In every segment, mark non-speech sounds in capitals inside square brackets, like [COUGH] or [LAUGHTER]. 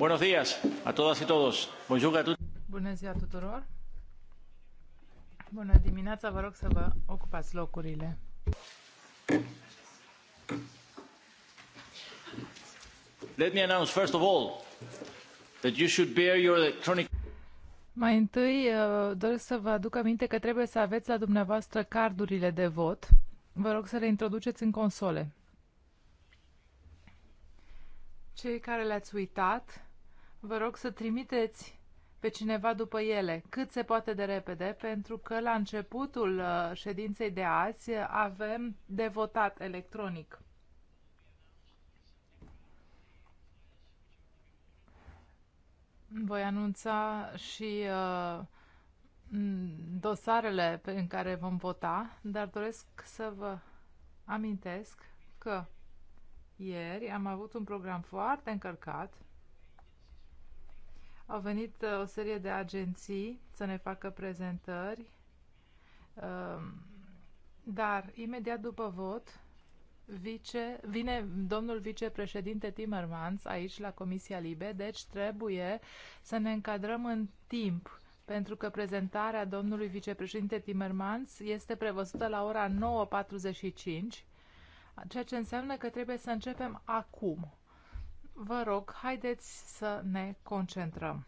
Buenos días a todas și todos. tuturor. Bună ziua tuturor. Bună dimineața, vă rog să vă ocupați locurile. Let me announce first of all that you should bear your electronic mai întâi uh, doresc să vă aduc aminte că trebuie să aveți la dumneavoastră cardurile de vot. Vă rog să le introduceți în console. Cei care le-ați uitat, vă rog să trimiteți pe cineva după ele cât se poate de repede, pentru că la începutul uh, ședinței de azi avem de votat electronic. Voi anunța și uh, dosarele în care vom vota, dar doresc să vă amintesc că ieri am avut un program foarte încărcat au venit uh, o serie de agenții să ne facă prezentări, um, dar imediat după vot vice, vine domnul vicepreședinte Timmermans aici la Comisia Libe, deci trebuie să ne încadrăm în timp pentru că prezentarea domnului vicepreședinte Timmermans este prevăzută la ora 9.45, ceea ce înseamnă că trebuie să începem acum. Vă rog, haideți să ne concentrăm.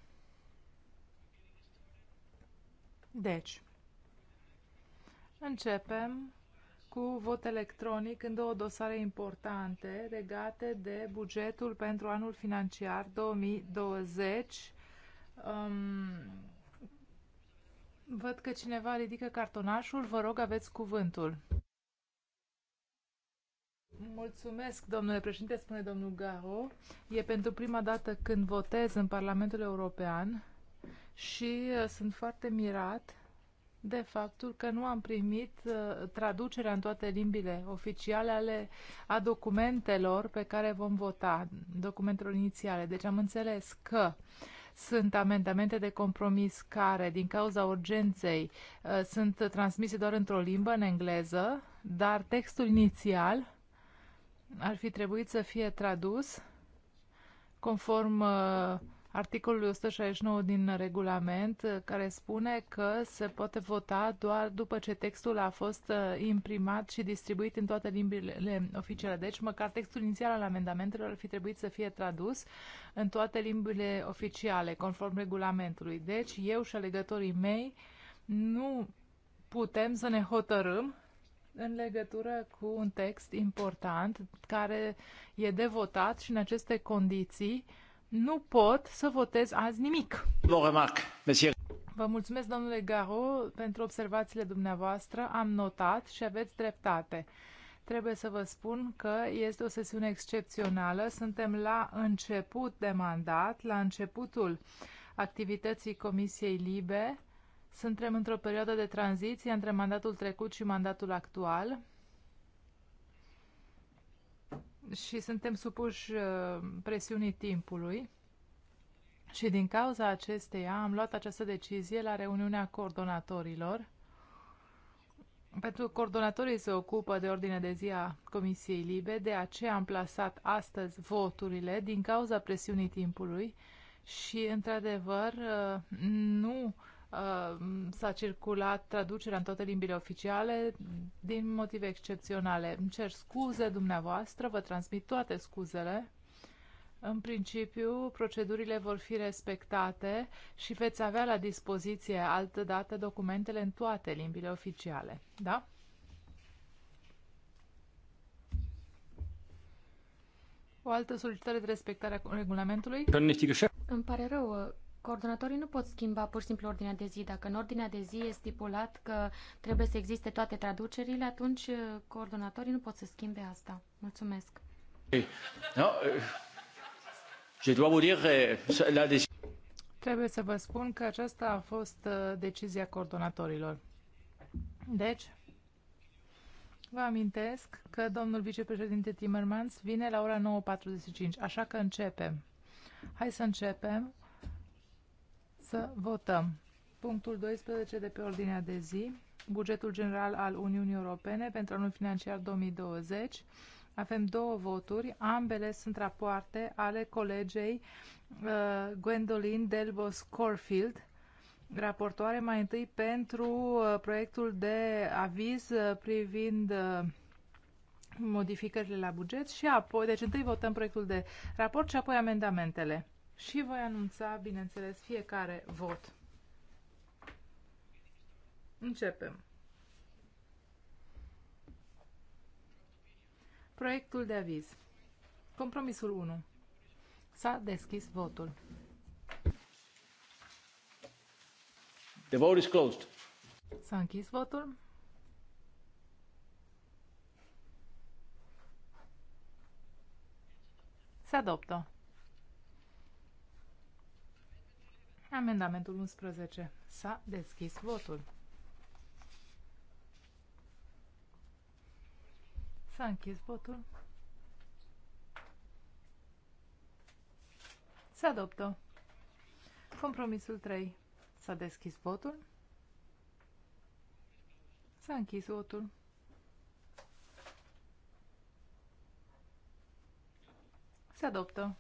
Deci, începem cu vot electronic în două dosare importante legate de bugetul pentru anul financiar 2020. Um, văd că cineva ridică cartonașul, vă rog aveți cuvântul. Mulțumesc, domnule președinte, spune domnul Garo. E pentru prima dată când votez în Parlamentul European și uh, sunt foarte mirat de faptul că nu am primit uh, traducerea în toate limbile oficiale ale a documentelor pe care vom vota, documentelor inițiale. Deci am înțeles că sunt amendamente de compromis care, din cauza urgenței, uh, sunt transmise doar într-o limbă, în engleză, dar textul inițial ar fi trebuit să fie tradus conform uh, articolului 169 din regulament, uh, care spune că se poate vota doar după ce textul a fost uh, imprimat și distribuit în toate limbile oficiale. Deci, măcar textul inițial al amendamentelor ar fi trebuit să fie tradus în toate limbile oficiale, conform regulamentului. Deci, eu și alegătorii mei nu putem să ne hotărâm în legătură cu un text important care e de votat și în aceste condiții nu pot să votez azi nimic. Vă mulțumesc, domnule Garo, pentru observațiile dumneavoastră. Am notat și aveți dreptate. Trebuie să vă spun că este o sesiune excepțională. Suntem la început de mandat, la începutul activității Comisiei Libe suntem într-o perioadă de tranziție între mandatul trecut și mandatul actual și suntem supuși uh, presiunii timpului. Și din cauza acesteia am luat această decizie la reuniunea coordonatorilor. Pentru că coordonatorii se ocupă de ordinea de zi a Comisiei Libe, de aceea am plasat astăzi voturile din cauza presiunii timpului și, într-adevăr, uh, nu uh, Uh, s-a circulat traducerea în toate limbile oficiale din motive excepționale. Îmi cer scuze dumneavoastră, vă transmit toate scuzele. În principiu, procedurile vor fi respectate și veți avea la dispoziție altă dată documentele în toate limbile oficiale. Da? O altă solicitare de respectare a regulamentului? Îmi pare rău, Coordonatorii nu pot schimba pur și simplu ordinea de zi. Dacă în ordinea de zi e stipulat că trebuie să existe toate traducerile, atunci uh, coordonatorii nu pot să schimbe asta. Mulțumesc. No, eh, eh, deci- Trebuie să vă spun că aceasta a fost uh, decizia coordonatorilor. Deci, vă amintesc că domnul vicepreședinte Timmermans vine la ora 9.45, așa că începem. Hai să începem să votăm. Punctul 12 de pe ordinea de zi, bugetul general al Uniunii Europene pentru anul financiar 2020. Avem două voturi, ambele sunt rapoarte ale colegei uh, Gwendolyn Delbos Corfield, raportoare mai întâi pentru uh, proiectul de aviz uh, privind uh, modificările la buget și apoi, deci întâi votăm proiectul de raport și apoi amendamentele și voi anunța, bineînțeles, fiecare vot. Începem. Proiectul de aviz. Compromisul 1. S-a deschis votul. The vote is closed. S-a închis votul. Se adoptă. Amendamentul 11. S-a deschis votul. S-a închis votul. Se adoptă. Compromisul 3. S-a deschis votul. S-a închis votul. Se adoptă.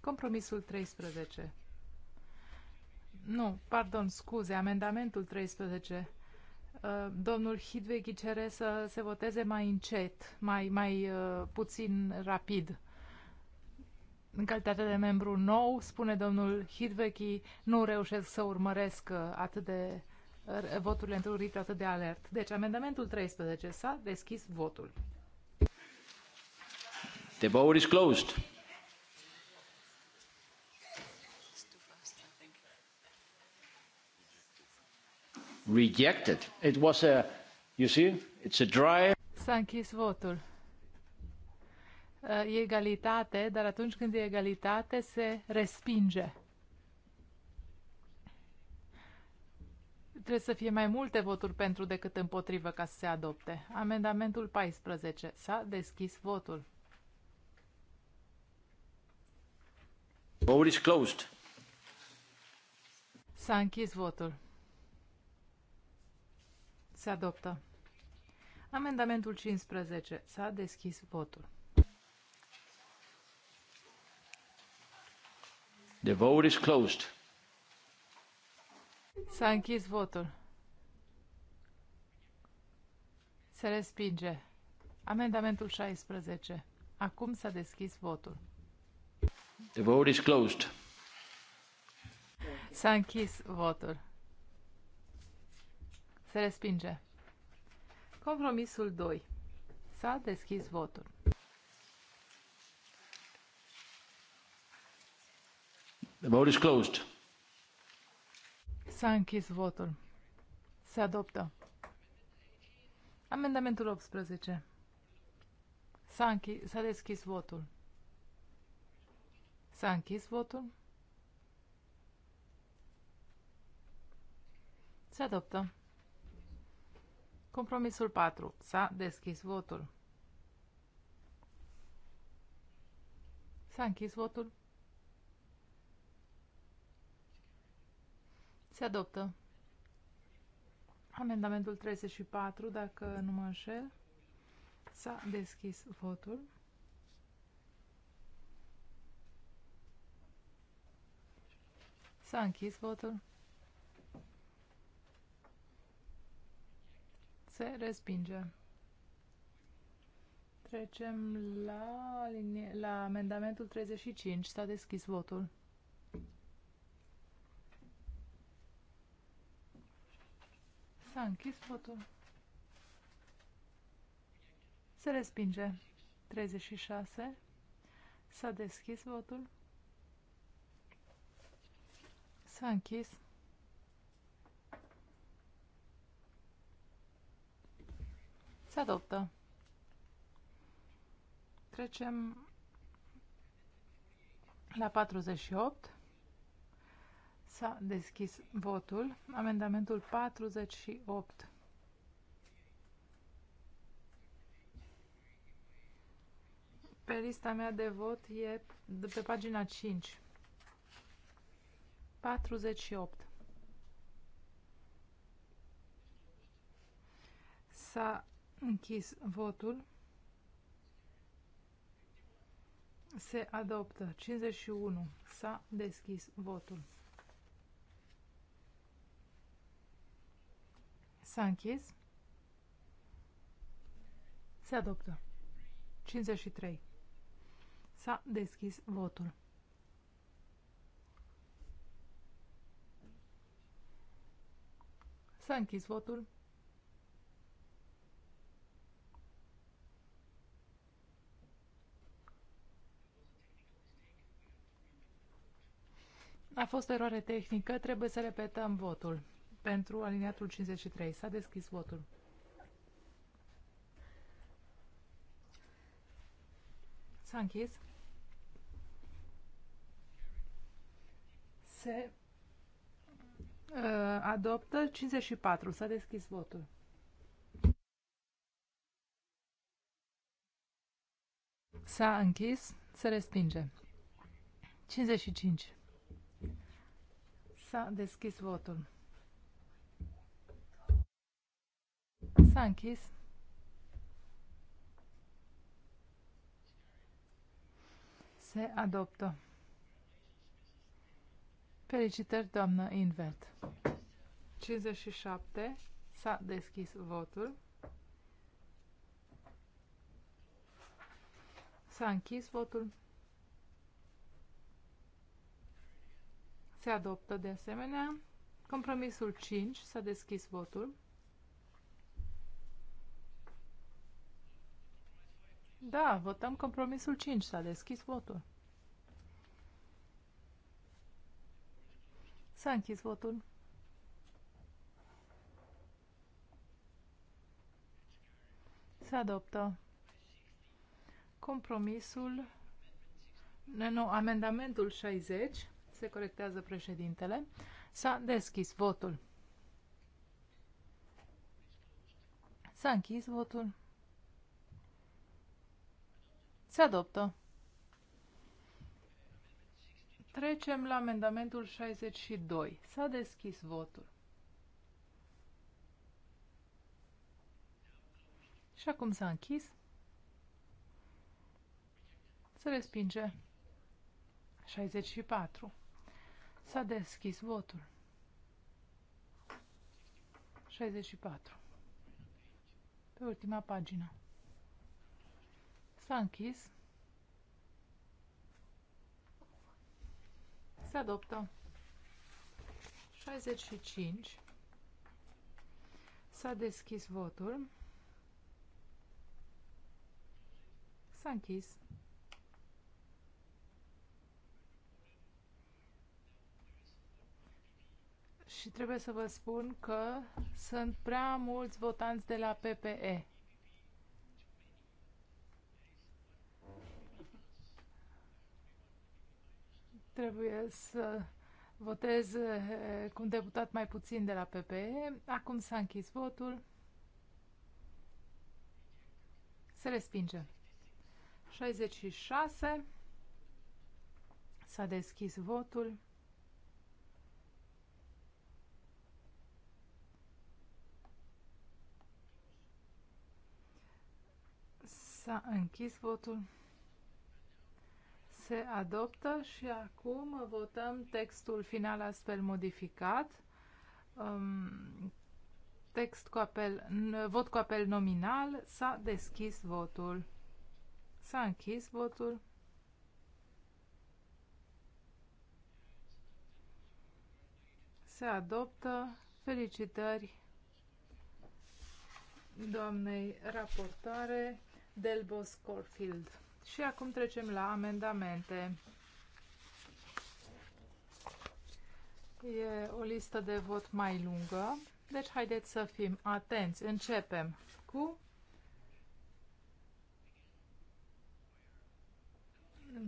Compromisul 13. Nu, pardon, scuze, amendamentul 13. Uh, domnul Hidvegi cere să se voteze mai încet, mai, mai uh, puțin rapid. În calitate de membru nou, spune domnul Hidvechi, nu reușesc să urmăresc uh, atât de voturile într-un ritm atât de alert. Deci, amendamentul 13 s-a deschis votul. The vote is closed. Rejected. It was a, you see, it's a dry... S-a închis votul. E egalitate, dar atunci când e egalitate se respinge. Trebuie să fie mai multe voturi pentru decât împotrivă ca să se adopte. Amendamentul 14. S-a deschis votul. Vote is closed. S-a închis votul. Se adoptă. Amendamentul 15. S-a deschis votul. The vote is closed. S-a închis votul. Se respinge. Amendamentul 16. Acum s-a deschis votul. The vote is closed. S-a închis votul. Se respinge. Compromisul 2. S-a deschis votul. The vote is closed. S-a închis votul. Se adoptă. Amendamentul 18. S-a, închi- s-a deschis votul. S-a închis votul. Se adoptă. Compromisul 4. S-a deschis votul. S-a închis votul. Se adoptă. Amendamentul 34, dacă nu mă înșel. S-a deschis votul. S-a închis votul. Se respinge. Trecem la, linie, la amendamentul 35. S-a deschis votul. S-a închis votul. Se respinge. 36. S-a deschis votul. S-a închis. Se adoptă. Trecem la 48. S-a deschis votul. Amendamentul 48. Pe lista mea de vot e de pe pagina 5. 48. S-a Închis votul. Se adoptă. 51. S-a deschis votul. S-a închis. Se adoptă. 53. S-a deschis votul. S-a închis votul. A fost o eroare tehnică, trebuie să repetăm votul. Pentru aliniatul 53 s-a deschis votul. S-a închis. Se uh, adoptă 54. S-a deschis votul. S-a închis. Se respinge. 55. S-a deschis votul. S-a închis. Se adoptă. Felicitări, doamnă Invert. 57. S-a deschis votul. S-a închis votul. Se adoptă de asemenea. Compromisul 5. S-a deschis votul. Da, votăm compromisul 5. S-a deschis votul. S-a închis votul. Se adoptă compromisul, nu, amendamentul 60 se corectează președintele. S-a deschis votul. S-a închis votul. Se adoptă. Trecem la amendamentul 62. S-a deschis votul. Și acum s-a închis. Se respinge. 64. S-a deschis votul. 64. Pe ultima pagină. S-a închis. Se adoptă. 65. S-a deschis votul. S-a închis. și trebuie să vă spun că sunt prea mulți votanți de la PPE. Trebuie să votez eh, cu un deputat mai puțin de la PPE. Acum s-a închis votul. Se respinge. 66. S-a deschis votul. S-a închis votul. Se adoptă și acum votăm textul final astfel modificat. Um, text cu apel, vot cu apel nominal. S-a deschis votul. S-a închis votul. Se adoptă. Felicitări doamnei raportare. Delbos Corfield. Și acum trecem la amendamente. E o listă de vot mai lungă, deci haideți să fim atenți. Începem cu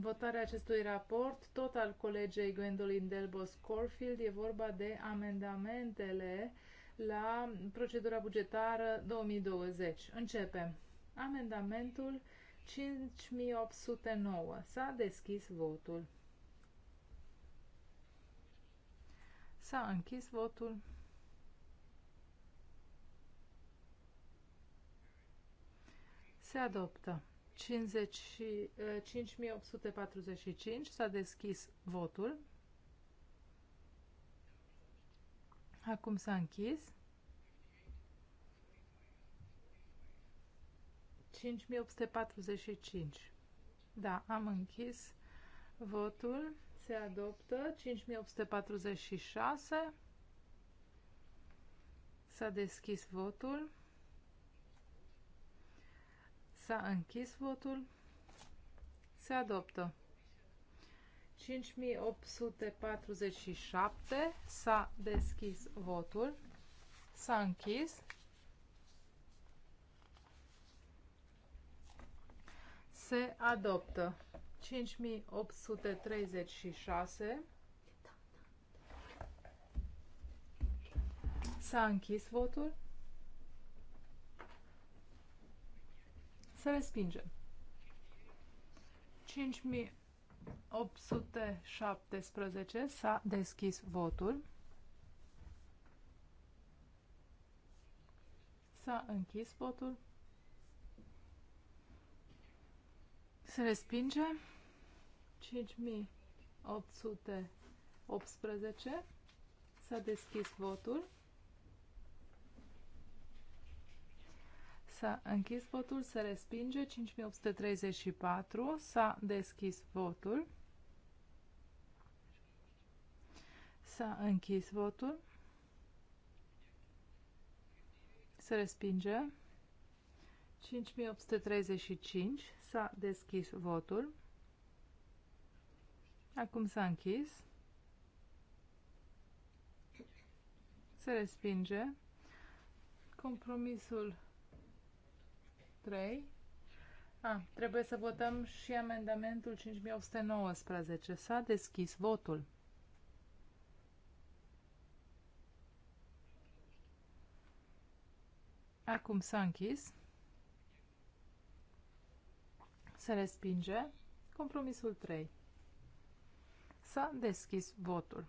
votarea acestui raport, tot al colegei Gwendolyn Delbos Corfield, e vorba de amendamentele la procedura bugetară 2020. Începem. Amendamentul 5809. S-a deschis votul. S-a închis votul. Se adoptă. 5845 eh, s-a deschis votul. Acum s-a închis. 5845. Da, am închis votul. Se adoptă 5846. S-a deschis votul. S-a închis votul. Se adoptă. 5847. S-a deschis votul. S-a închis. se adoptă. 5836 S-a închis votul. Se respinge. 5817 s-a deschis votul. S-a închis votul. se respinge. 5818. S-a deschis votul. S-a închis votul, se respinge. 5834. S-a deschis votul. S-a închis votul. Se respinge. 5835. S-a deschis votul. Acum s-a închis. Se respinge. Compromisul 3. A, trebuie să votăm și amendamentul 5819. S-a deschis votul. Acum s-a închis se respinge. Compromisul 3. S-a deschis votul.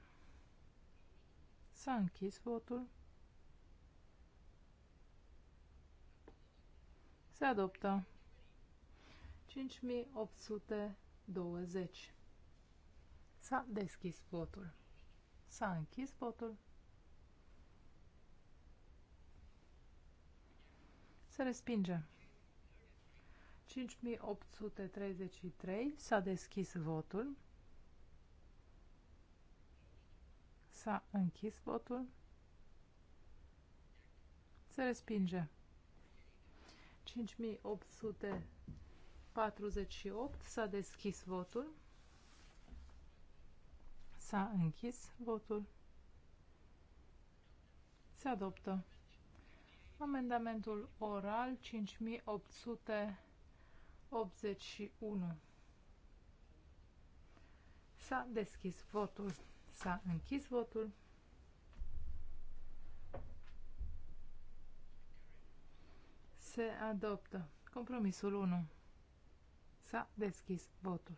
S-a închis votul. Se adoptă 5820. S-a deschis votul. S-a închis votul. Se respinge. 5833 s-a deschis votul. S-a închis votul. Se respinge. 5848 s-a deschis votul. S-a închis votul. Se adoptă. Amendamentul oral 5800 81. S-a deschis votul. S-a închis votul. Se adoptă. Compromisul 1. S-a deschis votul.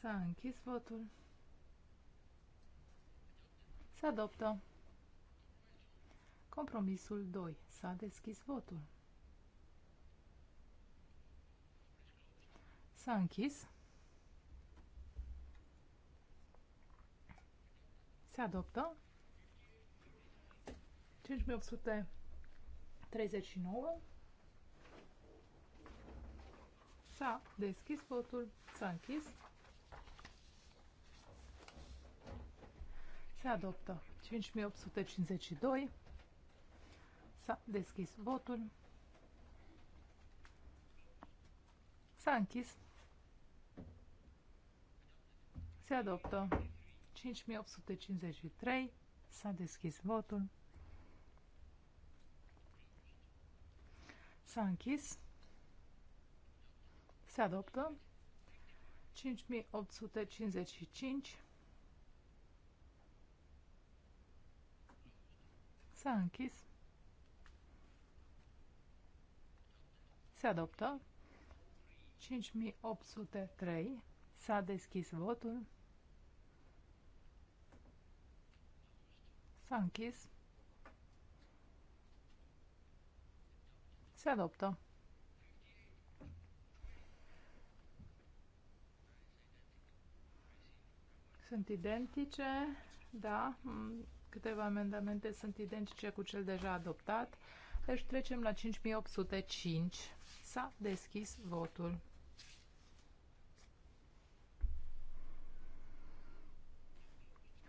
S-a închis votul. Se adoptă. Compromisul 2. S-a deschis votul. S-a închis. Se adoptă. 5839. S-a deschis votul. S-a închis. Se adoptă. 5852. S-a deschis votul. S-a închis. Se adoptă. 5853. S-a deschis votul. S-a închis. Se adoptă. 5855. S-a închis. Se adoptă. 5803. S-a deschis votul. S-a închis. Se adoptă. Sunt identice, da, câteva amendamente sunt identice cu cel deja adoptat. Deci trecem la 5805. S-a deschis votul.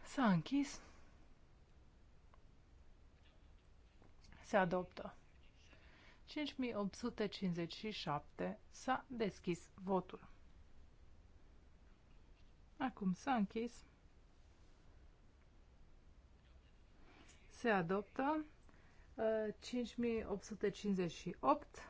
S-a închis. Se adoptă. 5857 s-a deschis votul. Acum s-a închis. Se adoptă. 5858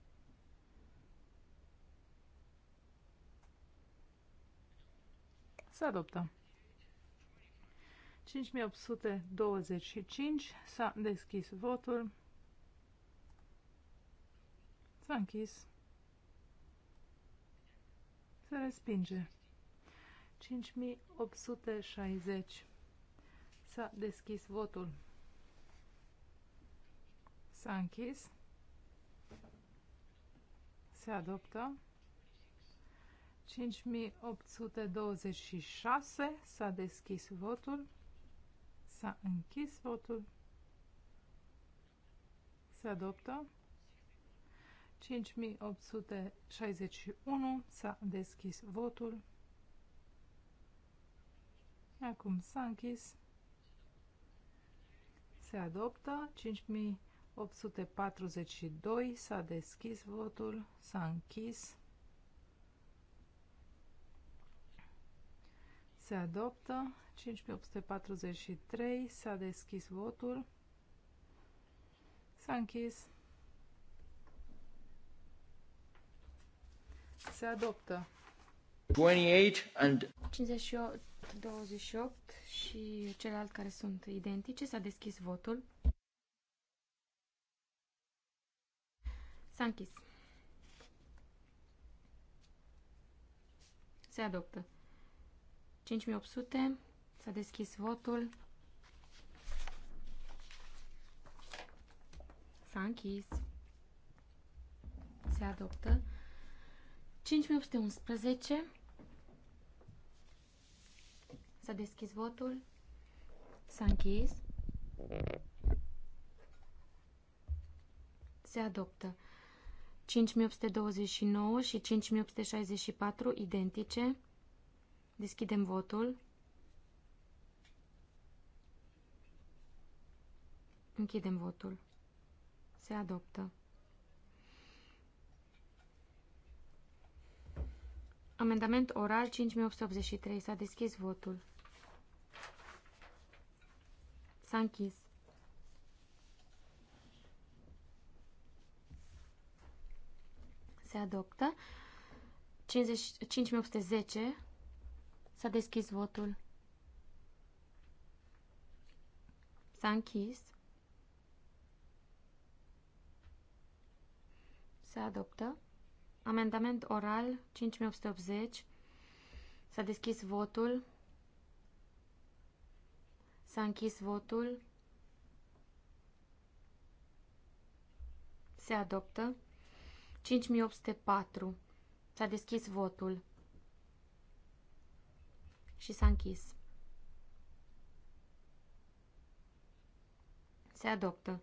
Se adoptă. 5825 s-a deschis votul. S-a închis. Se respinge. 5860 s-a deschis votul. S-a închis. Se adoptă. 5826 s-a deschis votul, s-a închis votul, se adoptă. 5861 s-a deschis votul. Acum s-a închis. Se adoptă. 5842 s-a deschis votul, s-a închis. se adoptă. 5843 s-a deschis votul. S-a închis. Se adoptă. 28 and 58, 28 și celălalt care sunt identice s-a deschis votul. S-a închis. Se adoptă. 5800. S-a deschis votul. S-a închis. Se adoptă. 5811. S-a deschis votul. S-a închis. Se adoptă. 5829 și 5864 identice. Deschidem votul. Închidem votul. Se adoptă. Amendament oral 5883. S-a deschis votul. S-a închis. Se adoptă. 5810. S-a deschis votul. S-a închis. Se adoptă. Amendament oral 5880. S-a deschis votul. S-a închis votul. Se adoptă. 5804. S-a deschis votul și s-a închis. Se adoptă.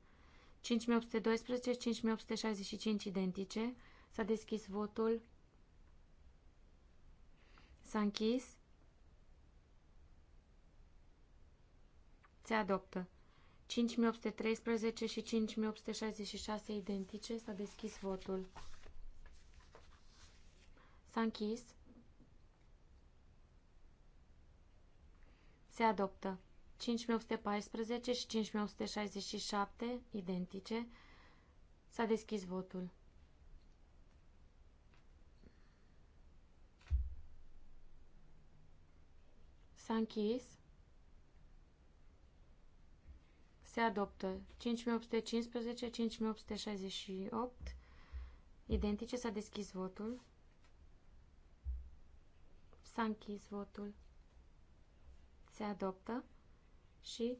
5812, 5865 identice. S-a deschis votul. S-a închis. Se adoptă. 5813 și 5866 identice. S-a deschis votul. S-a închis. Se adoptă. 5814 și 5867, identice. S-a deschis votul. S-a închis. Se adoptă 5815, 5868. Identice s-a deschis votul. S-a închis votul se adoptă și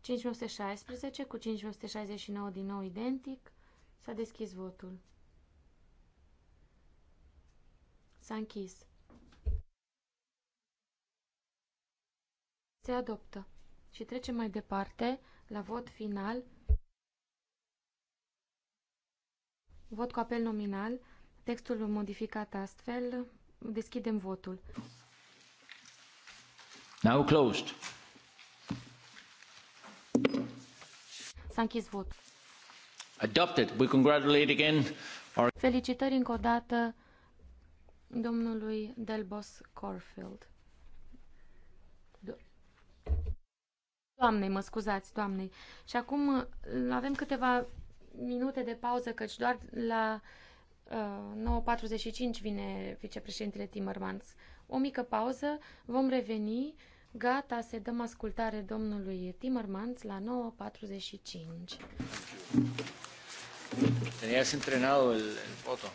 516 cu 569 din nou identic, s-a deschis votul. S-a închis. Se adoptă. Și trecem mai departe la vot final. Vot cu apel nominal. Textul modificat astfel. Deschidem votul. Now closed. S-a închis Adopted. We congratulate again our... Felicitări încă o dată domnului Delbos Corfield. Doamnei, mă scuzați, doamnei. Și acum uh, avem câteva minute de pauză, căci doar la uh, 9.45 vine vicepreședintele Timmermans. O mică pauză, vom reveni Gata, se dăm ascultare domnului Timmermans la 9.45. Tenías entrenado el, el foto.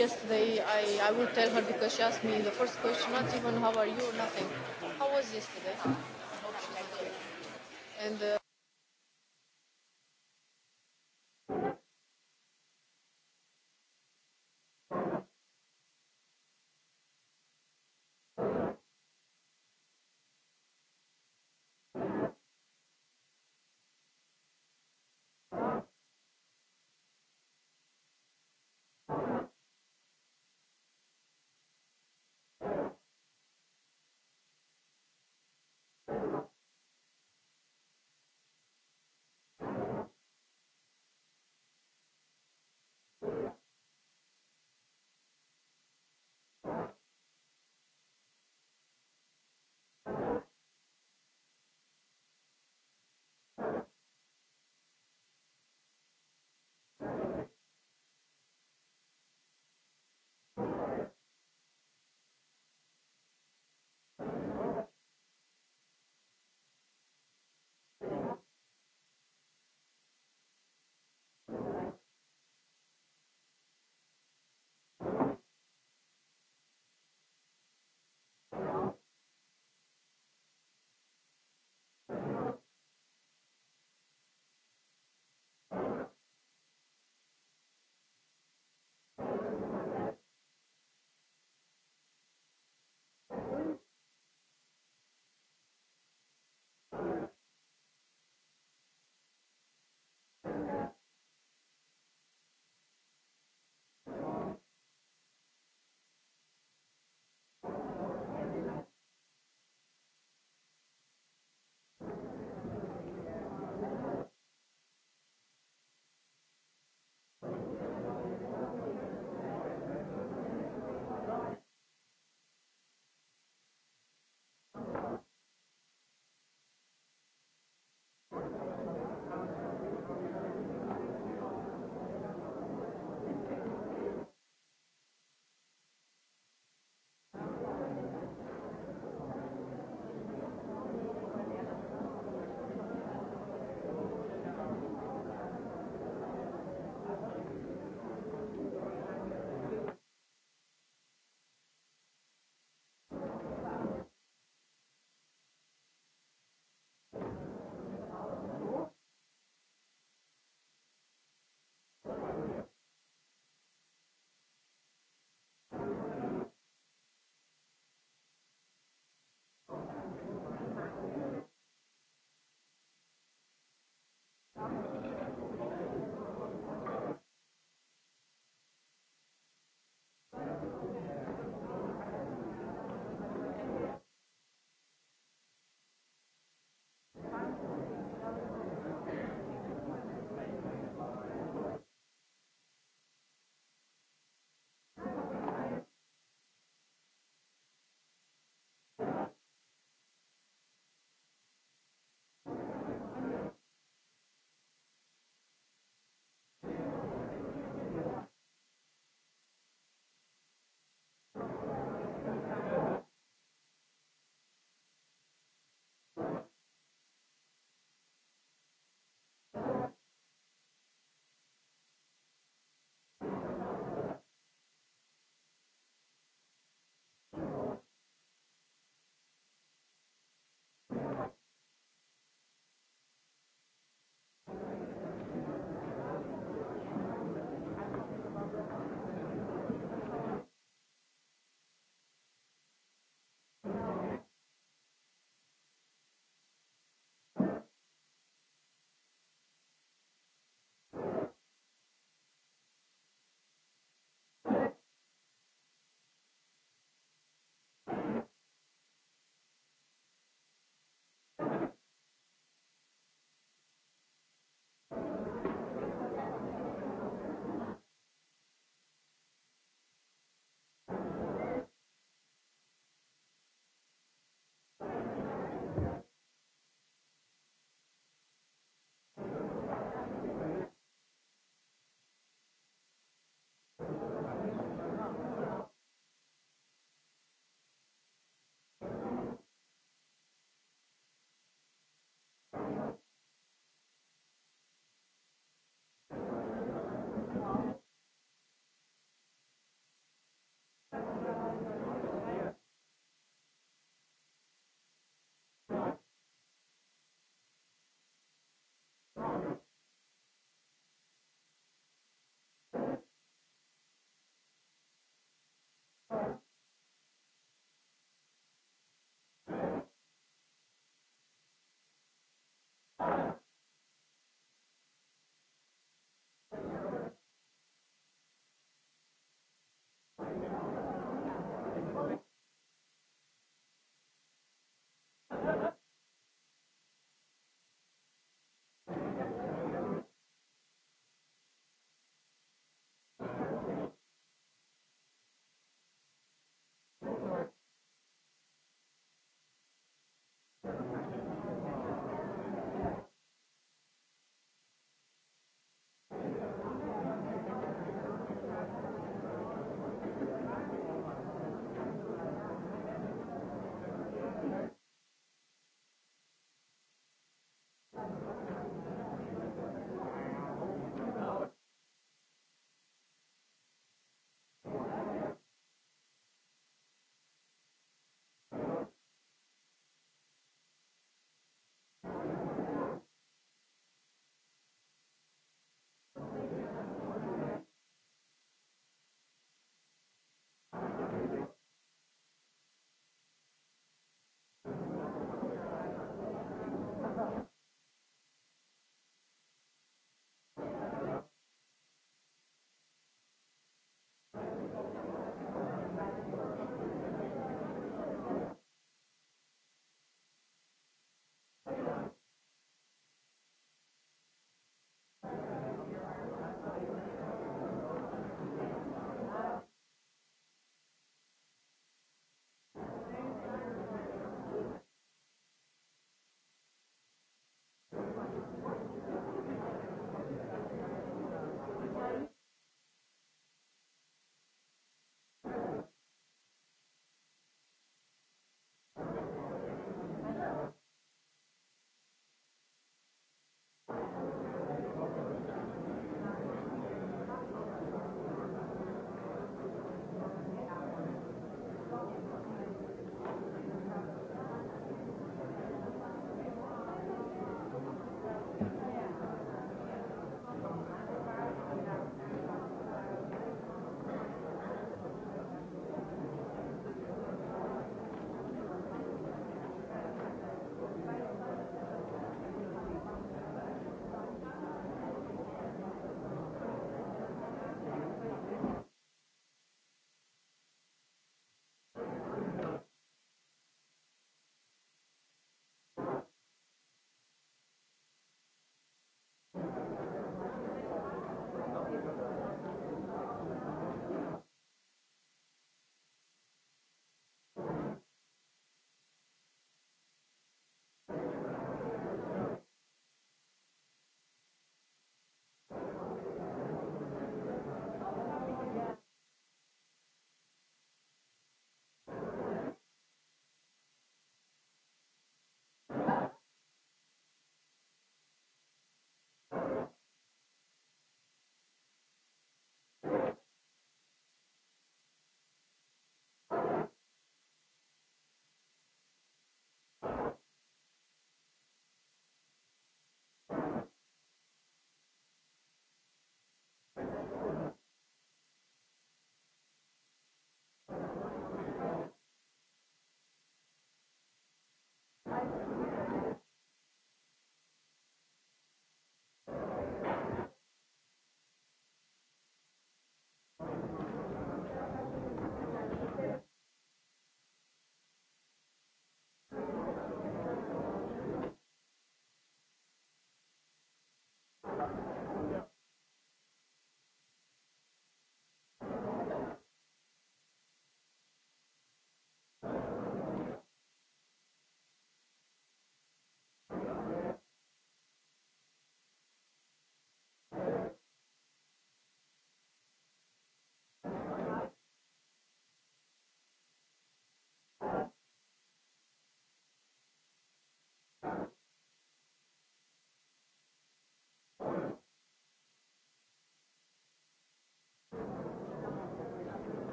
yesterday. I, I will tell her because she asked me the first question, not even how are you, nothing. How was yesterday? And uh,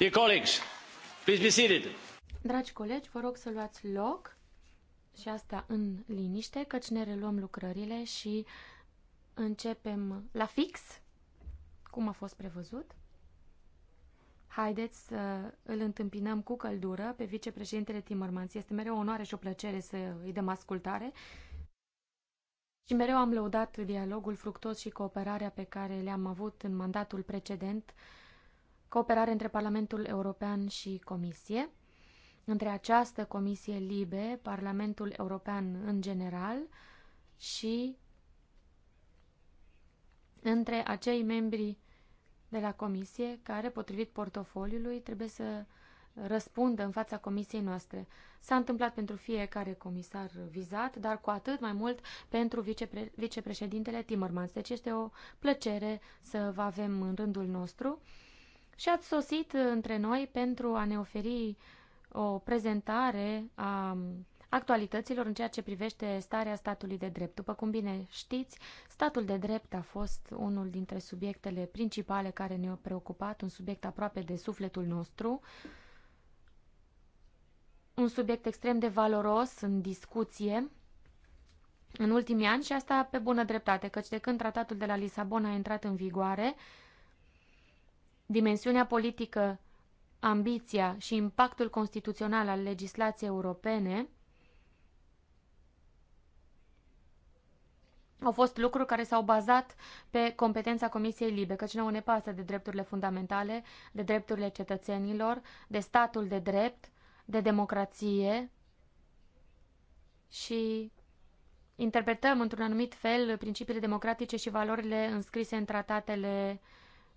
Dear colleagues, please be seated. Dragi colegi, vă rog să luați loc și asta în liniște, căci ne reluăm lucrările și începem la fix, cum a fost prevăzut. Haideți să îl întâmpinăm cu căldură pe vicepreședintele Timmermans. Este mereu o onoare și o plăcere să îi dăm ascultare. Și mereu am lăudat dialogul fructos și cooperarea pe care le-am avut în mandatul precedent uh, cooperare între Parlamentul European și Comisie, între această Comisie Libe, Parlamentul European în general și între acei membri de la Comisie care, potrivit portofoliului, trebuie să răspundă în fața comisiei noastre. S-a întâmplat pentru fiecare comisar vizat, dar cu atât mai mult pentru vicepre vicepreședintele Timmermans. Deci este o plăcere să vă avem în rândul nostru și ați sosit uh, între noi pentru a ne oferi o prezentare a actualităților în ceea ce privește starea statului de drept. După cum bine știți, statul de drept a fost unul dintre subiectele principale care ne au preocupat, un subiect aproape de sufletul nostru, un subiect extrem de valoros în discuție în ultimii ani și asta pe bună dreptate, căci de când tratatul de la Lisabona a intrat în vigoare, Dimensiunea politică, ambiția și impactul constituțional al legislației europene au fost lucruri care s-au bazat pe competența Comisiei Libe, căci nouă ne pasă de drepturile fundamentale, de drepturile cetățenilor, de statul de drept, de democrație și interpretăm într-un anumit fel principiile democratice și valorile înscrise în tratatele uh,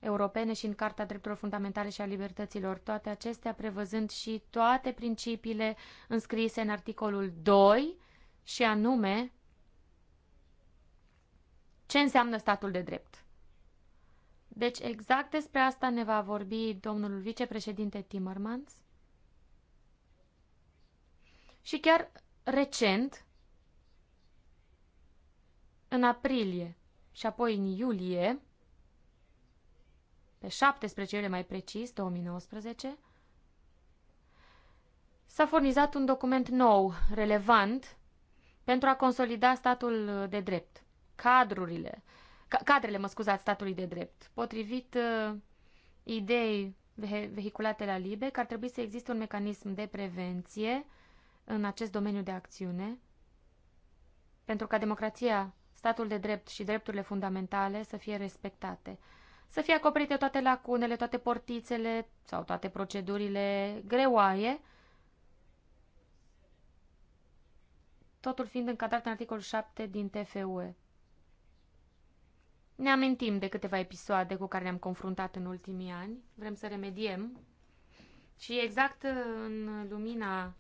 europene și în Carta Drepturilor Fundamentale și a Libertăților, toate acestea prevăzând și toate principiile înscrise în articolul 2 și anume ce înseamnă statul de drept. Deci exact despre asta ne va vorbi domnul vicepreședinte Timmermans. Și chiar recent, în aprilie și apoi în iulie, pe 17 iulie mai precis, 2019, s-a furnizat un document nou, relevant, pentru a consolida statul de drept, cadrurile, cadrele, mă scuzați, statului de drept, potrivit uh, idei vehiculate la LIBE, că ar trebui să existe un mecanism de prevenție în acest domeniu de acțiune, pentru ca democrația, statul de drept și drepturile fundamentale să fie respectate să fie acoperite toate lacunele, toate portițele sau toate procedurile greoaie, totul fiind încadrat în articolul 7 din TFUE. Ne amintim de câteva episoade cu care ne-am confruntat în ultimii ani, vrem să remediem și exact în lumina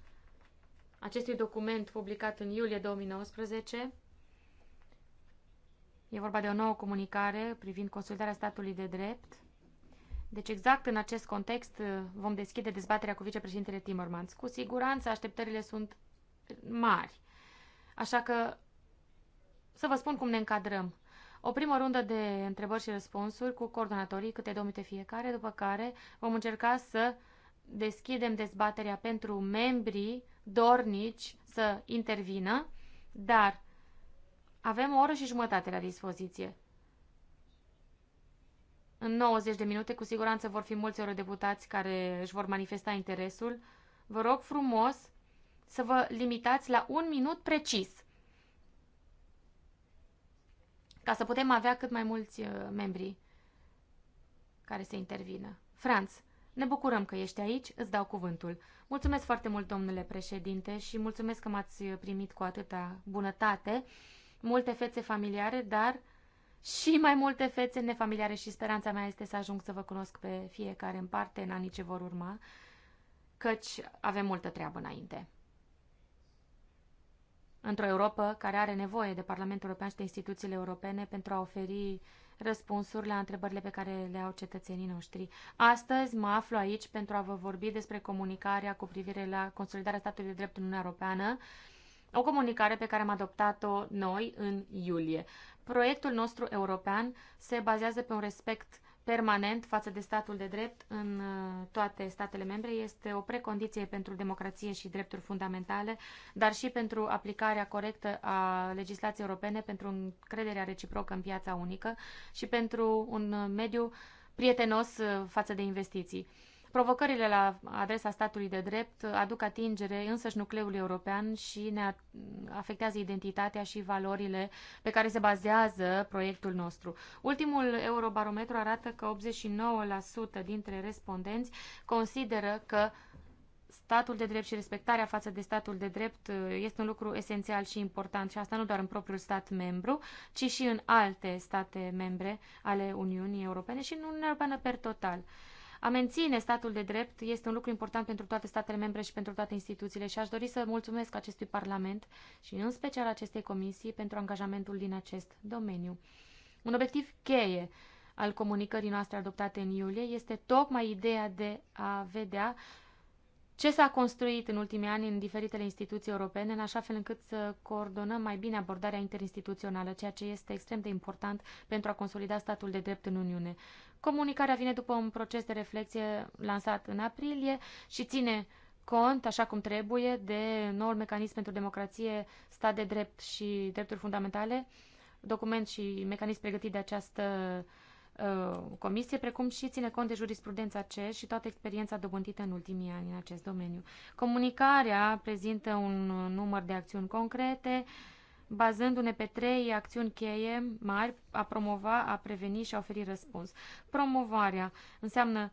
acestui document publicat în iulie 2019, E vorba de o nouă comunicare privind consolidarea statului de drept. Deci exact în acest context uh, vom deschide dezbaterea cu vicepreședintele Timmermans. Cu siguranță așteptările sunt mari. Așa că să vă spun cum ne încadrăm. O primă rundă de întrebări și răspunsuri cu coordonatorii, câte două minute fiecare, după care vom încerca să deschidem dezbaterea pentru membrii dornici să intervină, dar avem o oră și jumătate la dispoziție. În 90 de minute, cu siguranță, vor fi mulți eurodeputați care își vor manifesta interesul. Vă rog frumos să vă limitați la un minut precis, ca să putem avea cât mai mulți uh, membri care se intervină. Franț, ne bucurăm că ești aici, îți dau cuvântul. Mulțumesc foarte mult, domnule președinte, și mulțumesc că m-ați primit cu atâta bunătate multe fețe familiare, dar și mai multe fețe nefamiliare și speranța mea este să ajung să vă cunosc pe fiecare în parte în anii ce vor urma, căci avem multă treabă înainte. Într-o Europa care are nevoie de Parlamentul European și de instituțiile europene pentru a oferi răspunsuri la întrebările pe care le au cetățenii noștri. Astăzi mă aflu aici pentru a vă vorbi despre comunicarea cu privire la consolidarea statului de drept în Uniunea Europeană, o comunicare pe care am adoptat-o noi în iulie. Proiectul nostru european se bazează pe un respect permanent față de statul de drept în uh, toate statele membre este o precondiție pentru democrație și drepturi fundamentale, dar și pentru aplicarea corectă a legislației europene, pentru încrederea reciprocă în piața unică și pentru un uh, mediu prietenos uh, față de investiții. Provocările la adresa statului de drept aduc atingere însăși nucleului european și ne afectează identitatea și valorile pe care se bazează proiectul nostru. Ultimul eurobarometru arată că 89% dintre respondenți consideră că statul de drept și respectarea față de statul de drept uh, este un lucru esențial și important și asta nu doar în propriul stat membru, ci și în alte state membre ale Uniunii Europene și în Uniunea Europeană per total. A menține statul de drept este un lucru important pentru toate statele membre și pentru toate instituțiile și aș dori să mulțumesc acestui Parlament și în special acestei comisii pentru angajamentul din acest domeniu. Un obiectiv cheie al comunicării noastre adoptate în iulie este tocmai ideea de a vedea ce s-a construit în ultimii ani în diferitele instituții europene, în așa fel încât să coordonăm mai bine abordarea interinstituțională, ceea ce este extrem de important pentru a consolida statul de drept în Uniune. Comunicarea vine după un proces de reflexie lansat în aprilie și ține cont, așa cum trebuie, de noul mecanism pentru democrație, stat de drept și drepturi fundamentale, document și mecanism pregătit de această uh, comisie, precum și ține cont de jurisprudența CE și toată experiența dobândită în ultimii ani în acest domeniu. Comunicarea prezintă un număr de acțiuni concrete, uh, bazându-ne pe trei acțiuni cheie mari, a promova, a preveni și a oferi răspuns. Promovarea înseamnă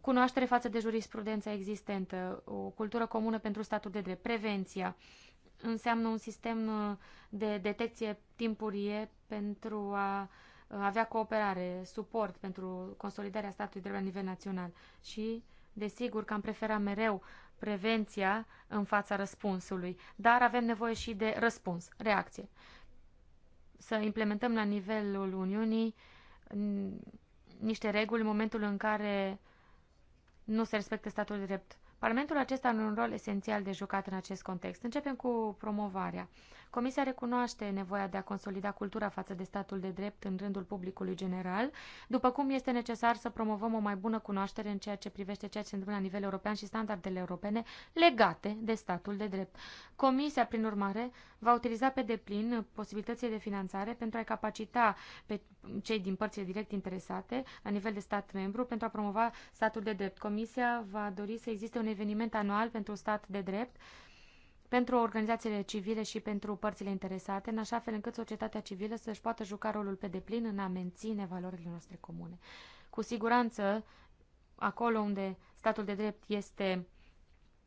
cunoaștere față de jurisprudența existentă, o cultură comună pentru statul de drept, prevenția, înseamnă un sistem uh, de detecție timpurie pentru a uh, avea cooperare, suport pentru consolidarea statului de drept la nivel național și Desigur că am preferat mereu prevenția în fața răspunsului, dar avem nevoie și de răspuns, reacție. Să implementăm la nivelul Uniunii niște reguli în momentul în care nu se respectă statul de drept. Parlamentul acesta are un rol esențial de jucat în acest context. Începem cu promovarea. Uh, Comisia recunoaște nevoia de a consolida cultura față de statul de drept în rândul publicului general, după cum este necesar să promovăm o mai bună cunoaștere în ceea ce privește ceea ce se întâmplă la nivel european și standardele europene legate de statul de drept. Comisia, prin urmare, va utiliza pe deplin posibilitățile de finanțare pentru a capacita pe cei din părțile direct interesate la nivel de stat membru pentru a promova statul de drept. Comisia va dori să existe un eveniment anual pentru stat de drept pentru organizațiile civile și pentru părțile interesate, în așa fel încât societatea civilă să-și poată juca rolul pe deplin în a menține valorile noastre comune. Cu siguranță, acolo unde statul de drept este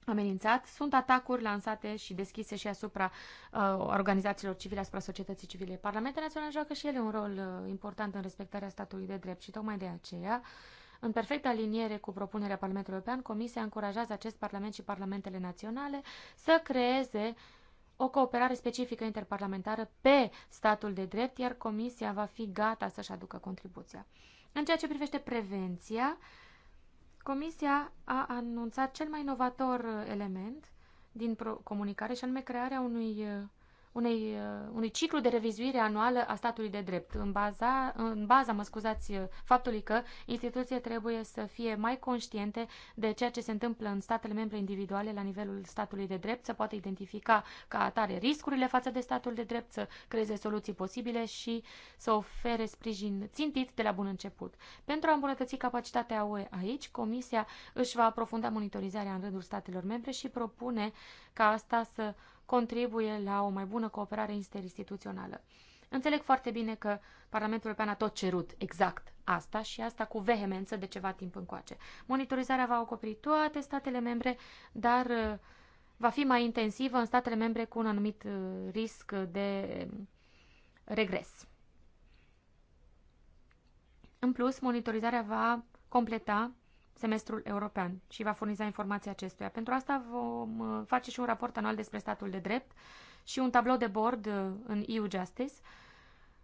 amenințat, sunt atacuri lansate și deschise și asupra uh, organizațiilor civile, asupra societății civile. Parlamentul național joacă și ele un rol uh, important în respectarea statului de drept și tocmai de aceea uh, în perfectă aliniere cu propunerea Parlamentului European, Comisia încurajează acest Parlament și Parlamentele naționale să creeze o cooperare specifică interparlamentară pe statul de drept, iar Comisia va fi gata să-și aducă contribuția. În ceea ce privește prevenția, Comisia a anunțat cel mai inovator element din comunicare și anume crearea unui uh, unei, uh, unui ciclu de revizuire anuală a statului de drept, în baza, în baza mă scuzați, uh, faptului că instituția trebuie să fie mai conștiente de ceea ce se întâmplă în statele membre individuale la nivelul statului de drept, să poată identifica ca atare riscurile față de statul de drept, să creeze soluții posibile și să ofere sprijin țintit de la bun început. Pentru a îmbunătăți capacitatea UE aici, Comisia își va aprofunda monitorizarea în rândul statelor membre și propune ca asta să contribuie la o mai bună cooperare interinstituțională. Înțeleg foarte bine că Parlamentul European a tot cerut exact asta și asta cu vehemență de ceva timp încoace. Monitorizarea va acoperi toate statele membre, dar uh, va fi mai intensivă în statele membre cu un anumit uh, risc de um, regres. În plus, monitorizarea va completa semestrul european și va furniza informații acestuia. Pentru asta vom uh, face și un raport anual despre statul de drept și un tablou de bord uh, în EU Justice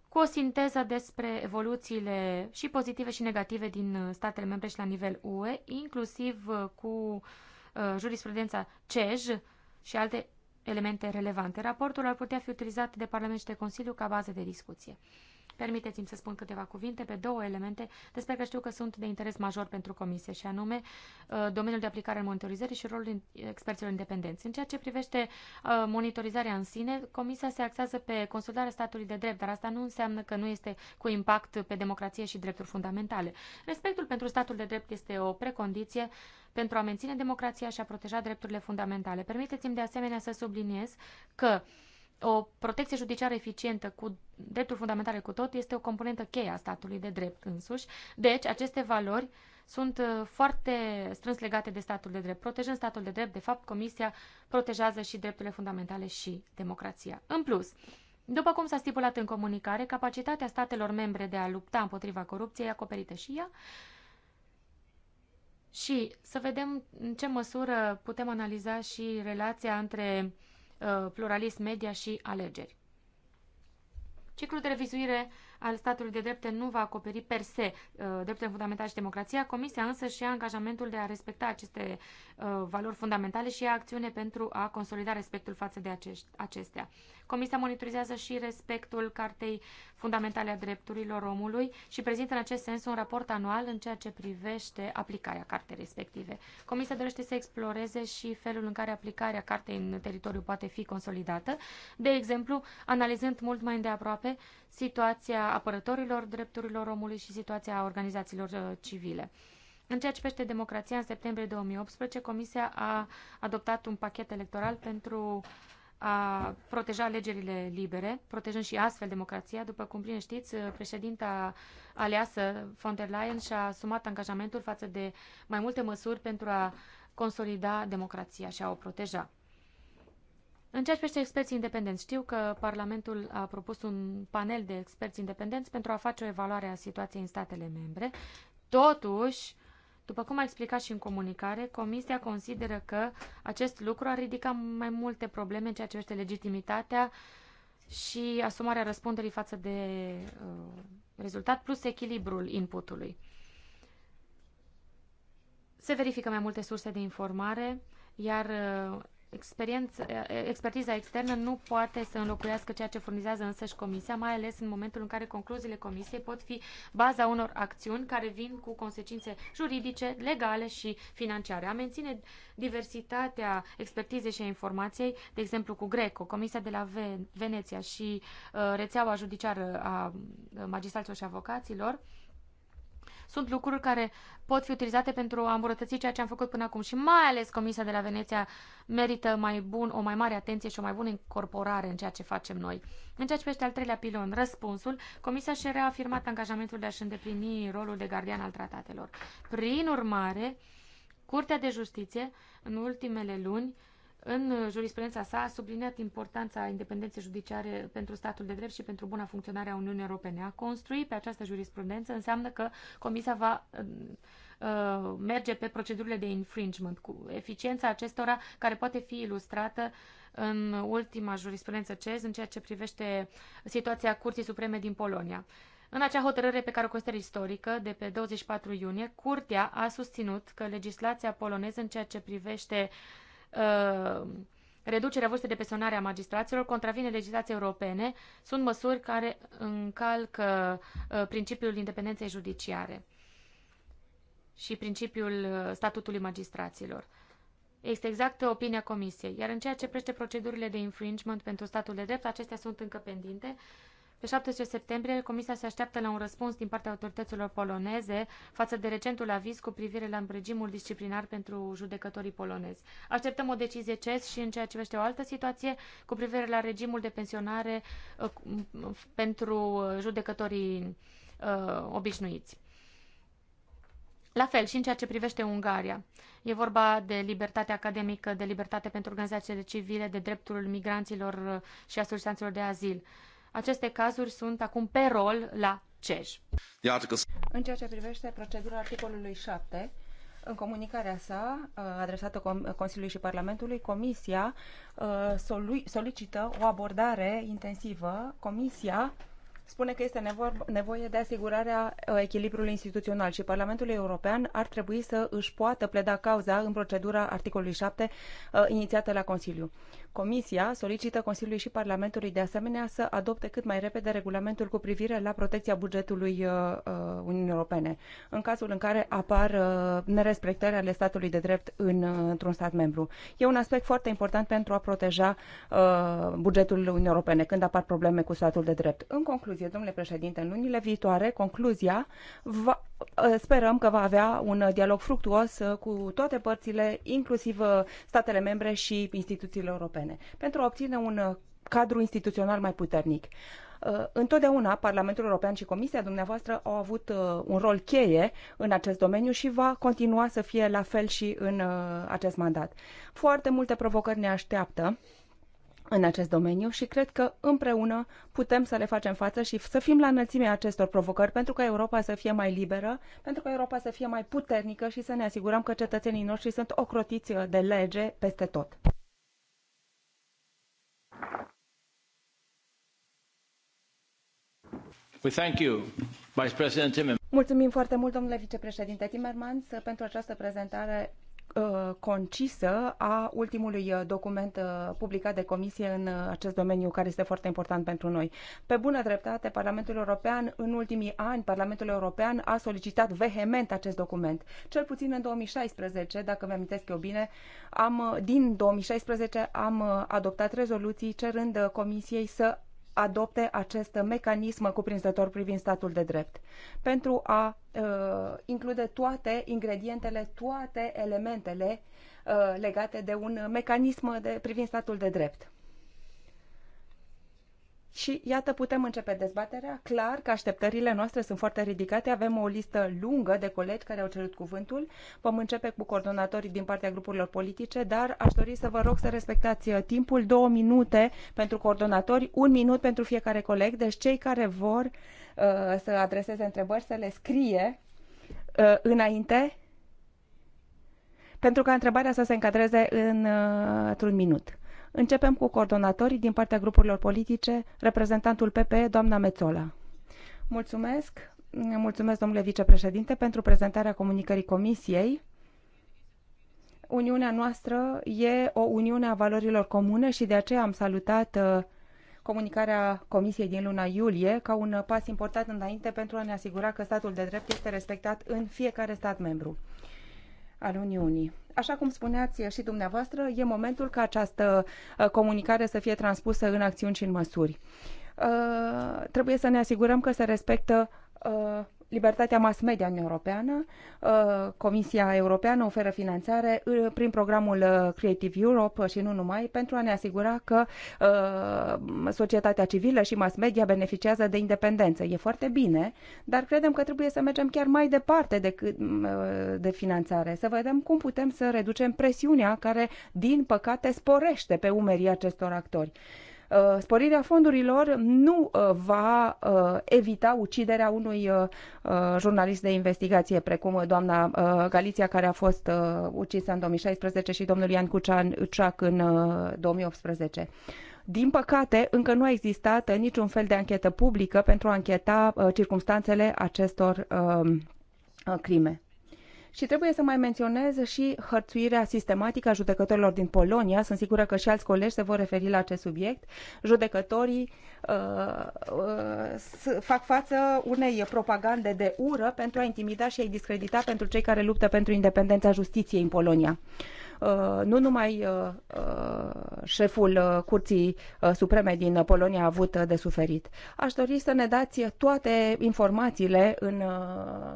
cu o sinteză despre evoluțiile și pozitive și negative din uh, statele membre și la nivel UE, inclusiv cu jurisprudența CEJ și alte elemente relevante. Raportul ar putea fi utilizat de Parlament și de Consiliu ca bază de discuție. Permiteți-mi să spun câteva cuvinte pe două elemente despre care știu că sunt de interes major pentru comisie și anume uh, domeniul de aplicare al monitorizării și rolul experților independenți. În ceea ce privește uh, monitorizarea în sine, comisia se axează pe consolidarea statului de drept, dar asta nu înseamnă că nu este cu impact pe democrație și drepturi fundamentale. Respectul pentru statul de drept este o precondiție pentru a menține democrația și a proteja drepturile fundamentale. Permiteți-mi de asemenea să subliniez că uh, o protecție judiciară eficientă cu drepturi fundamentale cu tot este o componentă cheie a statului de drept însuși. Deci, aceste valori sunt uh, foarte strâns legate de statul de drept. Protejând statul de drept, de fapt, Comisia protejează și drepturile fundamentale și democrația. În plus, după cum s-a stipulat în comunicare, capacitatea statelor membre de a lupta împotriva corupției acoperită și ea, și să vedem în ce măsură putem analiza și relația între Uh, pluralism media și alegeri. Ciclul de revizuire al statului de drepte nu va acoperi per se uh, drepturile fundamentale și democrația, Comisia însă și ia angajamentul de a respecta aceste uh, valori fundamentale și ia acțiune pentru a consolida respectul față de acestea. Comisia monitorizează și respectul Cartei Fundamentale a Drepturilor Omului și prezintă în acest sens un raport anual în ceea ce privește aplicarea cartei respective. Comisia dorește să exploreze și felul în care aplicarea cartei în teritoriu poate fi consolidată, de exemplu, analizând mult mai îndeaproape situația apărătorilor drepturilor omului și situația organizațiilor uh, civile. În ceea ce pește democrația, în septembrie 2018, Comisia a adoptat un pachet electoral pentru a proteja alegerile libere, protejând și astfel democrația. După cum bine știți, uh, președinta aleasă von der Leyen și-a asumat angajamentul față de mai multe măsuri pentru a consolida democrația și a o proteja. În ceea ce privește experții independenți, știu că Parlamentul a propus un panel de experți independenți pentru a face o evaluare a situației în statele membre. Totuși, după cum a explicat și în comunicare, Comisia consideră că acest lucru ar ridica mai multe probleme în ceea ce privește legitimitatea și asumarea răspunderii față de uh, rezultat, plus echilibrul inputului. Se verifică mai multe surse de informare, iar uh, expertiza externă nu poate să înlocuiască ceea ce furnizează însăși Comisia, mai ales în momentul în care concluziile Comisiei pot fi baza unor acțiuni care vin cu consecințe juridice, legale și financiare. A menține diversitatea expertizei și a informației, de exemplu cu Greco, Comisia de la Veneția și uh, rețeaua judiciară a uh, magistraților și avocaților, sunt lucruri care pot fi utilizate pentru a îmbunătăți ceea ce am făcut până acum și mai ales Comisia de la Veneția merită mai bun, o mai mare atenție și o mai bună incorporare în ceea ce facem noi. În ceea ce privește al treilea pilon, răspunsul, Comisia și-a reafirmat angajamentul de a-și îndeplini rolul de gardian al tratatelor. Prin urmare, Curtea de Justiție, în ultimele luni, în jurisprudența sa a subliniat importanța independenței judiciare pentru statul de drept și pentru buna funcționare a Uniunii Europene. A construi pe această jurisprudență înseamnă că Comisia va uh, uh, merge pe procedurile de infringement, cu eficiența acestora care poate fi ilustrată în ultima jurisprudență CES în ceea ce privește situația Curții Supreme din Polonia. În acea hotărâre pe care o consider istorică, de pe 24 iunie, Curtea a susținut că legislația poloneză în ceea ce privește uh, Uh, reducerea vârstei de pensionare a magistraților contravine legislației europene, sunt măsuri care încalcă uh, principiul independenței judiciare și principiul uh, statutului magistraților. Este exact opinia Comisiei. Iar în ceea ce prește procedurile de infringement pentru statul de drept, acestea sunt încă pendinte pe 17 septembrie, Comisia se așteaptă la un răspuns din partea autorităților poloneze față de recentul aviz cu privire la regimul disciplinar pentru judecătorii polonezi. Așteptăm o decizie CES și în ceea ce privește o altă situație cu privire la regimul de pensionare uh, pentru uh, judecătorii uh, obișnuiți. La fel și în ceea ce privește Ungaria. E vorba de libertate academică, de libertate pentru organizațiile civile, de dreptul migranților uh, și asociațiilor de azil. Uh, aceste cazuri sunt acum pe rol la CEJ. În ceea ce privește procedura articolului 7, în comunicarea sa uh, adresată Consiliului și Parlamentului, Comisia uh, solicită o abordare intensivă. Comisia spune că este nevoie de asigurarea uh, echilibrului instituțional și Parlamentul European ar trebui să își poată pleda cauza în procedura articolului 7 uh, inițiată la Consiliu. Comisia solicită Consiliului și Parlamentului de asemenea să adopte cât mai repede regulamentul cu privire la protecția bugetului uh, Uniunii Europene, în cazul în care apar nerespectări ale statului de drept în, într-un stat membru. E un aspect foarte important pentru a proteja bugetul Uniunii Europene când apar probleme cu statul de drept. În concluzie, concluzie, domnule președinte, în lunile viitoare, concluzia, va, ă, sperăm că va avea un dialog fructuos ă, cu toate părțile, inclusiv ă, statele membre și instituțiile europene, pentru a obține un cadru instituțional mai puternic. Întotdeauna Parlamentul European și Comisia dumneavoastră au avut un rol cheie în acest domeniu și va continua să fie la fel și în acest mandat. Foarte multe provocări ne așteaptă în acest domeniu și cred că împreună putem să le facem față și să fim la înălțimea acestor provocări pentru ca Europa să fie mai liberă, pentru ca Europa să fie mai puternică și să ne asigurăm că cetățenii noștri sunt ocrotiți de lege peste tot. We thank you, Vice President Mulțumim foarte mult, domnule vicepreședinte Timmermans, pentru această prezentare Uh, concisă a ultimului uh, document uh, publicat de Comisie în acest domeniu, care este foarte important pentru noi. Pe bună dreptate, Parlamentul European, în ultimii ani, Parlamentul European a solicitat vehement acest document. Cel puțin în 2016, dacă mi amintesc eu bine, am, din 2016 am adoptat rezoluții cerând Comisiei să adopte acest mecanism cuprinzător privind statul de drept, pentru a uh, include toate ingredientele, toate elementele uh, legate de un mecanism de, privind statul de drept. Și iată, putem începe dezbaterea. Clar că așteptările noastre sunt foarte ridicate. Avem o listă lungă de colegi care au cerut cuvântul. Vom începe cu coordonatorii din partea grupurilor politice, dar aș dori să vă rog să respectați uh, timpul. Două minute pentru coordonatori, un minut pentru fiecare coleg. Deci cei care vor uh, să adreseze întrebări, să le scrie uh, înainte pentru ca întrebarea să se încadreze în, uh, într-un minut. Începem cu coordonatorii din partea grupurilor politice, reprezentantul PP, doamna Mețola. Mulțumesc. Mulțumesc, domnule vicepreședinte, pentru prezentarea comunicării Comisiei. Uniunea noastră e o uniune a valorilor comune și de aceea am salutat uh, comunicarea Comisiei din luna iulie ca un pas important înainte pentru a ne asigura că statul de drept este respectat în fiecare stat membru al Uniunii. Așa cum spuneați și dumneavoastră, e momentul ca această uh, comunicare să fie transpusă în acțiuni și în măsuri. Uh, trebuie să ne asigurăm că se respectă uh, libertatea mass media în europeană. Uh, Comisia Europeană oferă finanțare uh, prin programul uh, Creative Europe și nu numai pentru a ne asigura că societatea civilă și mass media beneficiază de independență. E foarte bine, dar credem că trebuie să mergem chiar mai departe decât de finanțare, să vedem cum putem să reducem presiunea care, din păcate, sporește pe umerii acestor actori. Uh, sporirea fondurilor nu uh, va uh, evita uciderea unui jurnalist de investigație, precum doamna Galiția, care a fost ucisă în 2016 și domnul Ian Cucean în 2018. Din păcate, încă nu a existat niciun fel de anchetă publică pentru a încheta circumstanțele acestor crime. Și trebuie să mai menționez și hărțuirea sistematică a judecătorilor din Polonia. Sunt sigură că și alți colegi se vor referi la acest subiect. Judecătorii uh, uh, fac față unei propagande de ură pentru a intimida și a-i discredita pentru cei care luptă pentru independența justiției în Polonia. Uh, nu numai uh, uh, șeful Curții Supreme din Polonia a avut de suferit. Aș dori să ne dați toate informațiile în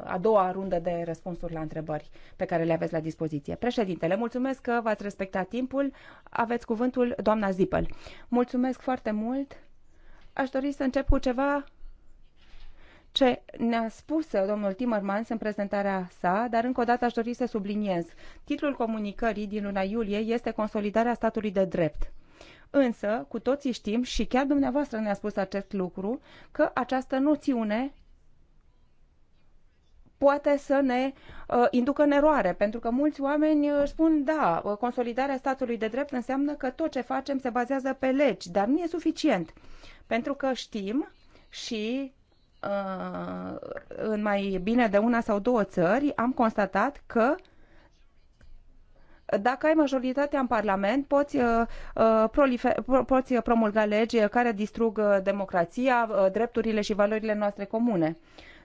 a doua rundă de răspunsuri la întrebări pe care le aveți la dispoziție. Președintele, mulțumesc că v-ați respectat timpul. Aveți cuvântul doamna Zipel. Mulțumesc foarte mult. Aș dori să încep cu ceva ce ne-a spus domnul Timmermans în prezentarea sa, dar încă o dată aș dori să subliniez. Titlul comunicării din luna iulie este Consolidarea statului de drept. Însă, cu toții știm și chiar dumneavoastră ne-a spus acest lucru, că această noțiune poate să ne uh, inducă în eroare, pentru că mulți oameni uh, spun, da, uh, consolidarea statului de drept înseamnă că tot ce facem se bazează pe legi, dar nu e suficient, pentru că știm și Uh, în mai bine de una sau două țări, am constatat că dacă ai majoritatea în Parlament, poți, uh, uh poți promulga legi care distrug uh, democrația, drepturile și valorile noastre comune.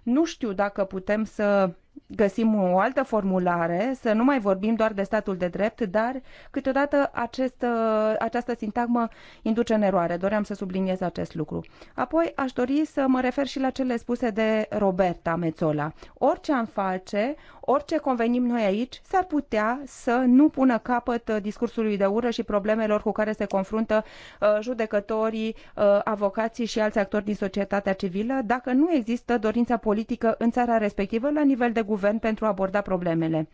Nu știu dacă putem să găsim o altă formulare, să nu mai vorbim doar de statul de drept, dar câteodată acest, uh, această sintagmă induce în eroare. Doream să subliniez acest lucru. Apoi aș dori să mă refer și la cele spuse de Roberta Mețola. Orice am face, orice convenim noi aici, s-ar putea să nu pună capăt uh, discursului de ură și problemelor cu care se confruntă uh, judecătorii, avocații și alți actori din societatea civilă dacă nu există dorința politică în țara respectivă la nivel de de guvern pentru a aborda problemele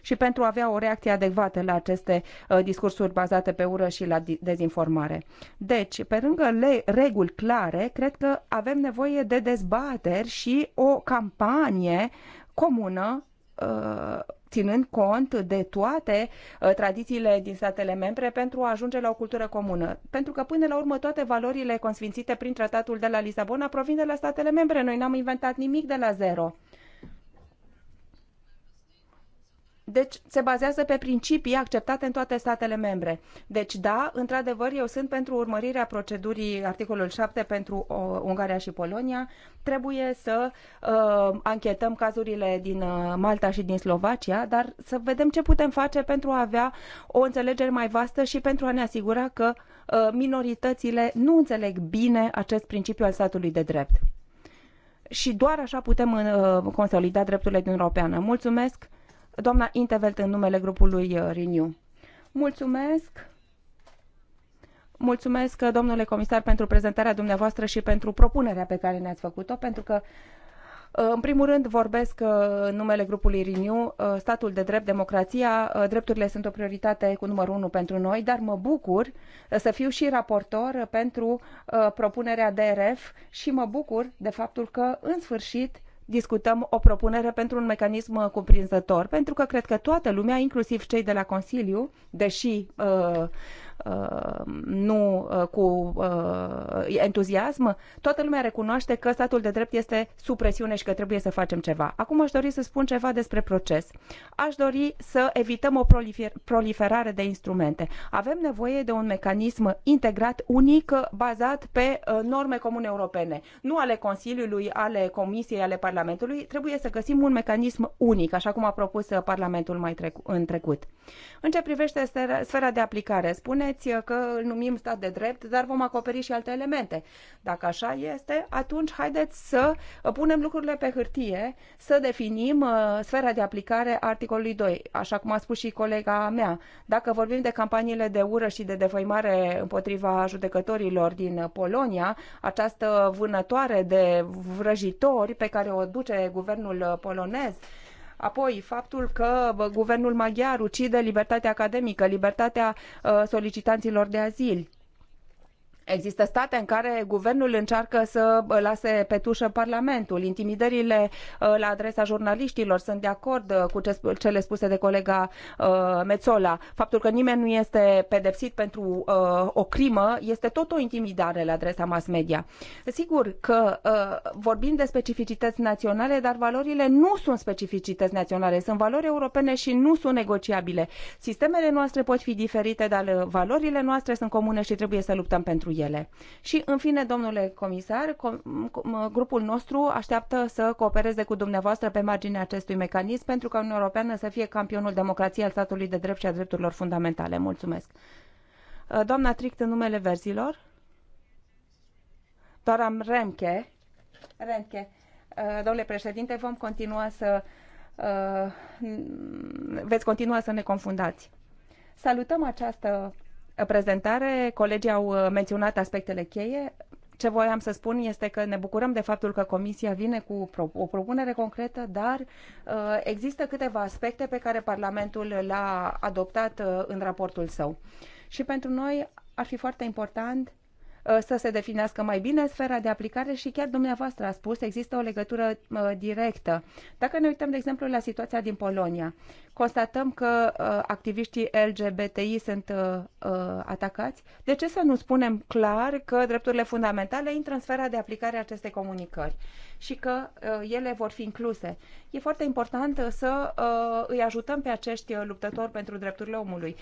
și pentru a avea o reacție adecvată la aceste uh, discursuri bazate pe ură și la dezinformare. Deci, pe lângă le- reguli clare, cred că avem nevoie de dezbateri și o campanie comună uh, ținând cont de toate uh, tradițiile din statele membre pentru a ajunge la o cultură comună. Pentru că, până la urmă, toate valorile consfințite prin tratatul de la Lisabona provin de la statele membre. Noi n-am inventat nimic de la zero. Deci se bazează pe principii acceptate în toate statele membre. Deci da, într-adevăr, eu sunt pentru urmărirea procedurii articolul 7 pentru uh, Ungaria și Polonia. Trebuie să uh, anchetăm cazurile din uh, Malta și din Slovacia, dar să vedem ce putem face pentru a avea o înțelegere mai vastă și pentru a ne asigura că uh, minoritățile nu înțeleg bine acest principiu al statului de drept. Și doar așa putem uh, consolida drepturile din Europeană. Mulțumesc! doamna Intevelt în numele grupului uh, Renew. Mulțumesc! Mulțumesc, uh, domnule comisar, pentru prezentarea dumneavoastră și pentru propunerea pe care ne-ați făcut-o, pentru că uh, în primul rând, vorbesc în numele grupului Renew, statul de drept, democrația, drepturile sunt o prioritate cu numărul unu pentru noi, dar mă bucur să fiu și raportor pentru propunerea DRF și mă bucur de faptul că, în sfârșit, discutăm o propunere pentru un mecanism uh, cuprinzător, pentru că cred că toată lumea, inclusiv cei de la Consiliu, deși uh, nu uh, cu uh, entuziasm, toată lumea recunoaște că statul de drept este sub presiune și că trebuie să facem ceva. Acum aș dori să spun ceva despre proces. Aș dori să evităm o proliferare de instrumente. Avem nevoie de un mecanism integrat, unic, bazat pe uh, norme comune europene, nu ale Consiliului, ale Comisiei, ale Parlamentului. Trebuie să găsim un mecanism unic, așa cum a propus Parlamentul mai trecu- în trecut. În ce privește sfera de aplicare, spune spuneți că îl numim stat de drept, dar vom acoperi și alte elemente. Dacă așa este, atunci haideți să punem lucrurile pe hârtie, să definim uh, sfera de aplicare a articolului 2, așa cum a spus și colega mea. Dacă vorbim de campaniile de ură și de defăimare împotriva judecătorilor din Polonia, această vânătoare de vrăjitori pe care o duce guvernul polonez, Apoi, faptul că guvernul maghiar ucide libertatea academică, libertatea uh, solicitanților de azil Există state în care guvernul încearcă să lase pe tușă Parlamentul. Intimidările uh, la adresa jurnaliștilor sunt de acord uh, cu cele spuse de colega uh, Mețola. Faptul că nimeni nu este pedepsit pentru o crimă este tot o intimidare la adresa mass media. Sigur că vorbim de specificități naționale, dar valorile nu sunt specificități naționale, sunt valori europene și nu sunt negociabile. Sistemele noastre pot fi diferite, dar valorile noastre sunt comune și trebuie să luptăm pentru ele. Și, în fine, domnule comisar, grupul nostru așteaptă să coopereze cu dumneavoastră pe marginea acestui mecanism pentru ca Uniunea Europeană să fie campionul democrației al statului de drept și a drepturilor fundamentale. Mulțumesc. Uh, doamna Trict, în numele verzilor. Doamna Remche. Remche. Uh, domnule președinte, vom continua să uh, veți continua să ne confundați. Salutăm această prezentare, colegii au uh, menționat aspectele cheie. Ce voiam să spun este că ne bucurăm de faptul că Comisia vine cu o propunere concretă, dar uh, există câteva aspecte pe care Parlamentul l-a adoptat uh, în raportul său. Și pentru noi ar fi foarte important Uh, să se definească mai bine sfera de aplicare și chiar dumneavoastră a spus, există o legătură uh, directă. Dacă ne uităm, de exemplu, la situația din Polonia, constatăm că uh, activiștii LGBTI sunt atacați. De ce să nu spunem clar că drepturile fundamentale intră în sfera de aplicare a acestei comunicări? și că uh, ele vor fi incluse. E foarte important uh, să uh, îi ajutăm pe acești luptători pentru drepturile omului,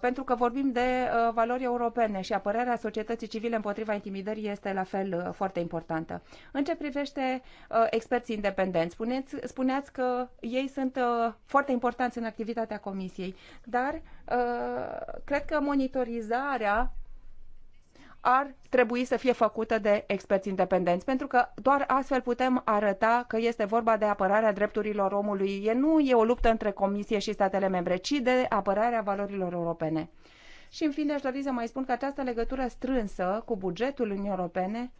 pentru că vorbim de valori europene și apărarea societății civile împotriva intimidării este la fel foarte importantă. În ce privește experții independenți, spuneți, spuneați că ei sunt foarte importanți în activitatea Comisiei, dar cred că monitorizarea ar trebui să fie făcută de experți independenți, pentru că doar astfel putem arăta că este vorba de apărarea drepturilor omului. E nu e o luptă între Comisie și statele membre, ci de apărarea valorilor europene. Și în fine aș dori să mai spun că această legătură strânsă cu bugetul Uniunii Europene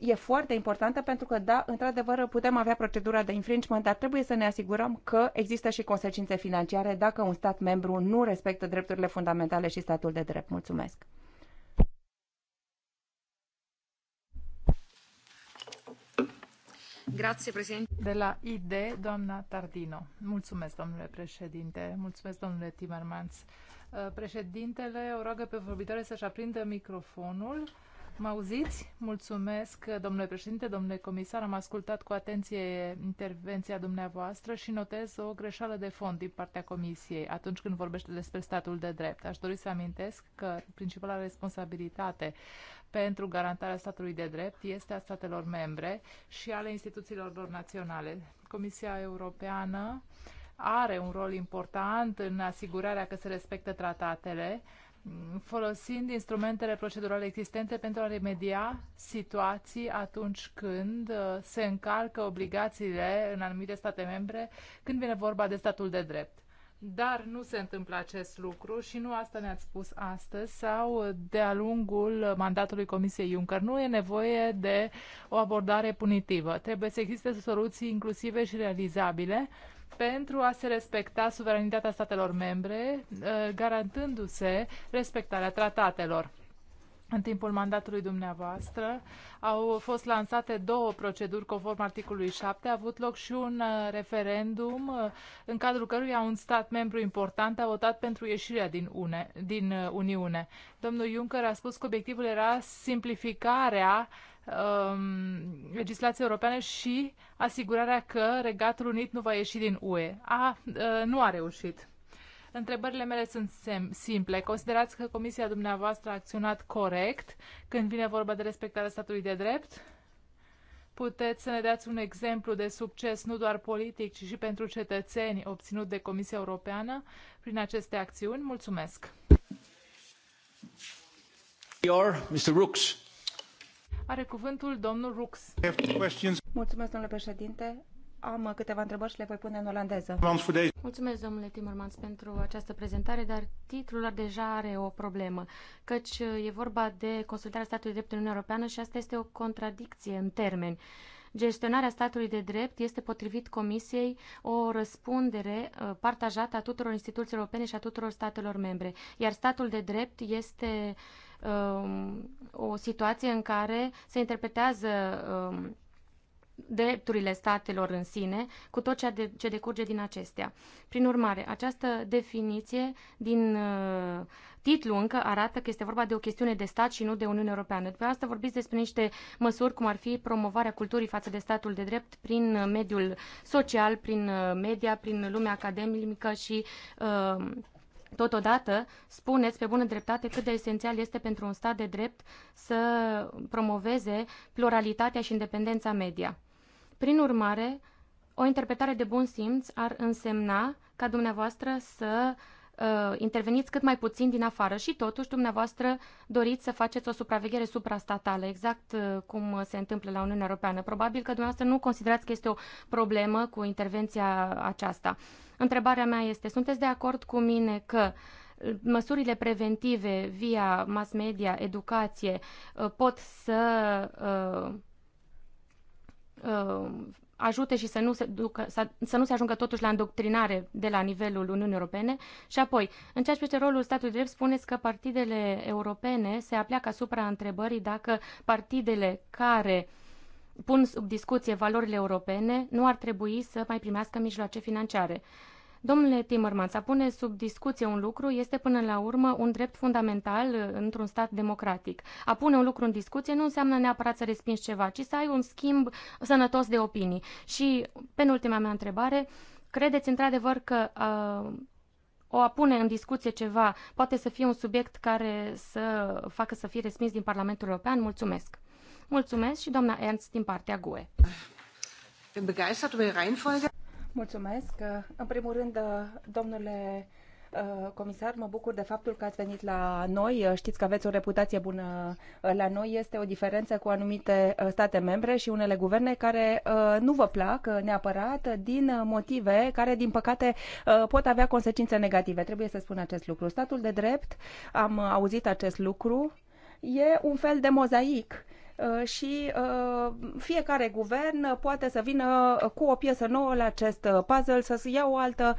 e foarte importantă pentru că, da, într-adevăr, putem avea procedura de infringement, dar trebuie să ne asigurăm că există și consecințe financiare dacă un stat membru nu respectă drepturile fundamentale și statul de drept. Mulțumesc! Grazie, președinte. De la ID, doamna Tardino. Mulțumesc, domnule președinte. Mulțumesc, domnule Timmermans. Uh, președintele o roagă pe vorbitoare să-și aprindă microfonul. Mă auziți? Mulțumesc, domnule președinte, domnule comisar. Am ascultat cu atenție intervenția dumneavoastră și notez o greșeală de fond din partea comisiei atunci când vorbește despre statul de drept. Aș dori să amintesc că principala responsabilitate pentru garantarea statului de drept este a statelor membre și ale instituțiilor lor naționale. Comisia Europeană are un rol important în asigurarea că se respectă tratatele, folosind instrumentele procedurale existente pentru a remedia situații atunci când uh, se încalcă obligațiile în anumite state membre, când vine vorba de statul de drept. Dar nu se întâmplă acest lucru și nu asta ne-ați spus astăzi sau de-a lungul mandatului Comisiei Juncker. Nu e nevoie de o abordare punitivă. Trebuie să existe soluții inclusive și realizabile pentru a se respecta suveranitatea statelor membre, eh, garantându-se respectarea tratatelor în timpul mandatului dumneavoastră au fost lansate două proceduri conform articolului 7. A avut loc și un uh, referendum uh, în cadrul căruia un stat membru important a votat pentru ieșirea din, une, din uh, Uniune. Domnul Juncker a spus că obiectivul era simplificarea um, legislației europene și asigurarea că Regatul Unit nu va ieși din UE. A, uh, nu a reușit. Întrebările mele sunt simple. Considerați că comisia dumneavoastră a acționat corect când vine vorba de respectarea statului de drept? Puteți să ne dați un exemplu de succes, nu doar politic, ci și pentru cetățeni, obținut de Comisia Europeană prin aceste acțiuni? Mulțumesc! Mr. Rooks. Are cuvântul domnul Rooks. Mulțumesc, domnule președinte am câteva întrebări și le voi pune în olandeză. Mulțumesc, domnule Timmermans, pentru această prezentare, dar titlul deja are o problemă, căci e vorba de consultarea statului de drept în Uniunea Europeană și asta este o contradicție în termeni. Gestionarea statului de drept este, potrivit Comisiei, o răspundere uh, partajată a tuturor instituțiilor europene și a tuturor statelor membre, iar statul de drept este um, o situație în care se interpretează um, drepturile statelor în sine, cu tot ceea de, ce decurge din acestea. Prin urmare, această definiție din uh, titlu încă arată că este vorba de o chestiune de stat și nu de Uniune Europeană. După asta vorbiți despre niște măsuri, cum ar fi promovarea culturii față de statul de drept prin uh, mediul social, prin uh, media, prin lumea academică și uh, Totodată, spuneți pe bună dreptate cât de esențial este pentru un stat de drept să promoveze pluralitatea și independența media. Prin urmare, o interpretare de bun simț ar însemna ca dumneavoastră să uh, Uh, interveniți cât mai puțin din afară și totuși dumneavoastră doriți să faceți o supraveghere suprastatală, exact uh, cum se întâmplă la Uniunea Europeană. Probabil că dumneavoastră nu considerați că este o problemă cu intervenția aceasta. Întrebarea mea este, sunteți de acord cu mine că uh, măsurile preventive via mass media, educație, pot să uh, ajute și să nu, se ducă, să, să nu se ajungă totuși la îndoctrinare de la nivelul Uniunii Europene. Și apoi, în ceea ce privește rolul statului drept, spuneți că partidele europene se apleacă asupra întrebării dacă partidele care pun sub discuție valorile europene nu ar trebui să mai primească mijloace financiare. Uh, Domnule Timmermans, să pune sub discuție un lucru este până la urmă un drept fundamental uh, într-un stat democratic. A pune un lucru în discuție nu înseamnă neapărat să respingi ceva, ci să ai un schimb sănătos de opinii. Și penultima mea întrebare, credeți într-adevăr că uh, o a pune în discuție ceva poate să fie un subiect care să facă să fie respins din Parlamentul European? Mulțumesc! Mulțumesc și doamna Ernst din partea GUE. Bin begeistert über die Reihenfolge. Mulțumesc. În primul rând, domnule uh, comisar, mă bucur de faptul că ați venit la noi. Știți că aveți o reputație bună uh, la noi. Este o diferență cu anumite uh, state membre și unele guverne care nu vă plac neapărat din motive care, din păcate, pot avea consecințe negative. Trebuie să spun acest lucru. Statul de drept, am auzit acest lucru, e un fel de mozaic Uh, și uh, fiecare guvern poate să vină cu o piesă nouă la acest uh, puzzle, să ia o altă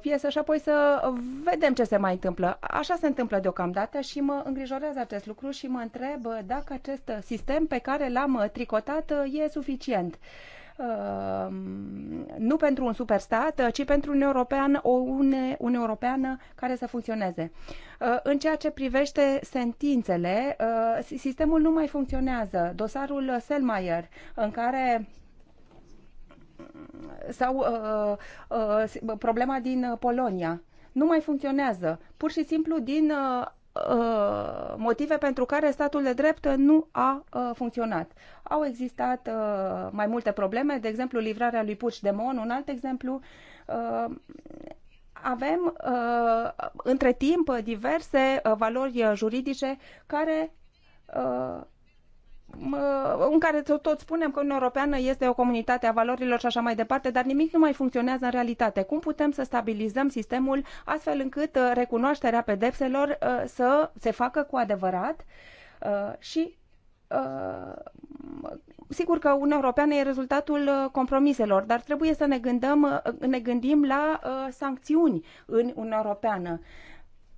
piesă și apoi să vedem ce se mai întâmplă. Așa se întâmplă deocamdată și mă îngrijorează acest lucru și mă întreb dacă acest sistem pe care l-am tricotat e suficient. Ehm, nu pentru un superstat, eh, ci pentru un european, o une, un europeană care să funcționeze. Eh, în ceea ce privește sentințele, eh, sistemul nu mai funcționează. Dosarul Selmayr, în care sau uh, uh, problema din Polonia, nu mai funcționează, pur și simplu din Uh, motive pentru care statul de drept nu a uh, funcționat. Au existat uh, mai multe probleme, de exemplu livrarea lui de Mon. un alt exemplu avem între timp diverse valori juridice care în care tot spunem că Uniunea Europeană este o comunitate a valorilor și așa mai departe, dar nimic nu mai funcționează în realitate. Cum putem să stabilizăm sistemul astfel încât uh, recunoașterea pedepselor uh, să se facă cu adevărat uh, și sigur că Uniunea Europeană e rezultatul compromiselor, dar trebuie să ne, gândăm, ne gândim la sancțiuni în Uniunea Europeană.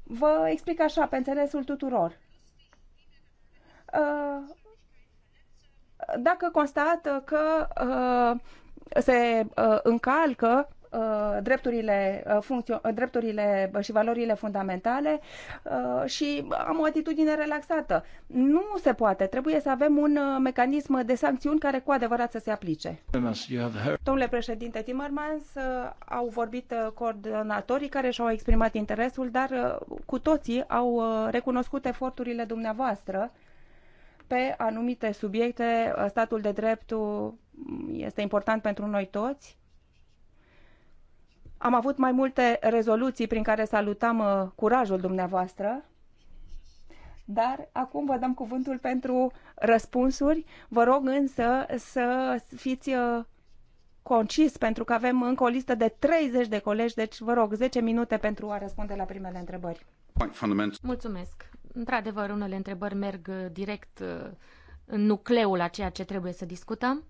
Vă explic așa, pe înțelesul tuturor dacă constată că uh, se uh, încalcă uh, drepturile, drepturile și valorile fundamentale și am o atitudine relaxată. Nu se poate. Trebuie să avem un mecanism de sancțiuni care cu adevărat să se aplice. Domnule președinte Timmermans, au vorbit coordonatorii care și-au exprimat interesul, dar cu toții au recunoscut eforturile dumneavoastră pe anumite subiecte ă, statul de drept este important pentru noi toți. Am avut mai multe rezoluții prin care salutam ă, curajul dumneavoastră, dar acum vă dăm cuvântul pentru răspunsuri. Vă rog însă să fiți ă, concis, pentru că avem încă o listă de 30 de colegi, deci vă rog 10 minute pentru a răspunde la primele întrebări. Mulțumesc! Într-adevăr, unele întrebări merg uh, direct uh, în nucleul a ceea ce trebuie să discutăm.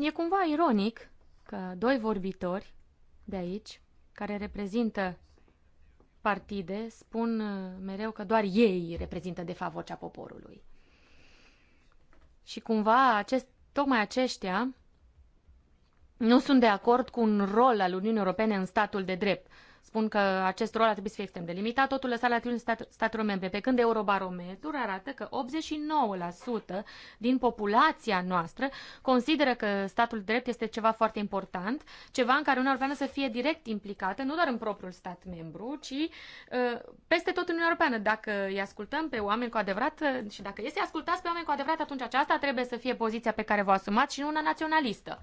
E cumva ironic că doi vorbitori de aici, care reprezintă partide, spun uh, mereu că doar ei reprezintă de fapt vocea poporului. Și cumva acest, tocmai aceștia nu sunt de acord cu un rol al Uniunii Europene în statul de drept spun că acest rol ar trebui să fie extrem de limitat, totul lăsat la atitudinea stat, statelor membre, pe când Eurobarometrul arată că 89% din populația noastră consideră că statul drept este ceva foarte important, ceva în care Uniunea Europeană să fie direct implicată, nu doar în propriul stat membru, ci uh, peste tot în Uniunea Europeană. Dacă îi ascultăm pe oameni cu adevărat uh, și dacă este ascultați pe oameni cu adevărat, atunci aceasta trebuie să fie poziția pe care vă asumați și nu una naționalistă.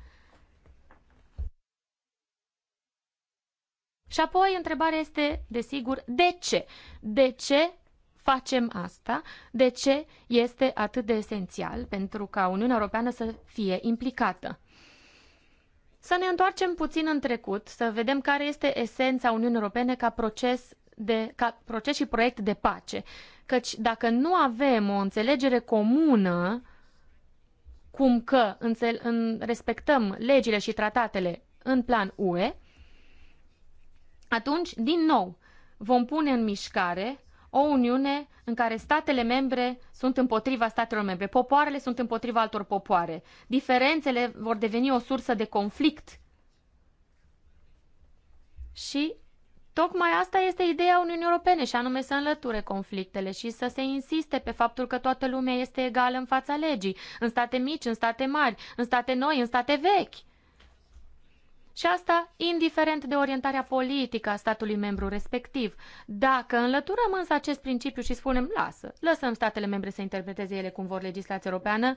Și apoi întrebarea este, desigur, de ce? De ce facem asta? De ce este atât de esențial pentru ca Uniunea Europeană să fie implicată? Să ne întoarcem puțin în trecut, să vedem care este esența Uniunii Europene ca proces, de, ca proces și proiect de pace. Căci dacă nu avem o înțelegere comună, cum că înțel- în, respectăm legile și tratatele în plan UE, atunci, din nou, vom pune în mișcare o Uniune în care statele membre sunt împotriva statelor membre, popoarele sunt împotriva altor popoare. Diferențele vor deveni o sursă de conflict. Și tocmai asta este ideea Uniunii Europene, și anume să înlăture conflictele și să se insiste pe faptul că toată lumea este egală în fața legii, în state mici, în state mari, în state noi, în state vechi. Și asta indiferent de orientarea politică a statului membru respectiv. Dacă înlăturăm însă acest principiu și spunem, lasă, lăsăm statele membre să interpreteze ele cum vor legislația europeană,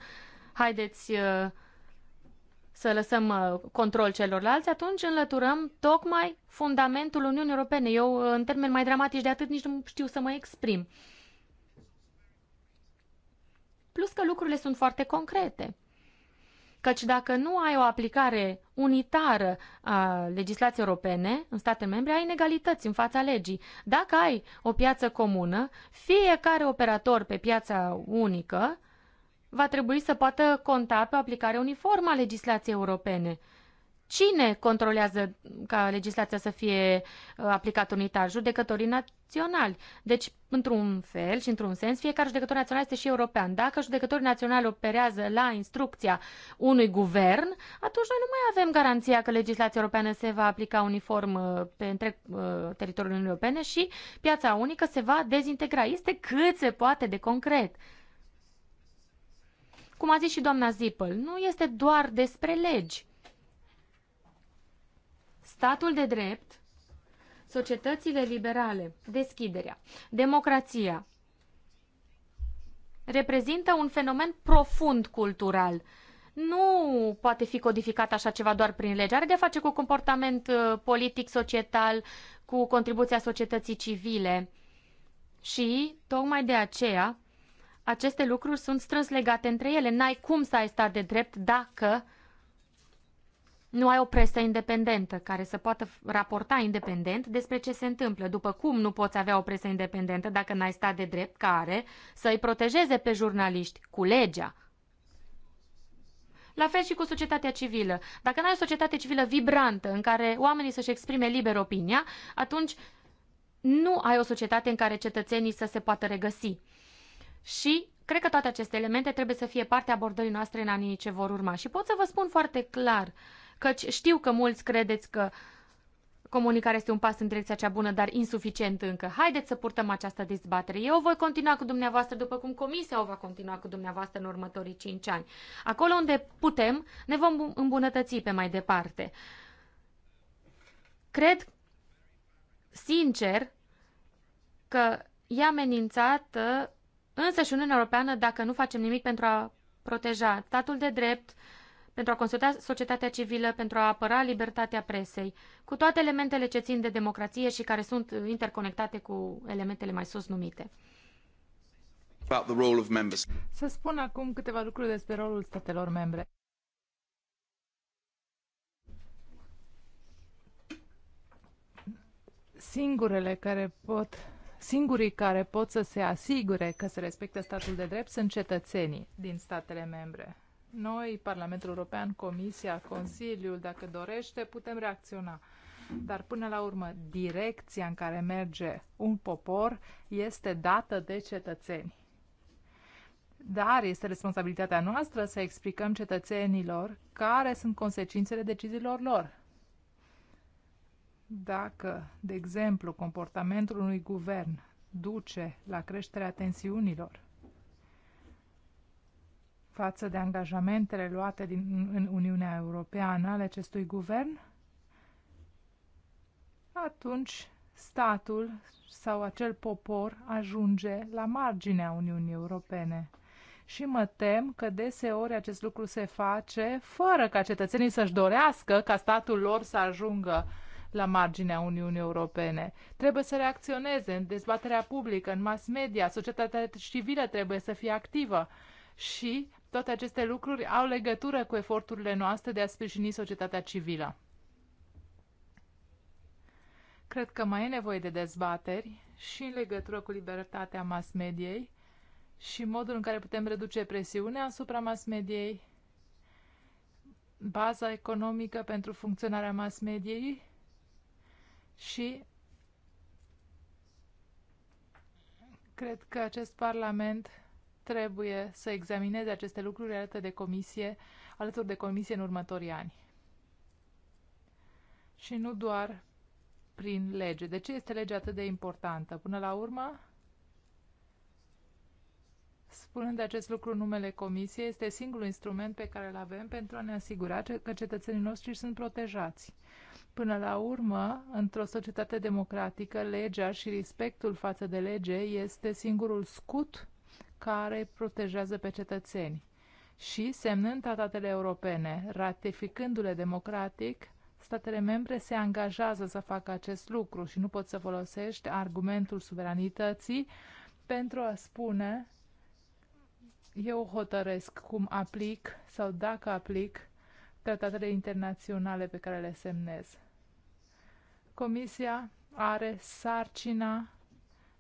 haideți uh, să lăsăm uh, control celorlalți, atunci înlăturăm tocmai fundamentul Uniunii Europene. Eu, uh, în termeni mai dramatici de atât, nici nu știu să mă exprim. Plus că lucrurile sunt foarte concrete căci dacă nu ai o aplicare unitară a legislației europene în state membre, ai inegalități în fața legii. Dacă ai o piață comună, fiecare operator pe piața unică va trebui să poată conta pe o aplicare uniformă a legislației europene. Cine controlează ca legislația să fie uh, aplicată unitar? Judecătorii naționali. Deci, într-un fel și într-un sens, fiecare judecător național este și european. Dacă judecătorii naționali operează la instrucția unui guvern, atunci noi nu mai avem garanția că legislația europeană se va aplica uniform uh, pe întreg uh, teritoriul Uniunii Europene și piața unică se va dezintegra. Este cât se poate de concret. Cum a zis și doamna Zipăl, nu este doar despre legi statul de drept, societățile liberale, deschiderea, democrația, reprezintă un fenomen profund cultural. Nu poate fi codificat așa ceva doar prin lege. Are de face cu comportament uh, politic, societal, cu contribuția societății civile. Și, tocmai de aceea, aceste lucruri sunt strâns legate între ele. N-ai cum să ai stat de drept dacă uh, nu ai o presă independentă care să poată raporta independent despre ce se întâmplă. După cum nu poți avea o presă independentă dacă n-ai stat de drept care să îi protejeze pe jurnaliști cu legea. La fel și cu societatea civilă. Dacă n-ai o societate civilă vibrantă în care oamenii să-și exprime liber opinia, atunci nu ai o societate în care cetățenii să se poată regăsi. Și cred că toate aceste elemente trebuie să fie parte a abordării noastre în anii ce vor urma. Și pot să vă spun foarte clar, uh, căci știu că mulți credeți că comunicarea este un pas în direcția cea bună, dar insuficient încă. Haideți să purtăm această dezbatere. Eu voi continua cu dumneavoastră după cum comisia o va continua cu dumneavoastră în următorii 5 ani. Acolo unde putem, ne vom îmbunătăți pe mai departe. Cred sincer că e amenințată însă și Uniunea Europeană dacă nu facem nimic pentru a proteja statul de drept, uh, pentru a consulta societatea civilă, pentru a apăra libertatea presei, cu toate elementele ce țin de democrație și care sunt interconectate cu elementele mai sus numite. Să spun acum câteva lucruri despre rolul statelor membre. Singurele care pot Singurii care pot să se asigure că se respectă statul de drept sunt cetățenii din statele membre. Noi, Parlamentul European, Comisia, Consiliul, dacă dorește, putem reacționa. Dar până la urmă, direcția în care merge un popor este dată de cetățeni. Dar este responsabilitatea noastră să explicăm cetățenilor care sunt consecințele deciziilor lor. Dacă, de exemplu, comportamentul unui guvern duce la creșterea tensiunilor față de angajamentele luate din, în Uniunea Europeană ale acestui guvern, atunci statul sau acel popor ajunge la marginea Uniunii Europene. Și mă tem că deseori acest lucru se face fără ca cetățenii să-și dorească ca statul lor să ajungă la marginea Uniunii Europene. Trebuie să reacționeze în dezbaterea publică, în mass media, societatea civilă trebuie să fie activă și toate aceste lucruri au legătură cu eforturile noastre de a sprijini societatea civilă. Cred că mai e nevoie de dezbateri și în legătură cu libertatea mass mediei și modul în care putem reduce presiunea asupra mass mediei, baza economică pentru funcționarea mass mediei și cred că acest Parlament trebuie să examineze aceste lucruri alături de comisie, alături de comisie în următorii ani. Și nu doar prin lege. De ce este legea atât de importantă? Până la urmă, spunând acest lucru numele comisiei, este singurul instrument pe care îl avem pentru a ne asigura că cetățenii noștri sunt protejați. Până la urmă, într-o societate democratică, legea și respectul față de lege este singurul scut care protejează pe cetățeni. Și, semnând tratatele europene, ratificându-le democratic, statele membre se angajează să facă acest lucru și nu pot să folosești argumentul suveranității pentru a spune eu hotăresc cum aplic sau dacă aplic tratatele internaționale pe care le semnez. Comisia are sarcina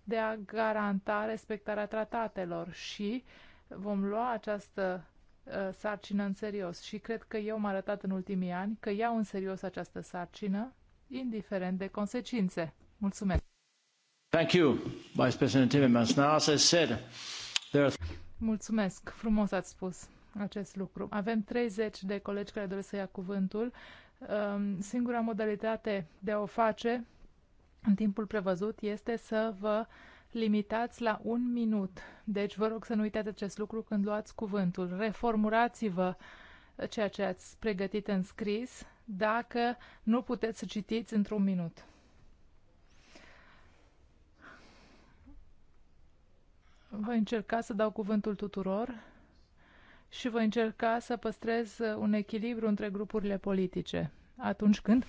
de a garanta respectarea tratatelor și vom lua această uh, sarcină în serios. Și cred că eu m-am arătat în ultimii ani că iau în serios această sarcină, indiferent de consecințe. Mulțumesc! Thank you, Vice President Timmermans. Now, as I said, there are... Mulțumesc, frumos ați spus acest lucru. Avem 30 de colegi care doresc să ia cuvântul. Um, singura modalitate de a o face în timpul prevăzut este să vă limitați la un minut. Deci vă rog să nu uitați acest lucru când luați cuvântul. Reformurați-vă ceea ce ați pregătit în scris dacă nu puteți să citiți într-un minut. Voi încerca să dau cuvântul tuturor și voi încerca să păstrez un echilibru între grupurile politice atunci când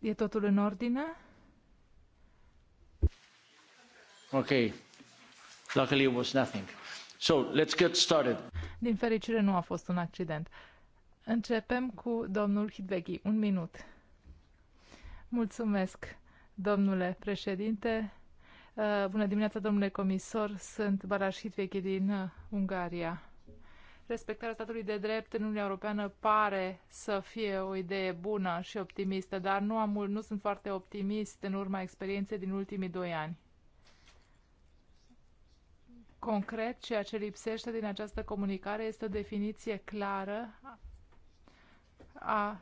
E totul în ordine? Ok. Luckily it was nothing. So, let's get started. Din fericire nu a fost un accident. Începem cu domnul Hidveghi. Un minut. Mulțumesc, domnule președinte. Uh, bună dimineața, domnule comisor. Sunt Balaș Hidveghi din uh, Ungaria respectarea statului de drept în Uniunea Europeană pare să fie o idee bună și optimistă, dar nu, am, nu sunt foarte optimist în urma experienței din ultimii doi ani. Concret, ceea ce lipsește din această comunicare este o definiție clară a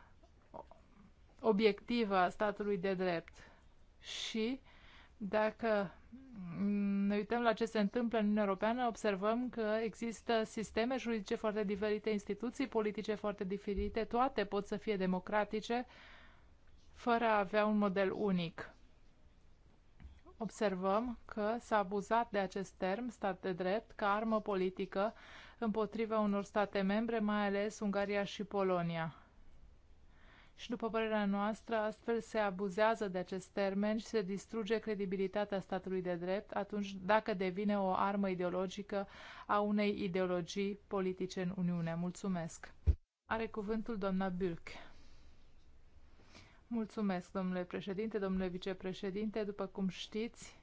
obiectivă a statului de drept și dacă ne uităm la ce se întâmplă în Uniunea Europeană, observăm că există sisteme juridice foarte diferite, instituții politice foarte diferite, toate pot să fie democratice, fără a avea un model unic. Observăm că s-a abuzat de acest term, stat de drept, ca armă politică împotriva unor state membre, mai ales Ungaria și Polonia și, după părerea noastră, astfel se abuzează de acest termen și se distruge credibilitatea statului de drept atunci dacă devine o armă ideologică a unei ideologii politice în Uniune. Mulțumesc! Are cuvântul doamna Bülk. Mulțumesc, domnule președinte, domnule vicepreședinte. După cum știți,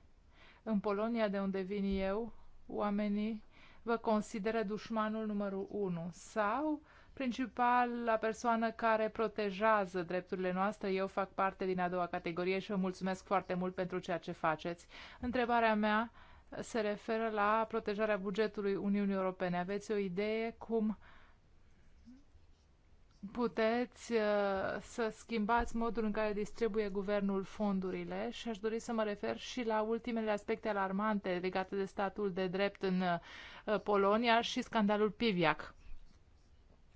în Polonia, de unde vin eu, oamenii vă consideră dușmanul numărul 1 sau principala persoană care protejează drepturile noastre. Eu fac parte din a doua categorie și vă mulțumesc foarte mult pentru ceea ce faceți. Întrebarea mea se referă la protejarea bugetului Uniunii Europene. Aveți o idee cum puteți uh, să schimbați modul în care distribuie guvernul fondurile și aș dori să mă refer și la ultimele aspecte alarmante legate de statul de drept în uh, Polonia și scandalul Piviac.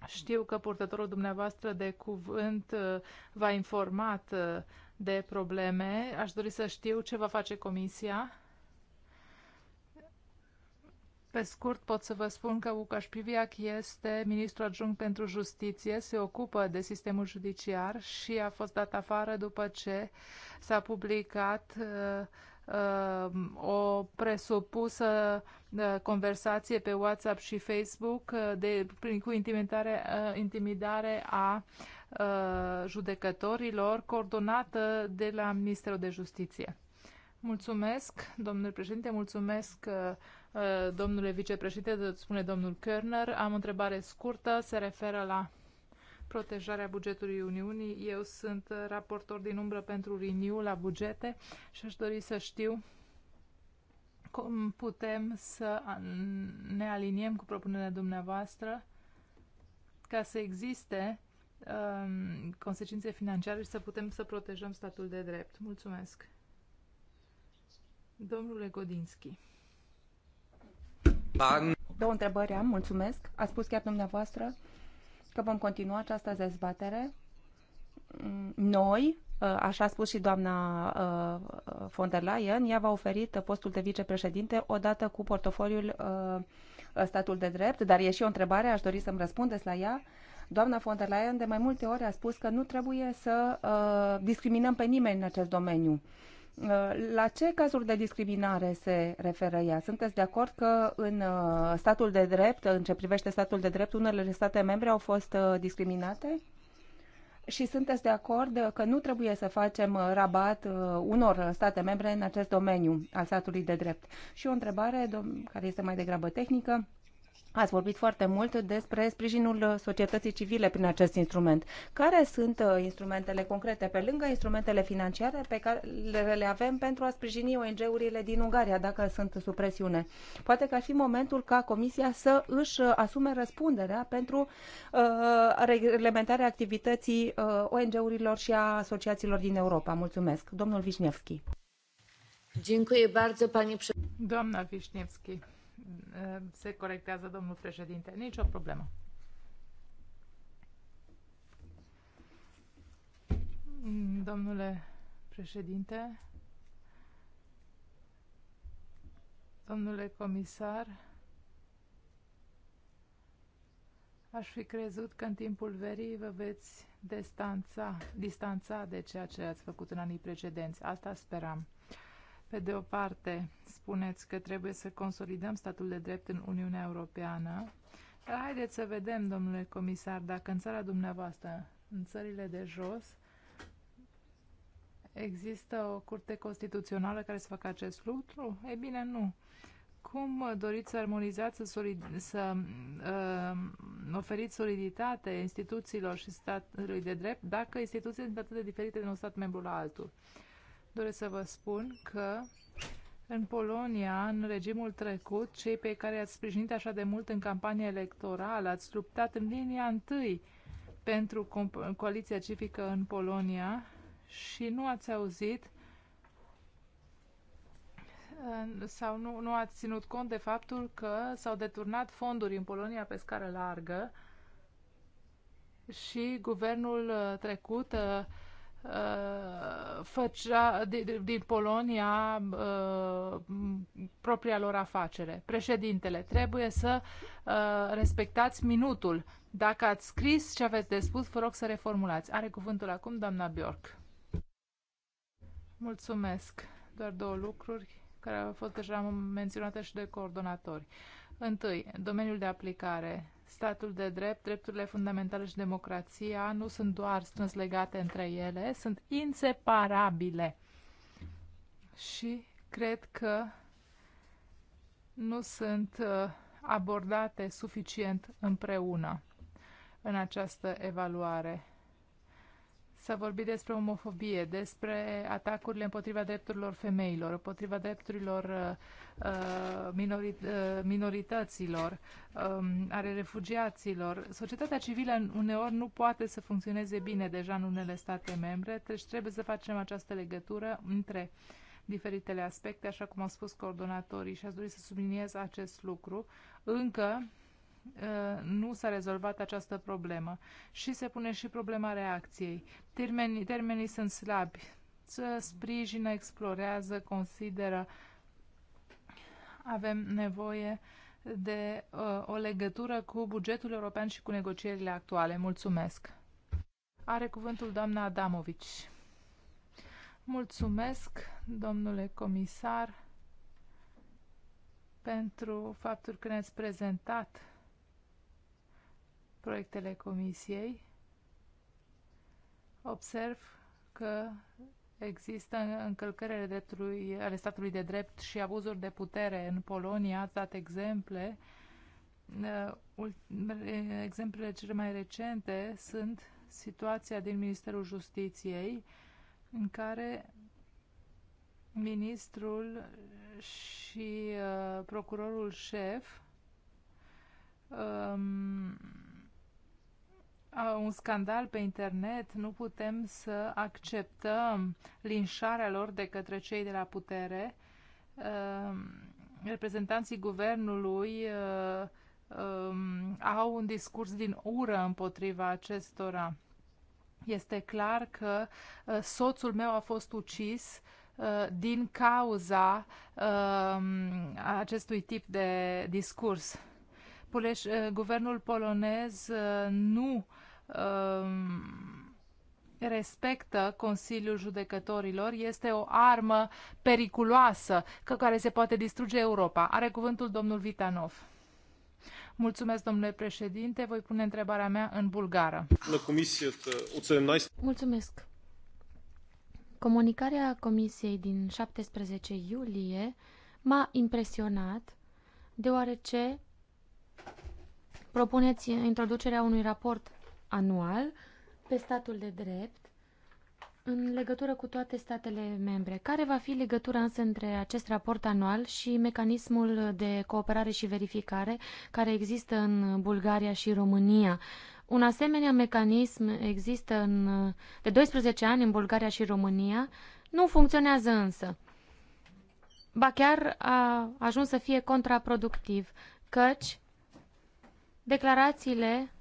Știu că purtătorul dumneavoastră de cuvânt uh, v-a informat uh, de probleme. Aș dori să știu ce va face comisia. Pe scurt pot să vă spun că Ucaș Piviac este ministru adjunct pentru justiție, se ocupă de sistemul judiciar și a fost dat afară după ce s-a publicat uh, uh, o presupusă da, conversație pe WhatsApp și Facebook uh, de, prin, cu intimidare, uh, intimidare a uh, judecătorilor coordonată de la Ministerul de Justiție. Mulțumesc, domnule președinte, mulțumesc, domnule vicepreședinte, spune domnul Körner. Am o întrebare scurtă, se referă la protejarea bugetului Uniunii. Eu sunt raportor din umbră pentru Renew la bugete și aș dori să știu cum putem să ne aliniem cu propunerea dumneavoastră ca să existe um, consecințe financiare și să putem să protejăm statul de drept. Mulțumesc. Domnule Godinski. Două întrebări am, mulțumesc. A spus chiar dumneavoastră că vom continua această dezbatere. Mm, noi, așa a spus și doamna uh, von der Leyen, ea v-a oferit postul de vicepreședinte odată cu portofoliul uh, statul de drept, dar e și o întrebare, aș dori să-mi răspundeți la ea. Doamna von der Leyen de mai multe ori a spus că nu trebuie să uh, discriminăm pe nimeni în acest domeniu. La ce cazuri de discriminare se referă ea? Sunteți de acord că în statul de drept, în ce privește statul de drept, unele state membre au fost discriminate? și sunteți de acord că nu trebuie să facem uh, rabat uh, unor state membre în acest domeniu al statului de drept. Și o întrebare care este mai degrabă tehnică. Ați vorbit foarte mult despre sprijinul societății civile prin acest instrument. Care sunt uh, instrumentele concrete, pe lângă instrumentele financiare pe care le avem pentru a sprijini ONG-urile din Ungaria, dacă sunt sub presiune? Poate că ar fi momentul ca Comisia să își uh, asume răspunderea pentru uh, reglementarea activității uh, ONG-urilor și a asociațiilor din Europa. Mulțumesc. Domnul Vișnevski. Dziękuję bardzo, panie Doamna Vișnevski. Uh, se corectează domnul președinte. nici o problemă. Domnule președinte, domnule comisar, aș fi crezut că în timpul verii vă veți distanța, distanța de ceea ce ați făcut în anii precedenți. Asta speram. Pe de o parte, spuneți că trebuie să consolidăm statul de drept în Uniunea Europeană. Dar haideți să vedem, domnule comisar, dacă în țara dumneavoastră, în țările de jos, există o curte constituțională care să facă acest lucru? E bine, nu. Cum doriți să armonizați, să, solid, să uh, oferiți soliditate instituțiilor și statului de drept dacă instituțiile sunt atât de diferite de un stat membru la altul? Uh, doresc să vă spun că în Polonia, în regimul trecut, cei pe care ați sprijinit așa de mult în campania electorală, ați luptat în linia întâi pentru coaliția civică în Polonia și nu ați auzit sau nu, nu ați ținut cont de faptul că s-au deturnat fonduri în Polonia pe scară largă și guvernul uh, trecut uh, Uh, făcea din, Polonia uh, propria lor afacere. Președintele, trebuie să uh, respectați minutul. Dacă ați scris ce aveți de spus, vă rog să reformulați. Are cuvântul acum doamna Bjork. Mulțumesc. Doar două lucruri care au fost deja menționate și de coordonatori. Întâi, domeniul de aplicare statul de drept, drepturile fundamentale și democrația nu sunt doar strâns legate între ele, sunt inseparabile. Și cred că nu sunt uh, abordate suficient împreună în această evaluare. S-a vorbit despre omofobie, despre atacurile împotriva drepturilor femeilor, împotriva drepturilor uh, uh minori, uh, minorităților, um, ale refugiaților. Societatea civilă uneori nu poate să funcționeze bine deja în unele state membre, deci trebuie să facem această legătură între diferitele aspecte, așa cum au spus coordonatorii și aș dori să subliniez acest lucru. Încă Uh, nu s-a rezolvat această problemă și se pune și problema reacției. Termenii, termenii sunt slabi. Să sprijină, explorează, consideră. Avem nevoie de uh, o legătură cu bugetul european și cu negocierile actuale. Mulțumesc. Are cuvântul doamna Adamovici. Mulțumesc, domnule comisar, pentru faptul că ne-ați prezentat proiectele comisiei, observ că există încălcări ale, dreptului, ale statului de drept și abuzuri de putere în Polonia. Ați dat exemple. Uh, exemplele cele mai recente sunt situația din Ministerul Justiției, în care ministrul și uh, procurorul șef um, un scandal pe internet, nu putem să acceptăm linșarea lor de către cei de la putere. Ehm, reprezentanții guvernului eh, ehm, au un discurs din ură împotriva acestora. Este clar că eh, soțul meu a fost ucis eh, din cauza ehm, acestui tip de discurs. Guvernul polonez nu Um, respectă Consiliul Judecătorilor este o armă periculoasă că care se poate distruge Europa. Are cuvântul domnul Vitanov. Mulțumesc, domnule președinte. Voi pune întrebarea mea în bulgară. Uh, Mulțumesc. Comunicarea Comisiei din 17 iulie m-a impresionat deoarece propuneți introducerea unui raport anual pe statul de drept în legătură cu toate statele membre. Care va fi legătura însă între acest raport anual și mecanismul de cooperare și verificare care există în Bulgaria și România? Un asemenea mecanism există în, de 12 ani în Bulgaria și România, nu funcționează însă. Ba chiar a ajuns să fie contraproductiv, căci declarațiile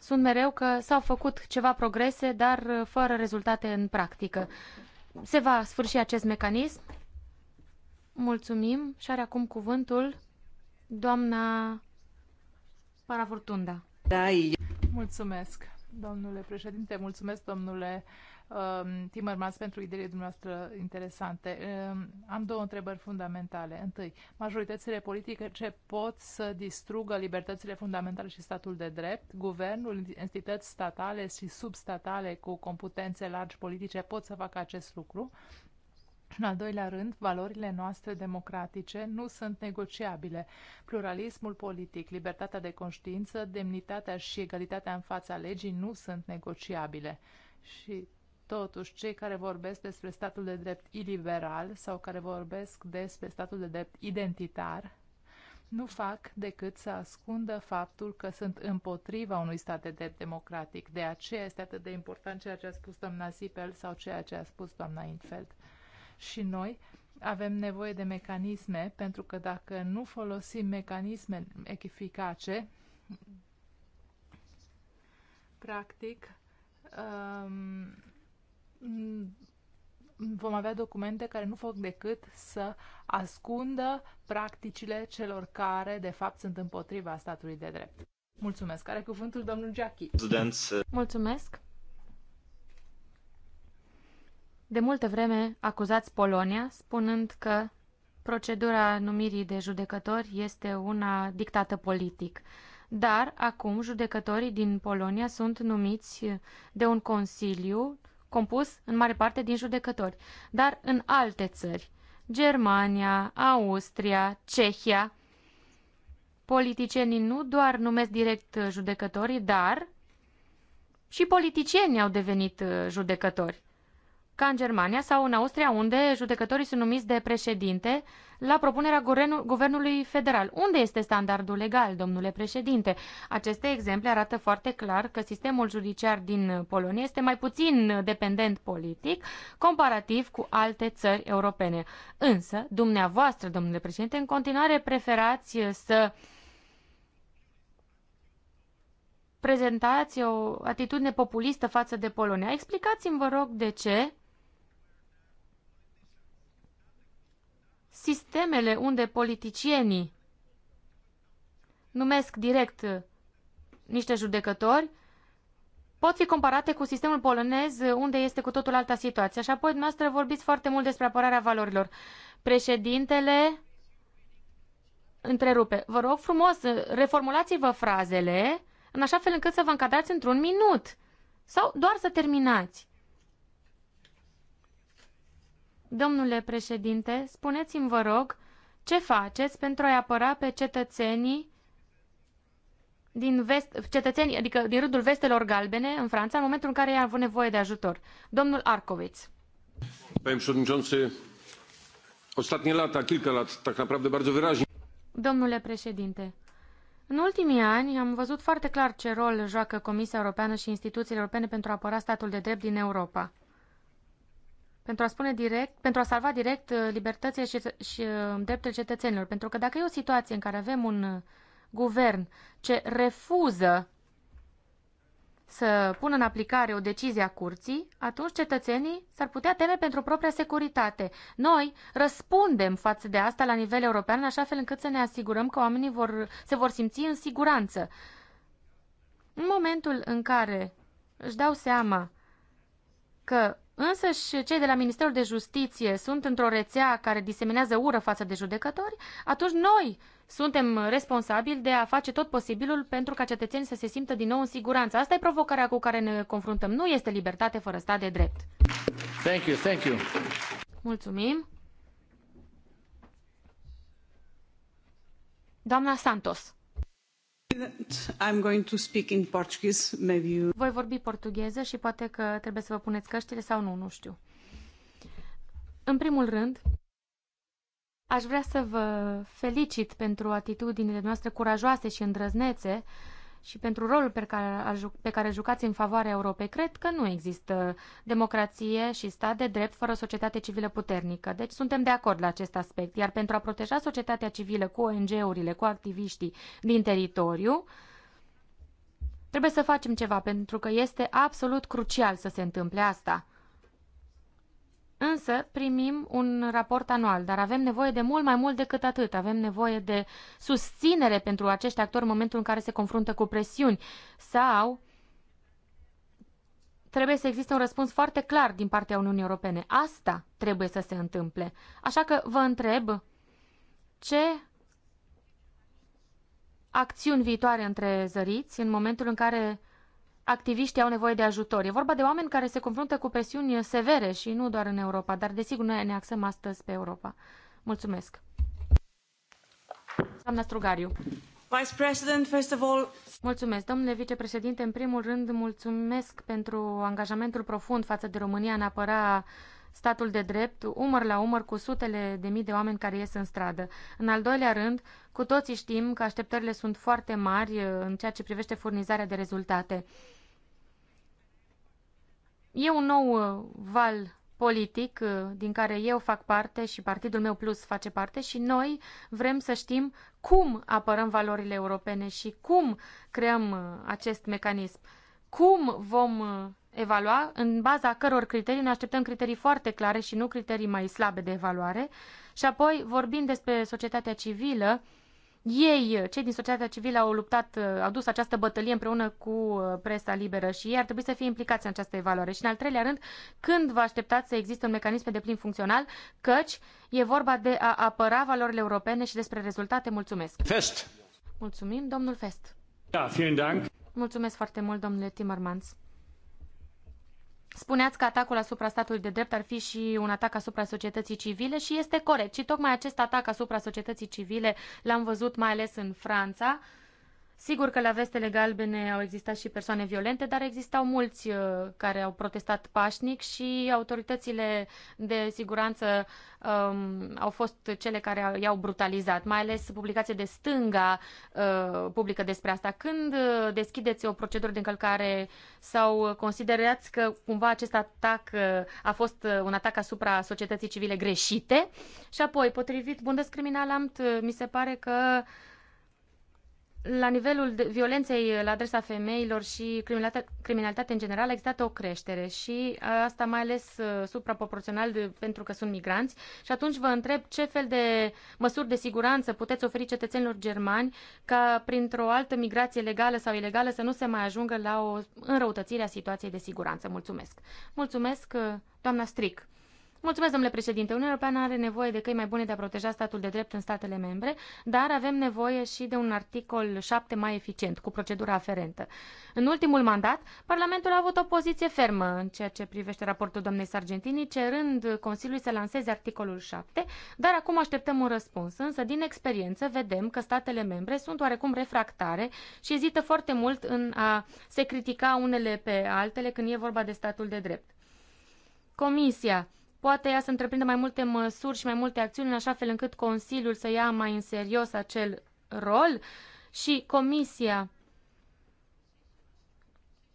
sunt mereu că s-au făcut ceva progrese, dar uh, fără rezultate în practică. Se va sfârși acest mecanism. Mulțumim și are acum cuvântul doamna Parafortunda. Da, Mulțumesc, domnule președinte, mulțumesc, domnule um, Timmermans pentru ideile dumneavoastră interesante. Um, am două întrebări fundamentale. Întâi, majoritățile politice ce pot să distrugă libertățile fundamentale și statul de drept? Guvernul, entități statale și substatale cu competențe largi politice pot să facă acest lucru? În al doilea rând, valorile noastre democratice nu sunt negociabile. Pluralismul politic, libertatea de conștiință, demnitatea și egalitatea în fața legii nu sunt negociabile. Și Totuși, cei care vorbesc despre statul de drept iliberal sau care vorbesc despre statul de drept identitar nu fac decât să ascundă faptul că sunt împotriva unui stat de drept democratic. De aceea este atât de important ceea ce a spus doamna Sipel sau ceea ce a spus doamna Infeld. Și noi avem nevoie de mecanisme, pentru că dacă nu folosim mecanisme eficace, practic, um, Mm, vom avea documente care nu fac decât să ascundă practicile celor care, de fapt, sunt împotriva statului de drept. Mulțumesc. Are cuvântul domnul Jackie. Uh, Mulțumesc. De multă vreme acuzați Polonia spunând că procedura numirii de judecători este una dictată politic. Dar acum judecătorii din Polonia sunt numiți de un consiliu compus în mare parte din judecători. Dar în alte țări, Germania, Austria, Cehia, politicienii nu doar numesc direct judecătorii, dar și politicienii au devenit uh, judecători ca în Germania sau în Austria, unde judecătorii sunt numiți de președinte la propunerea guvernului federal. Unde este standardul legal, domnule președinte? Aceste exemple arată foarte clar că sistemul judiciar din Polonia este mai puțin dependent politic comparativ cu alte țări europene. Însă, dumneavoastră, domnule președinte, în continuare preferați să prezentați o atitudine populistă față de Polonia. Explicați-mi, vă rog, de ce sistemele unde politicienii numesc direct niște judecători pot fi comparate cu sistemul polonez, unde este cu totul alta situație. Și apoi, dumneavoastră, vorbiți foarte mult despre apărarea valorilor. Președintele întrerupe. Vă rog frumos, reformulați-vă frazele în așa fel încât să vă încadrați într-un minut. Sau doar să terminați. Domnule președinte, spuneți-mi, vă rog, ce faceți pentru a-i apăra pe cetățenii din vest, cetățenii, adică din rândul vestelor galbene în Franța, în momentul în care ei au nevoie de ajutor? Domnul Arcoviț. Domnule președinte, în ultimii ani am văzut foarte clar ce rol joacă Comisia Europeană și instituțiile europene pentru a apăra statul de drept din Europa pentru a spune direct, pentru a salva direct uh, libertățile și, și uh, drepturile cetățenilor. Pentru că dacă e o situație în care avem un uh, guvern ce refuză să pună în aplicare o decizie a curții, atunci cetățenii s-ar putea teme pentru propria securitate. Noi răspundem față de asta la nivel european, în așa fel încât să ne asigurăm că oamenii vor, se vor simți în siguranță. În momentul în care își dau seama că Însă și cei de la Ministerul de Justiție sunt într-o rețea care diseminează ură față de judecători, atunci noi suntem responsabili de a face tot posibilul pentru ca cetățenii să se simtă din nou în siguranță. Asta e provocarea cu care ne confruntăm. Nu este libertate fără stat de drept. Thank you, thank you. Mulțumim. Doamna Santos. Voi vorbi portugheză și poate că trebuie să vă puneți căștile sau nu, nu știu. În primul rând, aș vrea să vă felicit pentru atitudinile noastre curajoase și îndrăznețe uh, și pentru rolul pe care, pe care jucați în favoarea Europei, cred că nu există democrație și stat de drept fără societate civilă puternică. Deci suntem de acord la acest aspect. Iar pentru a proteja societatea civilă cu ONG-urile, cu activiștii din teritoriu, trebuie să facem ceva, pentru că este absolut crucial să se întâmple asta. Însă primim un raport anual, dar avem nevoie de mult mai mult decât atât. Avem nevoie de susținere pentru acești actori în momentul în care se confruntă cu presiuni sau trebuie să existe un răspuns foarte clar din partea Uniunii Europene. Asta trebuie să se întâmple. Așa că vă întreb ce acțiuni viitoare întrezăriți în momentul în care activiștii au nevoie de ajutor. E vorba de oameni care se confruntă cu presiuni severe și nu doar în Europa, dar desigur noi ne axăm astăzi pe Europa. Mulțumesc. Doamna Strugariu. Vice President, first of all... Mulțumesc, domnule vicepreședinte. În primul rând, mulțumesc pentru angajamentul profund față de România în apăra statul de drept, umăr la umăr cu sutele de mii de oameni care ies în stradă. În al doilea rând, cu toții știm că așteptările sunt foarte mari uh, în ceea ce privește furnizarea de rezultate. E un nou uh, val politic uh, din care eu fac parte și partidul meu plus face parte și noi vrem să știm cum apărăm valorile europene și cum creăm uh, acest mecanism. Cum vom evalua, în baza căror criterii ne așteptăm criterii foarte clare și nu criterii mai slabe de evaluare. Și apoi, vorbind despre societatea civilă, ei, uh, cei din societatea civilă, au luptat, uh, au dus această bătălie împreună cu uh, presa liberă și ei ar trebui să fie implicați în această evaluare. Și în al treilea rând, când vă așteptați să existe un mecanism de plin funcțional, căci e vorba de a apăra valorile europene și despre rezultate. Mulțumesc! Fest! Mulțumim, domnul Fest! Da, vielen Dank! Mulțumesc foarte mult, domnule Timmermans! Spuneați că atacul asupra statului de drept ar fi și un atac asupra societății civile și este corect. Și tocmai acest atac asupra societății civile l-am văzut mai ales în Franța, Sigur că la vestele galbene au existat și persoane violente, dar existau mulți uh, care au protestat pașnic și autoritățile de siguranță um, au fost cele care i-au brutalizat, mai ales publicații de stânga uh, publică despre asta. Când uh, deschideți o procedură de încălcare sau considerați că cumva acest atac uh, a fost un atac asupra societății civile greșite? Și apoi, potrivit Bundescriminalamt, mi se pare că uh, la nivelul de violenței la adresa femeilor și criminalitate, criminalitate în general a existat o creștere și uh, asta mai ales uh, supraproporțional de, pentru că sunt migranți. Și atunci vă întreb ce fel de măsuri de siguranță puteți oferi cetățenilor germani ca printr-o altă migrație legală sau ilegală să nu se mai ajungă la o înrăutățire a situației de siguranță. Mulțumesc! Mulțumesc, uh, doamna Stric! Mulțumesc, domnule președinte. Uniunea Europeană are nevoie de căi mai bune de a proteja statul de drept în statele membre, dar avem nevoie și de un articol 7 mai eficient, cu procedura aferentă. În ultimul mandat, Parlamentul a avut o poziție fermă în ceea ce privește raportul doamnei Sargentini, cerând Consiliului să lanseze articolul 7, dar acum așteptăm un răspuns. Însă, din experiență, vedem că statele membre sunt oarecum refractare și ezită foarte mult în a se critica unele pe altele când e vorba de statul de drept. Comisia poate ea să întreprindă mai multe măsuri și mai multe acțiuni în așa fel încât Consiliul să ia mai în serios acel rol și Comisia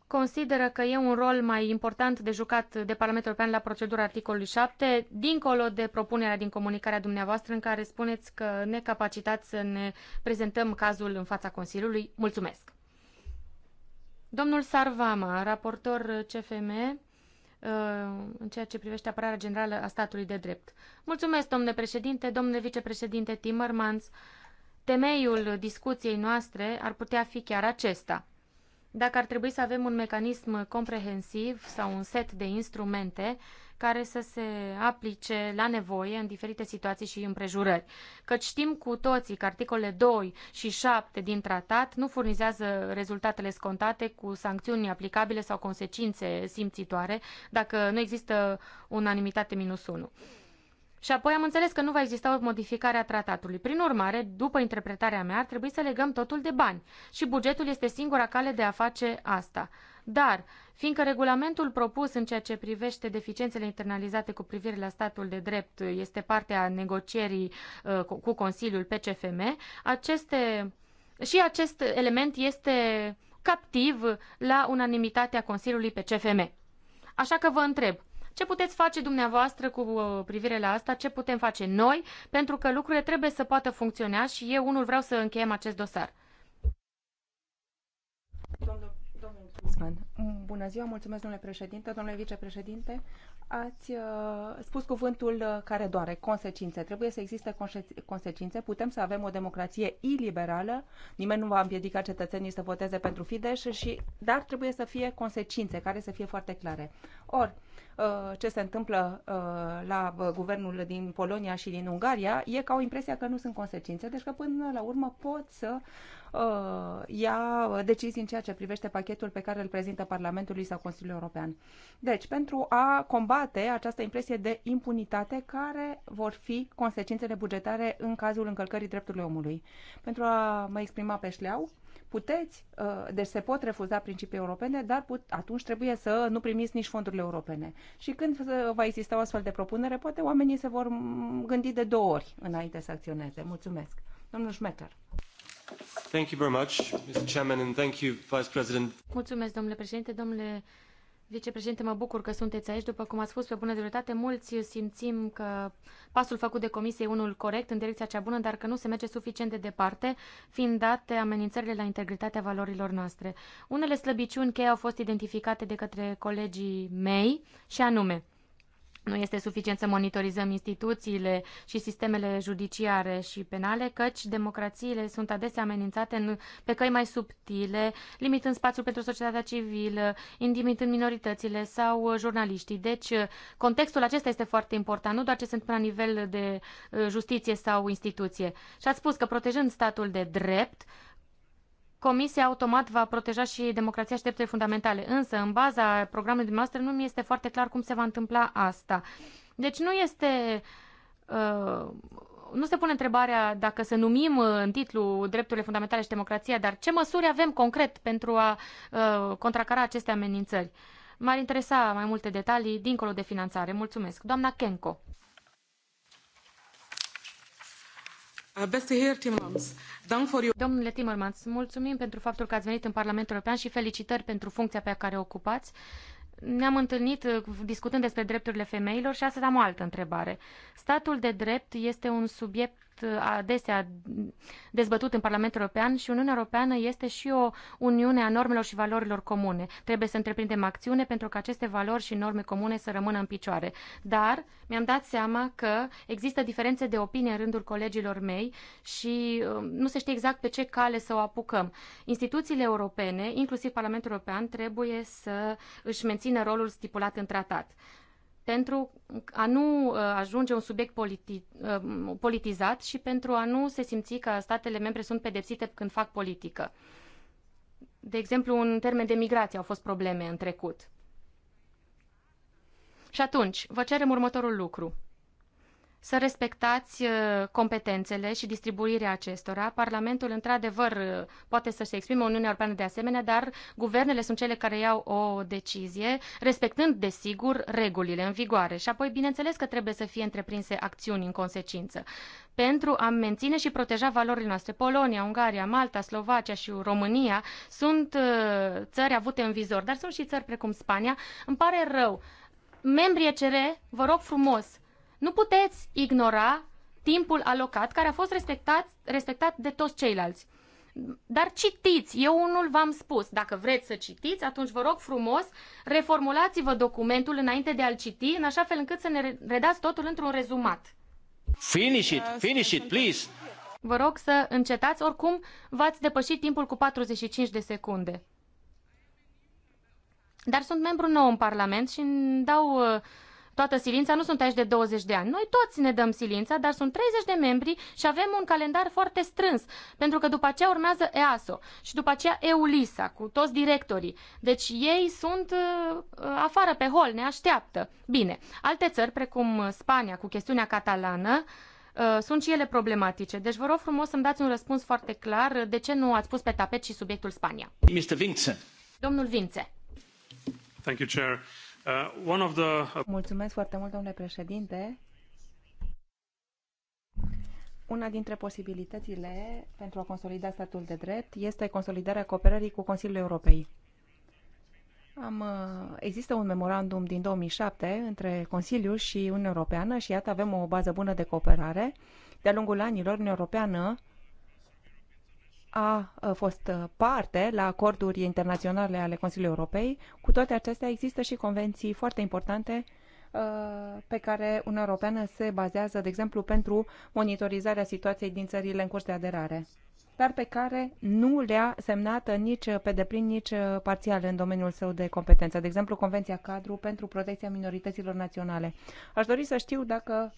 consideră că e un rol mai important de jucat de Parlamentul European la procedura articolului 7, dincolo de propunerea din comunicarea dumneavoastră în care spuneți că ne capacitați să ne prezentăm cazul în fața Consiliului. Mulțumesc! Domnul Sarvama, raportor CFM, Uh, în ceea ce privește apărarea generală a statului de drept. Mulțumesc, domnule președinte, domnule vicepreședinte Timmermans. Temeiul discuției noastre ar putea fi chiar acesta. Dacă ar trebui să avem un mecanism comprehensiv sau un set de instrumente, uh, care să se aplice la nevoie în diferite situații și împrejurări. Căci știm cu toții că articolele 2 și 7 din tratat nu furnizează rezultatele scontate cu sancțiuni aplicabile sau consecințe simțitoare dacă nu există unanimitate minus 1. Și apoi am înțeles că nu va exista o modificare a tratatului. Prin urmare, după interpretarea mea, ar trebui să legăm totul de bani. Și bugetul este singura cale de a face asta. Dar, fiindcă regulamentul propus în ceea ce privește deficiențele internalizate cu privire la statul de drept este partea negocierii uh, cu Consiliul PCFM, aceste, și acest element este captiv la unanimitatea Consiliului PCFM. Așa că vă întreb, ce puteți face dumneavoastră cu uh, privire la asta? Ce putem face noi? Pentru că lucrurile trebuie să poată funcționa și eu unul vreau să încheiem acest dosar. Domnul Cashman. Mm, bună ziua, mulțumesc domnule președinte, domnule vicepreședinte. Ați uh, spus cuvântul uh, care doare, consecințe. Trebuie să existe consecințe. Putem să avem o democrație iliberală, nimeni nu va împiedica cetățenii să voteze pentru Fidesz, și, dar trebuie să fie consecințe care să fie foarte clare. Ori, uh, ce se întâmplă uh, la uh, guvernul din Polonia și din Ungaria e ca o impresia că nu sunt consecințe, deci că până la urmă pot să ia decizii în ceea ce privește pachetul pe care îl prezintă Parlamentului sau Consiliul European. Deci, pentru a combate această impresie de impunitate, care vor fi consecințele bugetare în cazul încălcării drepturilor omului? Pentru a mă exprima pe șleau, puteți, uh, deci se pot refuza principii europene, dar put, atunci trebuie să nu primiți nici fondurile europene. Și când va exista o astfel de propunere, poate oamenii se vor gândi de două ori înainte să acționeze. Mulțumesc. Domnul Schmecker. Thank you very much, Mr. Chairman, and thank you, Vice President. Mulțumesc, domnule președinte, domnule Vicepreședinte, mă bucur că sunteți aici. După cum ați spus, pe bună dreptate, mulți simțim că pasul făcut de comisie e unul corect în direcția cea bună, dar că nu se merge suficient de departe, fiind date amenințările la integritatea valorilor noastre. Unele slăbiciuni cheie au fost identificate de către colegii mei și anume – nu este suficient să monitorizăm instituțiile și sistemele judiciare și penale, căci democrațiile sunt adesea amenințate în, pe căi mai subtile, limitând spațiul pentru societatea civilă, intimidând minoritățile sau jurnaliștii. Deci, contextul acesta este foarte important, nu doar ce întâmplă la nivel de eh, justiție sau instituție. Și ați spus că protejând statul de drept, Comisia automat va proteja și democrația și drepturile fundamentale. Însă, în baza programului dumneavoastră, nu mi este foarte clar cum se va întâmpla asta. Deci nu este... Uh, nu se pune întrebarea dacă să numim uh, în titlu drepturile fundamentale și democrația, dar ce măsuri avem concret pentru a uh, contracara aceste amenințări? M-ar interesa mai multe detalii dincolo de finanțare. Mulțumesc. Doamna Kenko. Uh, Domnule Timmermans, mulțumim pentru faptul că ați venit în Parlamentul European și felicitări pentru funcția pe care o ocupați. Ne-am întâlnit uh, discutând despre drepturile femeilor și astăzi am o altă întrebare. Statul de drept este un subiect adesea dezbătut în Parlamentul European și Uniunea Europeană este și o uniune a normelor și valorilor comune. Trebuie să întreprindem acțiune pentru că aceste valori și norme comune să rămână în picioare. Dar mi-am dat seama că există diferențe de opinie în rândul colegilor mei și um, nu se știe exact pe ce cale să o apucăm. Instituțiile europene, inclusiv Parlamentul European, trebuie să își mențină rolul stipulat în tratat pentru a nu uh, ajunge un subiect politi uh, politizat și pentru a nu se simți că statele membre sunt pedepsite când fac politică. De exemplu, în termen de migrație au fost probleme în trecut. Și atunci, vă cerem următorul lucru să respectați uh, competențele și distribuirea acestora. Parlamentul, într-adevăr, uh, poate să se exprime Uniunea Europeană de asemenea, dar guvernele sunt cele care iau o decizie, respectând, desigur, regulile în vigoare. Și apoi, bineînțeles că trebuie să fie întreprinse acțiuni în consecință pentru a menține și proteja valorile noastre. Polonia, Ungaria, Malta, Slovacia și România sunt uh, țări avute în vizor, dar sunt și țări precum Spania. Îmi pare rău membrii ECR, vă rog frumos, nu puteți ignora timpul alocat care a fost respectat, respectat de toți ceilalți. Dar citiți, eu unul v-am spus, dacă vreți să citiți, atunci vă rog frumos, reformulați-vă documentul înainte de a-l citi, în așa fel încât să ne redați totul într-un rezumat. Finish it, finish it, please! Vă rog să încetați, oricum v-ați depășit timpul cu 45 de secunde. Dar sunt membru nou în Parlament și îmi dau uh, toată silința, nu sunt aici de 20 de ani. Noi toți ne dăm silința, dar sunt 30 de membri și avem un calendar foarte strâns, pentru că după aceea urmează EASO și după aceea EULISA cu toți directorii. Deci ei sunt uh, afară pe hol, ne așteaptă. Bine, alte țări, precum Spania, cu chestiunea catalană, uh, sunt și ele problematice. Deci vă rog frumos să-mi dați un răspuns foarte clar uh, de ce nu ați pus pe tapet și subiectul Spania. Mr. Vince. Domnul Vince. Thank you, Chair. Uh, one of the... Uh, Mulțumesc foarte mult, domnule președinte. Una dintre posibilitățile pentru a consolida statul de drept este consolidarea cooperării cu Consiliul Europei. Am, uh, există un memorandum din 2007 între Consiliul și Uniunea Europeană și iată avem o bază bună de cooperare. De-a lungul anilor, Uniunea Europeană a fost uh, parte la acorduri internaționale ale Consiliului Europei. Cu toate acestea, există și convenții foarte importante uh, pe care Uniunea Europeană se bazează, de exemplu, pentru monitorizarea situației din țările în curs de aderare, dar pe care nu le-a semnat nici uh, pe deplin, nici parțial în domeniul său de competență. De exemplu, Convenția Cadru pentru protecția minorităților naționale. Aș dori să știu dacă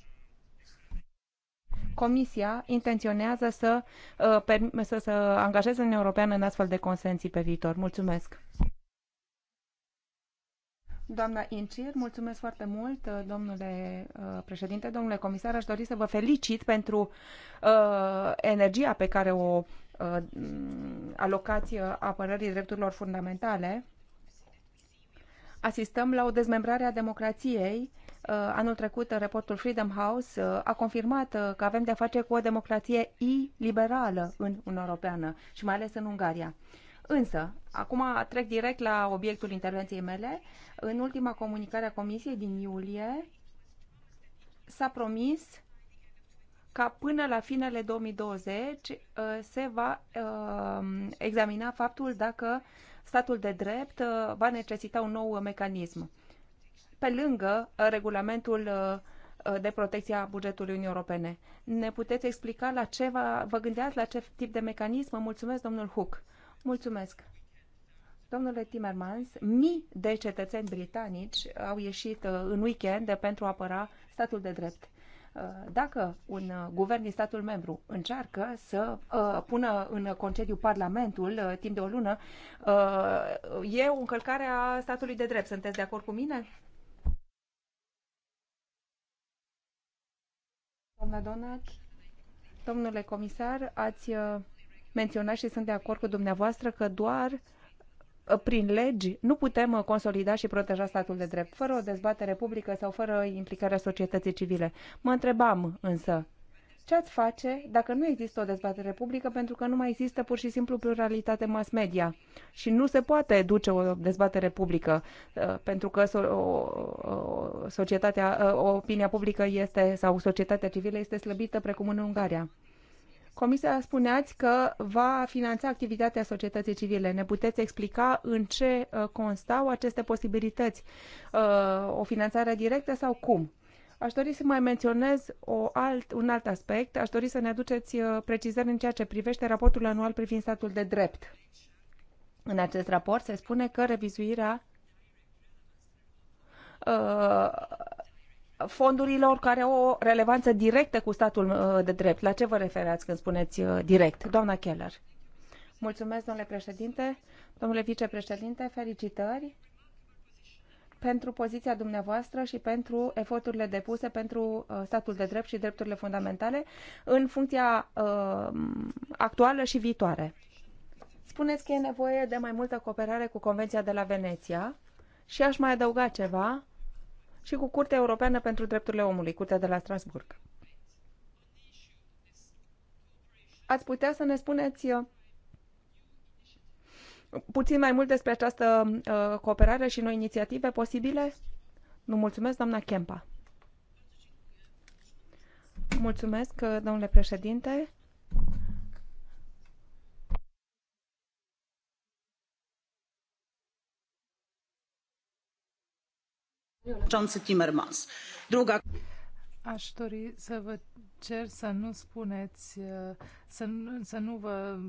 Comisia intenționează să, uh, să, să angajeze Uniunea Europeană în astfel de consenții pe viitor? Mulțumesc! Doamna Incir, mulțumesc foarte mult, uh, domnule uh, președinte, domnule comisar. Aș dori să vă felicit pentru uh, energia pe care o uh, alocați apărării drepturilor fundamentale. Asistăm la o dezmembrare a democrației uh, Uh, anul trecut raportul Freedom House uh, a confirmat uh, că avem de-a face cu o democrație iliberală în Uniunea Europeană și mai ales în Ungaria. Însă, acum trec direct la obiectul intervenției mele. În ultima comunicare a Comisiei din iulie s-a promis ca până la finele 2020 se va examina faptul dacă statul de drept va necesita un nou mecanism pe lângă uh, regulamentul uh, uh, de protecție a bugetului Uniunii Europene. Ne puteți explica la ce va, vă gândeați, la ce tip de mecanism? Mă mulțumesc, domnul Hook. Mulțumesc. Domnule Timmermans, mii de cetățeni britanici au ieșit în weekend pentru a apăra statul de drept dacă un guvern din statul membru încearcă să pună în concediu Parlamentul timp de o lună, e o încălcare a statului de drept. Sunteți de acord cu mine? Doamna Donat, domnule comisar, ați uh, menționat și sunt de acord cu dumneavoastră că doar uh, prin legi nu putem uh, consolida și proteja statul de drept, fără o dezbatere publică sau fără implicarea societății civile. Mă întrebam însă, ce ați face dacă nu există o dezbatere publică pentru că nu mai există pur și simplu pluralitate mass media și nu se poate duce o dezbatere publică uh, pentru că o, societatea, o, uh, opinia publică este sau societatea civilă este slăbită precum în Ungaria. Comisia spuneați că va finanța activitatea societății civile. Ne puteți explica în ce uh, constau aceste posibilități? O finanțare directă sau cum? Aș dori să mai menționez o alt, un alt aspect. Aș dori să ne aduceți uh, precizări în ceea ce privește raportul anual privind statul de drept. În acest raport se spune că revizuirea uh, fondurilor care au o relevanță directă cu statul uh, de drept. La ce vă referați când spuneți direct? Doamna Keller. Mulțumesc, domnule președinte. Domnule vicepreședinte, felicitări pentru poziția dumneavoastră și pentru eforturile depuse pentru uh, statul de drept și drepturile fundamentale în funcția uh, actuală și viitoare. Spuneți că e nevoie de mai multă cooperare cu Convenția de la Veneția și aș mai adăuga ceva și cu Curtea Europeană pentru Drepturile Omului, Curtea de la Strasburg. Ați putea să ne spuneți uh, puțin mai mult despre această uh, cooperare și noi inițiative posibile? Nu mulțumesc, doamna Kempa. Mulțumesc, uh, domnule președinte. Aș dori să vă cer să nu spuneți, uh, să nu, să nu vă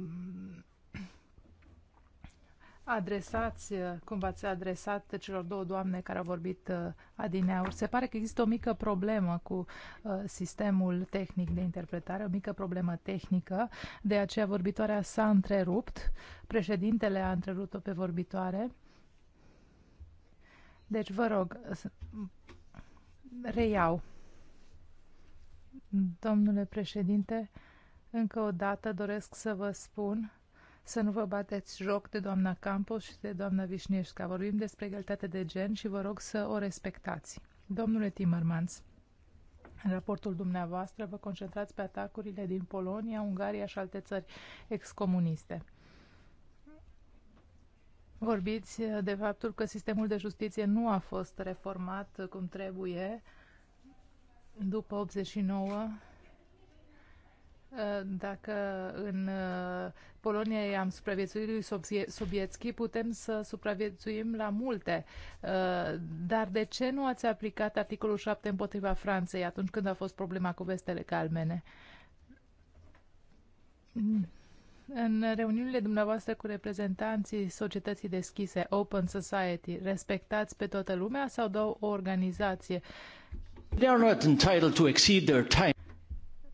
adresați, uh, cum v-ați adresat celor două doamne care au vorbit uh, adineauri. Se pare că există o mică problemă cu uh, sistemul tehnic de interpretare, o mică problemă tehnică, de aceea vorbitoarea s-a întrerupt, președintele a întrerupt-o pe vorbitoare. Deci vă rog, reiau. Domnule președinte, încă o dată doresc să vă spun să nu vă bateți joc de doamna Campos și de doamna Vișnieșca. Vorbim despre egalitate de gen și vă rog să o respectați. Domnule Timmermans, în raportul dumneavoastră vă concentrați pe atacurile din Polonia, Ungaria și alte țări excomuniste. Vorbiți eh, de faptul că sistemul de justiție nu a fost reformat cum trebuie după 89 dacă în uh, Polonia am supraviețuit lui Sobiecki, putem să supraviețuim la multe. Uh, dar de ce nu ați aplicat articolul 7 împotriva Franței atunci când a fost problema cu vestele calmene? În reuniunile dumneavoastră cu reprezentanții societății deschise, Open Society, respectați pe toată lumea sau dau o organizație? They are not entitled to exceed their time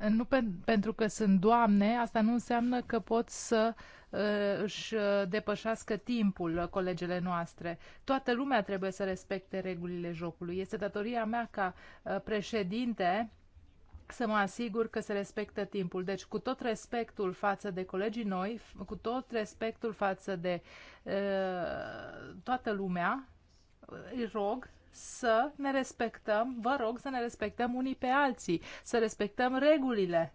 nu pe, pentru că sunt doamne, asta nu înseamnă că pot să uh, își uh, depășească timpul uh, colegele noastre. Toată lumea trebuie să respecte regulile jocului. Este datoria mea ca uh, președinte să mă asigur că se respectă timpul. Deci, cu tot respectul față de colegii noi, cu tot respectul față de uh, toată lumea, îi rog să ne respectăm, vă rog să ne respectăm unii pe alții, să respectăm regulile.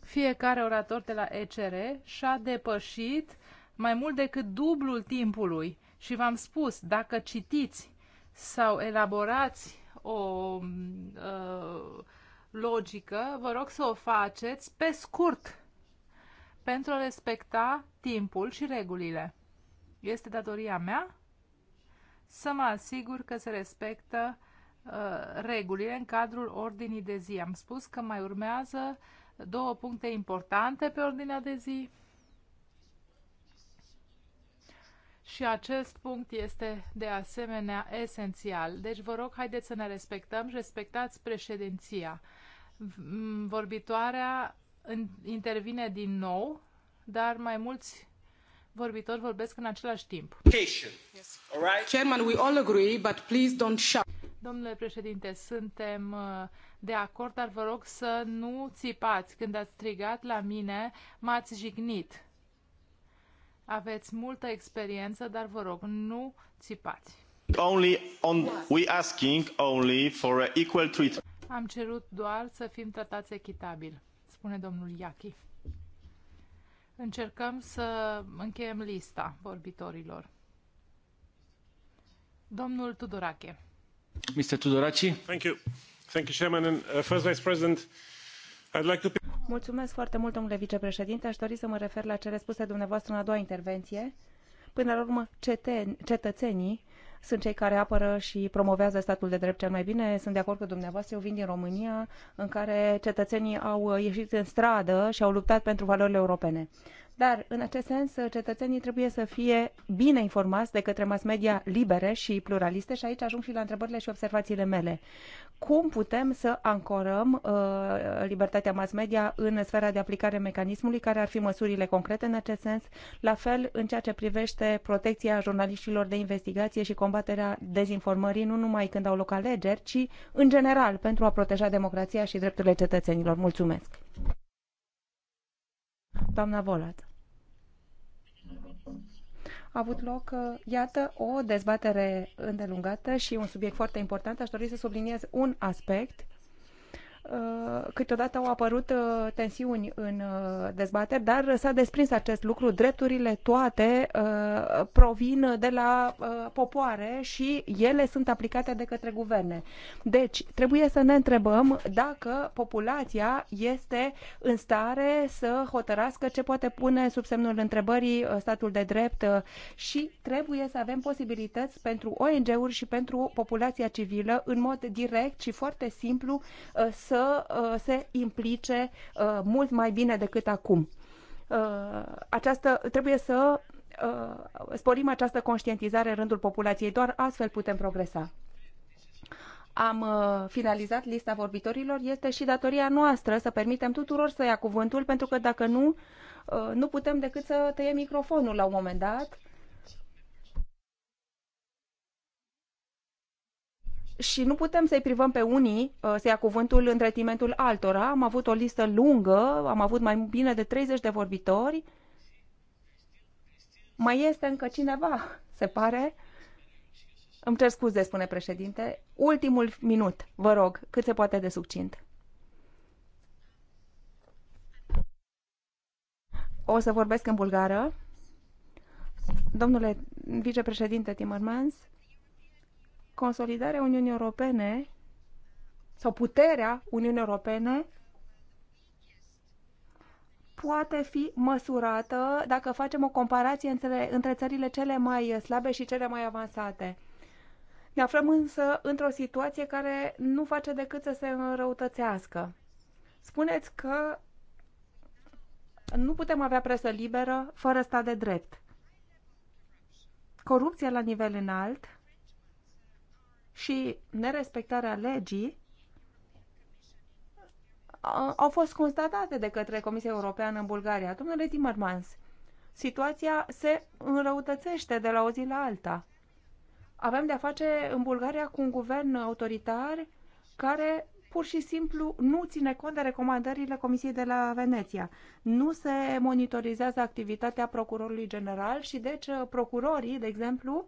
Fiecare orator de la ECR și-a depășit mai mult decât dublul timpului și v-am spus, dacă citiți sau elaborați o uh, logică, vă rog să o faceți pe scurt pentru a respecta timpul și regulile. Este datoria mea să mă asigur că se respectă uh, regulile în cadrul ordinii de zi. Am spus că mai urmează două puncte importante pe ordinea de zi și acest punct este de asemenea esențial. Deci vă rog, haideți să ne respectăm, respectați președinția. Vorbitoarea intervine din nou, dar mai mulți vorbitori vorbesc în același timp. Chairman, we all agree, but please don't shout. Domnule președinte, suntem uh, de acord, dar vă rog să nu țipați. Când ați strigat la mine, m-ați jignit. Aveți multă experiență, dar vă rog, nu țipați. Only on, we asking only for equal treatment. Am cerut doar să fim tratați echitabil, spune domnul Iachi. Încercăm să încheiem lista vorbitorilor. Domnul Tudorache. Mr. Tudorache, Thank you. Thank you, Chairman. And, uh, First Vice President, I'd like to... Mulțumesc foarte mult, domnule vicepreședinte. Aș dori să mă refer la cele spuse dumneavoastră în a doua intervenție. Până la urmă, ceten, cetățenii sunt cei care apără și promovează statul de drept cel mai bine. Sunt de acord cu dumneavoastră. Eu vin din România, în care cetățenii au ieșit în stradă și au luptat pentru valorile europene. Dar, în acest sens, cetățenii trebuie să fie bine informați de către mass media libere și pluraliste și aici ajung și la întrebările și observațiile mele. Cum putem să ancorăm uh, libertatea mass media în sfera de aplicare mecanismului? Care ar fi măsurile concrete în acest sens? La fel, în ceea ce privește protecția jurnaliștilor de investigație și combaterea dezinformării, nu numai când au loc alegeri, ci în general pentru a proteja democrația și drepturile cetățenilor. Mulțumesc! Doamna Volat. A avut loc, uh, iată, o dezbatere îndelungată și un subiect foarte important. Aș dori să subliniez un aspect Uh, câteodată au apărut uh, tensiuni în uh, dezbateri, dar s-a desprins acest lucru. Drepturile toate provin de la popoare și ele sunt aplicate de către guverne. Deci, trebuie să ne întrebăm dacă populația este în stare să hotărască ce poate pune sub semnul întrebării statul de drept și trebuie să avem posibilități pentru ONG-uri și pentru populația civilă în mod direct și foarte simplu să să uh, se implice uh, mult mai bine decât acum. Uh, această, trebuie să sporim această conștientizare în rândul populației. Doar astfel putem progresa. Am finalizat lista vorbitorilor. Este și datoria noastră să permitem tuturor să ia cuvântul, pentru că dacă nu, nu putem decât să tăiem microfonul la un moment dat și nu putem să-i privăm pe unii uh, să ia cuvântul între timentul altora. Am avut o listă lungă, am avut mai bine de 30 de vorbitori. Mai este încă cineva, [LAUGHS] se pare. Îmi cer scuze, spune președinte. Ultimul minut, vă rog, cât se poate de succint. O să vorbesc în bulgară. Domnule vicepreședinte Timmermans, consolidarea Uniunii Europene sau puterea Uniunii Europene poate fi măsurată dacă facem o comparație între, între țările cele mai slabe și cele mai avansate. Ne aflăm însă într-o situație care nu face decât să se înrăutățească. Spuneți că nu putem avea presă liberă fără stat de drept. Corupția la nivel înalt și nerespectarea legii au fost constatate de către Comisia Europeană în Bulgaria. Domnule Timmermans, situația se înrăutățește de la o zi la alta. Avem de-a face în Bulgaria cu un guvern autoritar care pur și simplu nu ține cont de recomandările Comisiei de la Veneția. Nu se monitorizează activitatea procurorului general și deci procurorii, de exemplu,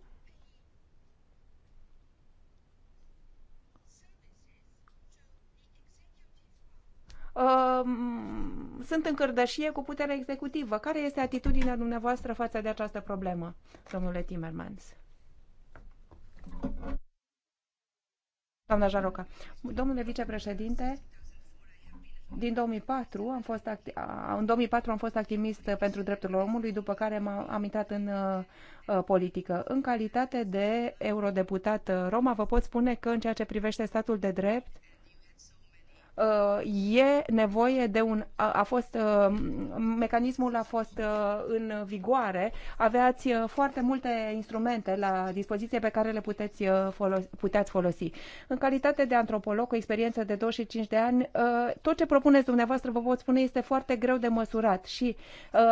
Ehm, sunt în cărdășie cu puterea executivă. Care este atitudinea dumneavoastră față de această problemă, domnule Timmermans? Doamna Jaroca. Domnule vicepreședinte, din 2004 am fost acti- în 2004 am fost activist pentru drepturile omului, după care m-am am intrat în uh, uh politică. În calitate de eurodeputat Roma, vă pot spune că în ceea ce privește statul de drept, Uh, e nevoie de un. A, a fost. Uh, mecanismul a fost uh, în vigoare. Aveați foarte multe instrumente la dispoziție pe care le puteți folosi, puteți folosi. În calitate de antropolog, cu experiență de 25 de ani, tot ce propuneți dumneavoastră, vă pot spune, este foarte greu de măsurat și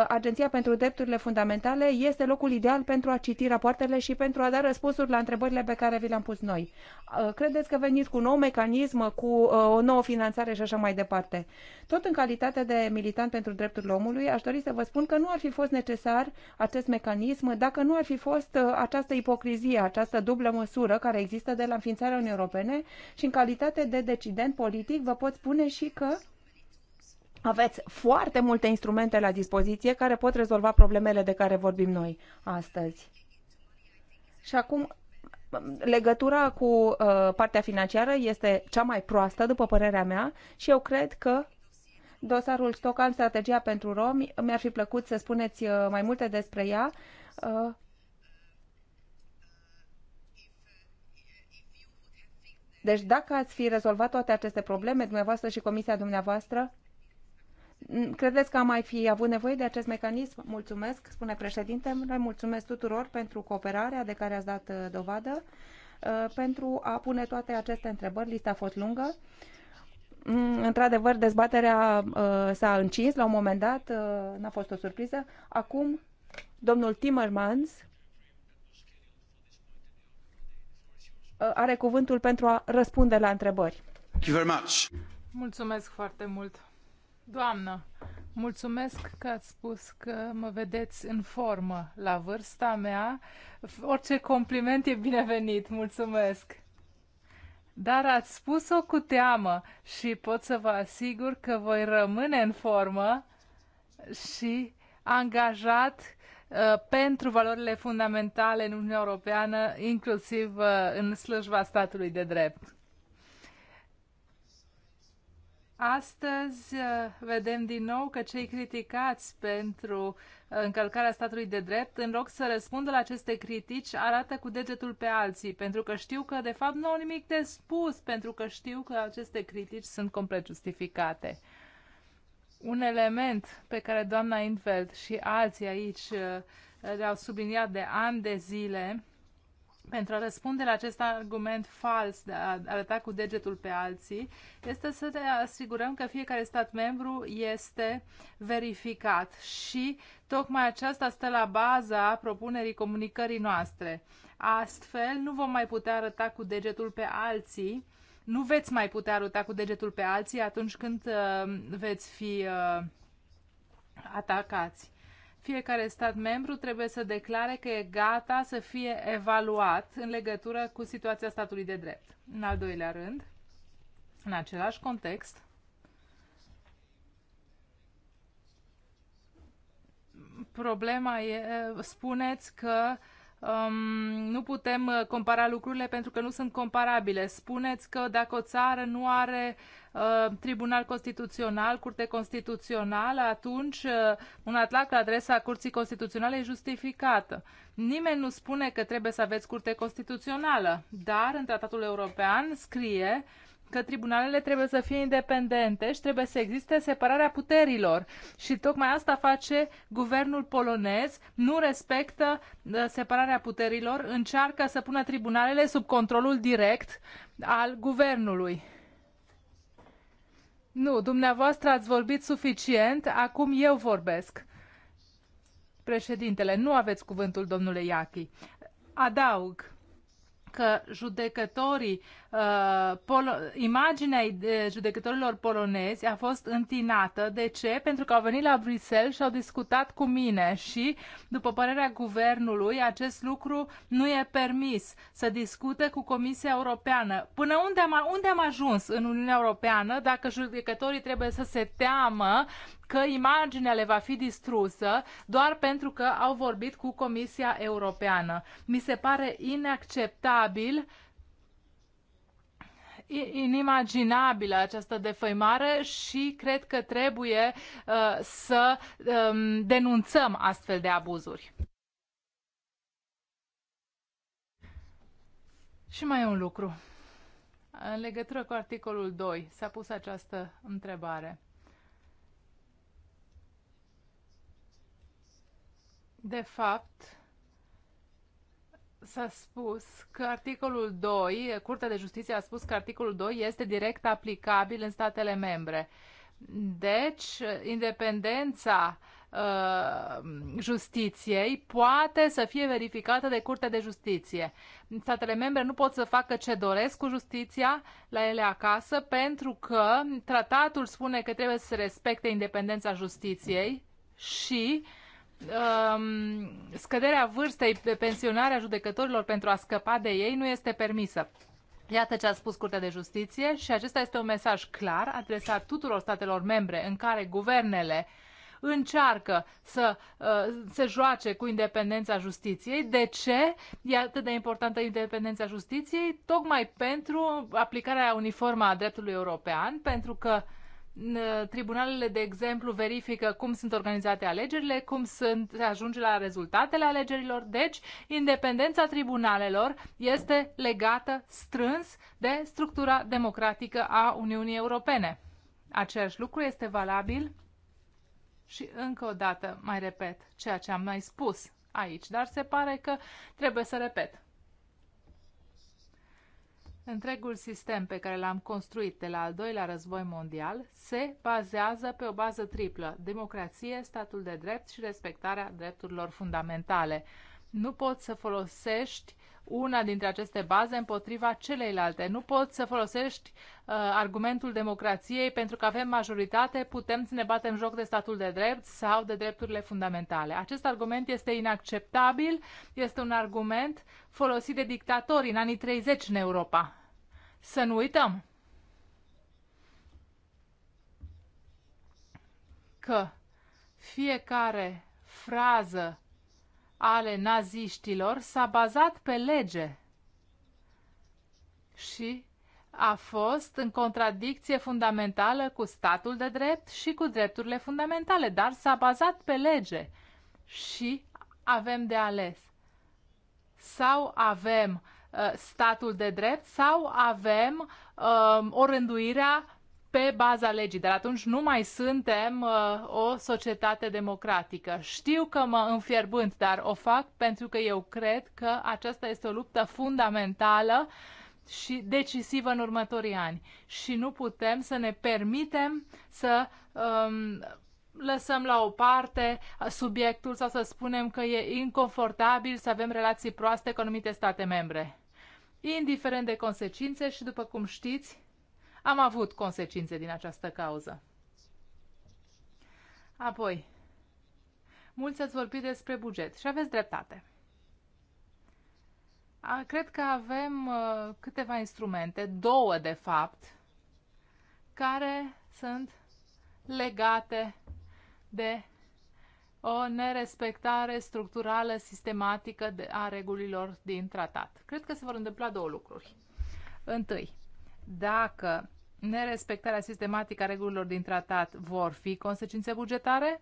Agenția pentru Drepturile Fundamentale este locul ideal pentru a citi rapoartele și pentru a da răspunsuri la întrebările pe care vi le-am pus noi. Credeți că veniți cu un nou mecanism, cu o nouă finanțare? finanțare și așa mai departe. Tot în calitate de militant pentru drepturile omului, aș dori să vă spun că nu ar fi fost necesar acest mecanism dacă nu ar fi fost uh, această ipocrizie, această dublă măsură care există de la înființarea Unii Europene și în calitate de decident politic vă pot spune și că aveți foarte multe instrumente la dispoziție care pot rezolva problemele de care vorbim noi astăzi. Și acum legătura cu uh, partea financiară este cea mai proastă, după părerea mea, și eu cred că dosarul Stocan, strategia pentru romi, mi-ar fi plăcut să spuneți uh, mai multe despre ea. Uh, deci dacă ați fi rezolvat toate aceste probleme, dumneavoastră și comisia dumneavoastră, Credeți că am mai fi avut nevoie de acest mecanism? Mulțumesc, spune președintele, mulțumesc tuturor pentru cooperarea de care ați dat uh, dovadă. Uh, pentru a pune toate aceste întrebări, lista a fost lungă. Mm, într-adevăr, dezbaterea uh, s-a încins la un moment dat, n-a fost o surpriză. Acum, domnul Timmermans are cuvântul pentru a răspunde la întrebări. Mulțumesc foarte mult. Doamnă, mulțumesc că ați spus că mă vedeți în formă la vârsta mea. Orice compliment e binevenit, mulțumesc. Dar ați spus-o cu teamă și pot să vă asigur că voi rămâne în formă și angajat uh, pentru valorile fundamentale în Uniunea Europeană, inclusiv uh, în slujba statului de drept. Astăzi uh, vedem din nou că cei criticați pentru uh, încălcarea statului de drept, în loc să răspundă la aceste critici, arată cu degetul pe alții, pentru că știu că de fapt nu au nimic de spus, pentru că știu că aceste critici sunt complet justificate. Un element pe care doamna Infeld și alții aici uh, le-au subliniat de ani de zile pentru a răspunde la acest argument fals de a arăta cu degetul pe alții, este să ne asigurăm că fiecare stat membru este verificat și tocmai aceasta stă la baza propunerii comunicării noastre. Astfel, nu vom mai putea arăta cu degetul pe alții, nu veți mai putea arăta cu degetul pe alții atunci când uh, veți fi uh, atacați. Fiecare stat membru trebuie să declare că e gata să fie evaluat în legătură cu situația statului de drept. În al doilea rând, în același context, problema e, spuneți că uh, um, nu putem uh, compara lucrurile pentru că nu sunt comparabile. Spuneți că dacă o țară nu are uh, tribunal constituțional, curte constituțională, atunci uh, un atac la adresa curții constituționale e justificată. Nimeni nu spune că trebuie să aveți curte constituțională, dar în tratatul european scrie uh, că tribunalele trebuie să fie independente și trebuie să existe separarea puterilor. Și tocmai asta face guvernul polonez, nu respectă uh, separarea puterilor, încearcă să pună tribunalele sub controlul direct al guvernului. Nu, dumneavoastră ați vorbit suficient, acum eu vorbesc. Președintele, nu aveți cuvântul, domnule Iachi. Adaug că judecătorii, uh, polo- imaginea judecătorilor polonezi a fost întinată. De ce? Pentru că au venit la Bruxelles și au discutat cu mine și, după părerea guvernului, acest lucru nu e permis să discute cu Comisia Europeană. Până unde am, unde am ajuns în Uniunea Europeană dacă judecătorii trebuie să se teamă că imaginea le va fi distrusă doar pentru că au vorbit cu Comisia Europeană. Mi se pare inacceptabil inimaginabilă această defăimare și cred că trebuie uh, să um, denunțăm astfel de abuzuri. Și mai e un lucru. În legătură cu articolul 2 s-a pus această întrebare. De fapt, s-a spus că articolul 2, Curtea de Justiție a spus că articolul 2 este direct aplicabil în statele membre. Deci, independența uh, justiției poate să fie verificată de Curtea de Justiție. Statele membre nu pot să facă ce doresc cu justiția la ele acasă pentru că tratatul spune că trebuie să se respecte independența justiției și uh, um, scăderea vârstei de pensionare a judecătorilor pentru a scăpa de ei nu este permisă. Iată ce a spus Curtea de Justiție și acesta este un mesaj clar adresat tuturor statelor membre în care guvernele încearcă să uh, se joace cu independența justiției. De ce e atât de importantă independența justiției? Tocmai pentru aplicarea uniformă a dreptului european, pentru că uh, Uh, tribunalele, de exemplu, verifică cum sunt organizate alegerile, cum sunt, se ajunge la rezultatele alegerilor. Deci, independența tribunalelor este legată strâns de structura democratică a Uniunii Europene. Același lucru este valabil și încă o dată mai repet ceea ce am mai spus aici, dar se pare că trebuie să repet. Întregul sistem pe care l-am construit de la al doilea război mondial se bazează pe o bază triplă, democrație, statul de drept și respectarea drepturilor fundamentale. Nu poți să folosești una dintre aceste baze împotriva celeilalte. Nu poți să folosești uh, argumentul democrației pentru că avem majoritate, putem să ne batem joc de statul de drept sau de drepturile fundamentale. Acest argument este inacceptabil, este un argument folosit de dictatori în anii 30 în Europa. Să nu uităm că fiecare frază ale naziștilor s-a bazat pe lege și a fost în contradicție fundamentală cu statul de drept și cu drepturile fundamentale, dar s-a bazat pe lege și avem de ales. Sau avem uh, statul de drept sau avem uh, o rânduirea pe baza legii. Dar atunci nu mai suntem uh, o societate democratică. Știu că mă înfierbânt, dar o fac pentru că eu cred că aceasta este o luptă fundamentală și decisivă în următorii ani. Și nu putem să ne permitem să um, lăsăm la o parte subiectul sau să spunem că e inconfortabil să avem relații proaste cu anumite state membre. Indiferent de consecințe și, după cum știți, am avut consecințe din această cauză. Apoi, mulți ați vorbit despre buget și aveți dreptate. A, cred că avem uh, câteva instrumente, două de fapt, care sunt legate de o nerespectare structurală sistematică de, a regulilor din tratat. Cred că se vor întâmpla două lucruri. Întâi, dacă nerespectarea sistematică a regulilor din tratat vor fi consecințe bugetare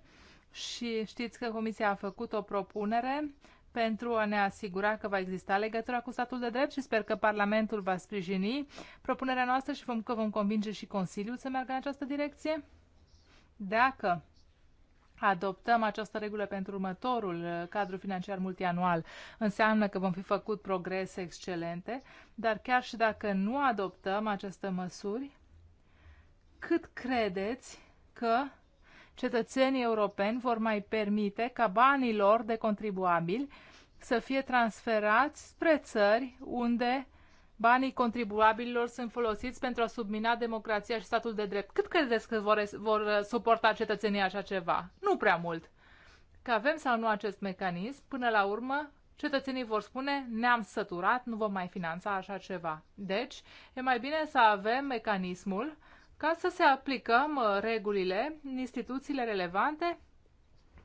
și știți că Comisia a făcut o propunere pentru a ne asigura că va exista legătura cu statul de drept și sper că Parlamentul va sprijini propunerea noastră și vom, că vom convinge și Consiliul să meargă în această direcție. Dacă adoptăm această regulă pentru următorul uh, cadru financiar multianual, înseamnă că vom fi făcut progrese excelente, dar chiar și dacă nu adoptăm aceste măsuri, cât credeți că cetățenii europeni vor mai permite ca banii lor de contribuabili să fie transferați spre țări unde banii contribuabililor sunt folosiți pentru a submina democrația și statul de drept. Cât credeți că vor, vor suporta cetățenii așa ceva? Nu prea mult. Că avem sau nu acest mecanism, până la urmă, cetățenii vor spune ne-am săturat, nu vom mai finanța așa ceva. Deci, e mai bine să avem mecanismul ca să se aplicăm uh, regulile în instituțiile relevante,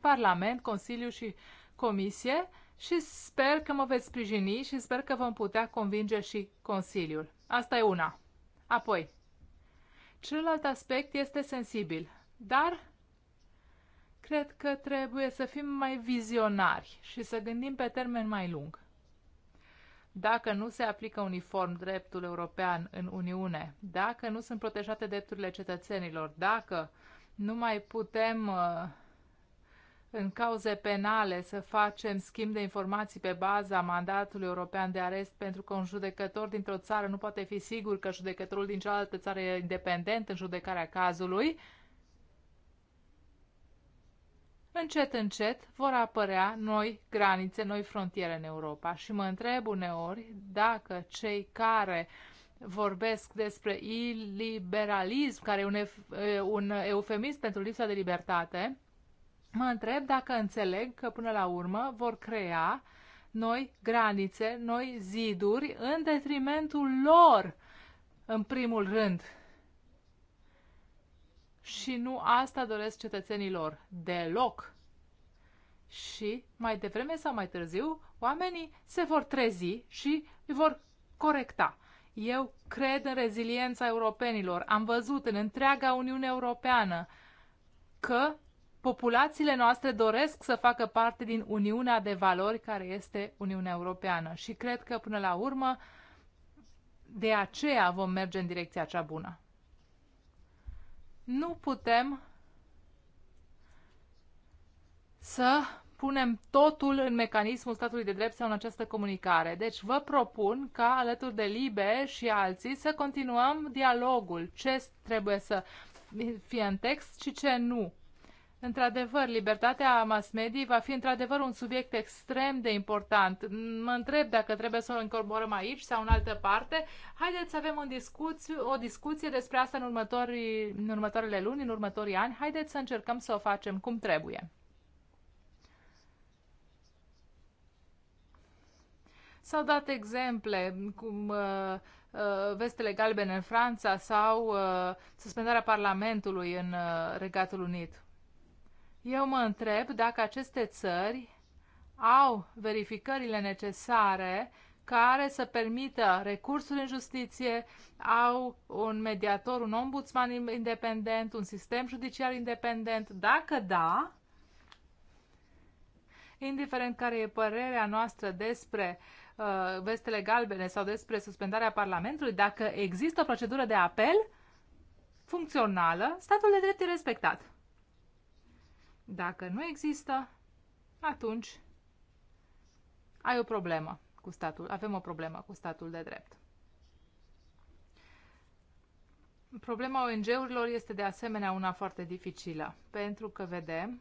Parlament, Consiliu și Comisie și sper că mă veți sprijini și sper că vom putea convinge și Consiliul. Asta e una. Apoi, celălalt aspect este sensibil, dar cred că trebuie să fim mai vizionari și să gândim pe termen mai lung dacă nu se aplică uniform dreptul european în Uniune, dacă nu sunt protejate drepturile cetățenilor, dacă nu mai putem uh, în cauze penale să facem schimb de informații pe baza mandatului european de arest pentru că un judecător dintr-o țară nu poate fi sigur că judecătorul din cealaltă țară e independent în judecarea cazului, încet, încet vor apărea noi granițe, noi frontiere în Europa. Și mă întreb uneori dacă cei care vorbesc despre iliberalism, care e un, un eufemism pentru lipsa de libertate, mă întreb dacă înțeleg că până la urmă vor crea noi granițe, noi ziduri în detrimentul lor, în primul rând și nu asta doresc cetățenilor deloc. Și mai devreme sau mai târziu, oamenii se vor trezi și îi vor corecta. Eu cred în reziliența europenilor. Am văzut în întreaga Uniune Europeană că populațiile noastre doresc să facă parte din Uniunea de valori care este Uniunea Europeană și cred că până la urmă de aceea vom merge în direcția cea bună nu putem să punem totul în mecanismul statului de drept sau în această comunicare. Deci vă propun ca alături de Libe și alții să continuăm dialogul. Ce trebuie să fie în text și ce nu. Într-adevăr, libertatea mass media va fi într-adevăr un subiect extrem de important. Mă întreb dacă trebuie să o încorporăm aici sau în altă parte. Haideți să avem un discuție, o discuție despre asta în, în următoarele luni, în următorii ani. Haideți să încercăm să o facem cum trebuie. S-au dat exemple cum uh, uh vestele galbene în Franța sau uh, suspendarea Parlamentului în uh, Regatul Unit. Eu mă întreb dacă aceste țări au verificările necesare care să permită recursul în justiție, au un mediator, un ombudsman independent, un sistem judiciar independent. Dacă da, indiferent care e părerea noastră despre uh, vestele galbene sau despre suspendarea Parlamentului, dacă există o procedură de apel funcțională, statul de drept e respectat. Dacă nu există, atunci ai o problemă cu statul, avem o problemă cu statul de drept. Problema ONG-urilor este de asemenea una foarte dificilă, pentru că vedem,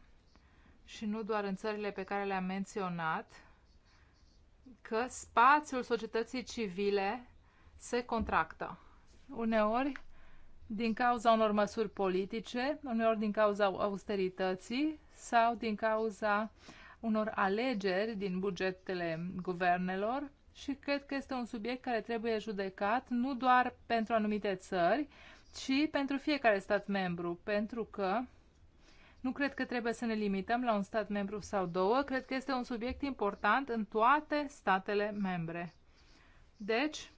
și nu doar în țările pe care le-am menționat, că spațiul societății civile se contractă. Uneori din cauza unor măsuri politice, uneori din cauza austerității sau din cauza unor alegeri din bugetele guvernelor și cred că este un subiect care trebuie judecat nu doar pentru anumite țări, ci pentru fiecare stat membru, pentru că nu cred că trebuie să ne limităm la un stat membru sau două, cred că este un subiect important în toate statele membre. Deci,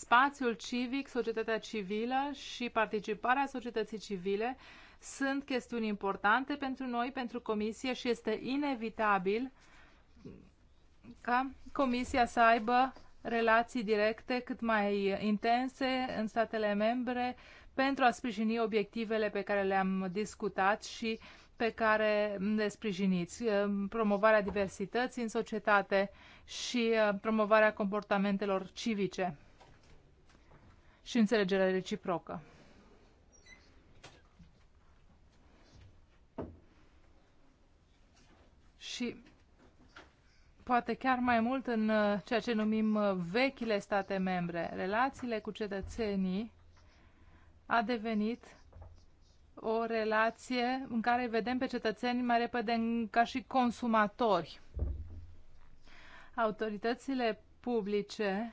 Spațiul civic, societatea civilă și participarea societății civile sunt chestiuni importante pentru noi, pentru Comisie și este inevitabil ca Comisia să aibă relații directe cât mai intense în statele membre pentru a sprijini obiectivele pe care le-am discutat și pe care le sprijiniți. Promovarea diversității în societate și uh, promovarea comportamentelor civice și înțelegerea reciprocă. Și poate chiar mai mult în uh, ceea ce numim uh, vechile state membre, relațiile cu cetățenii a devenit o relație în care vedem pe cetățeni mai repede ca și consumatori. Autoritățile publice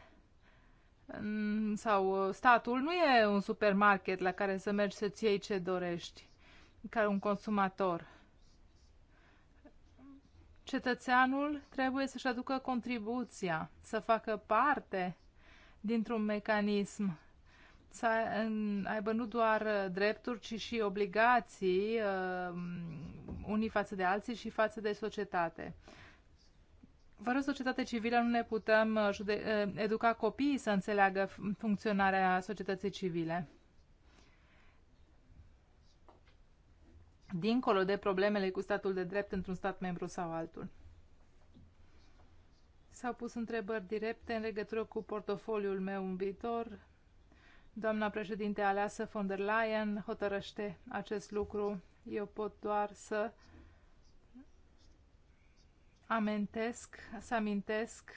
sau uh, statul nu e un supermarket la care să mergi să-ți iei ce dorești ca un consumator. Cetățeanul trebuie să-și aducă contribuția, să facă parte dintr-un mecanism, să aibă nu doar uh, drepturi, ci și obligații uh, unii față de alții și față de societate fără societate civilă nu ne putem uh, uh, educa copiii să înțeleagă funcționarea societății civile. Dincolo de problemele cu statul de drept într-un stat membru sau altul. S-au pus întrebări directe în legătură cu portofoliul meu în viitor. Doamna președinte aleasă von der Leyen hotărăște acest lucru. Eu pot doar să amintesc, să amintesc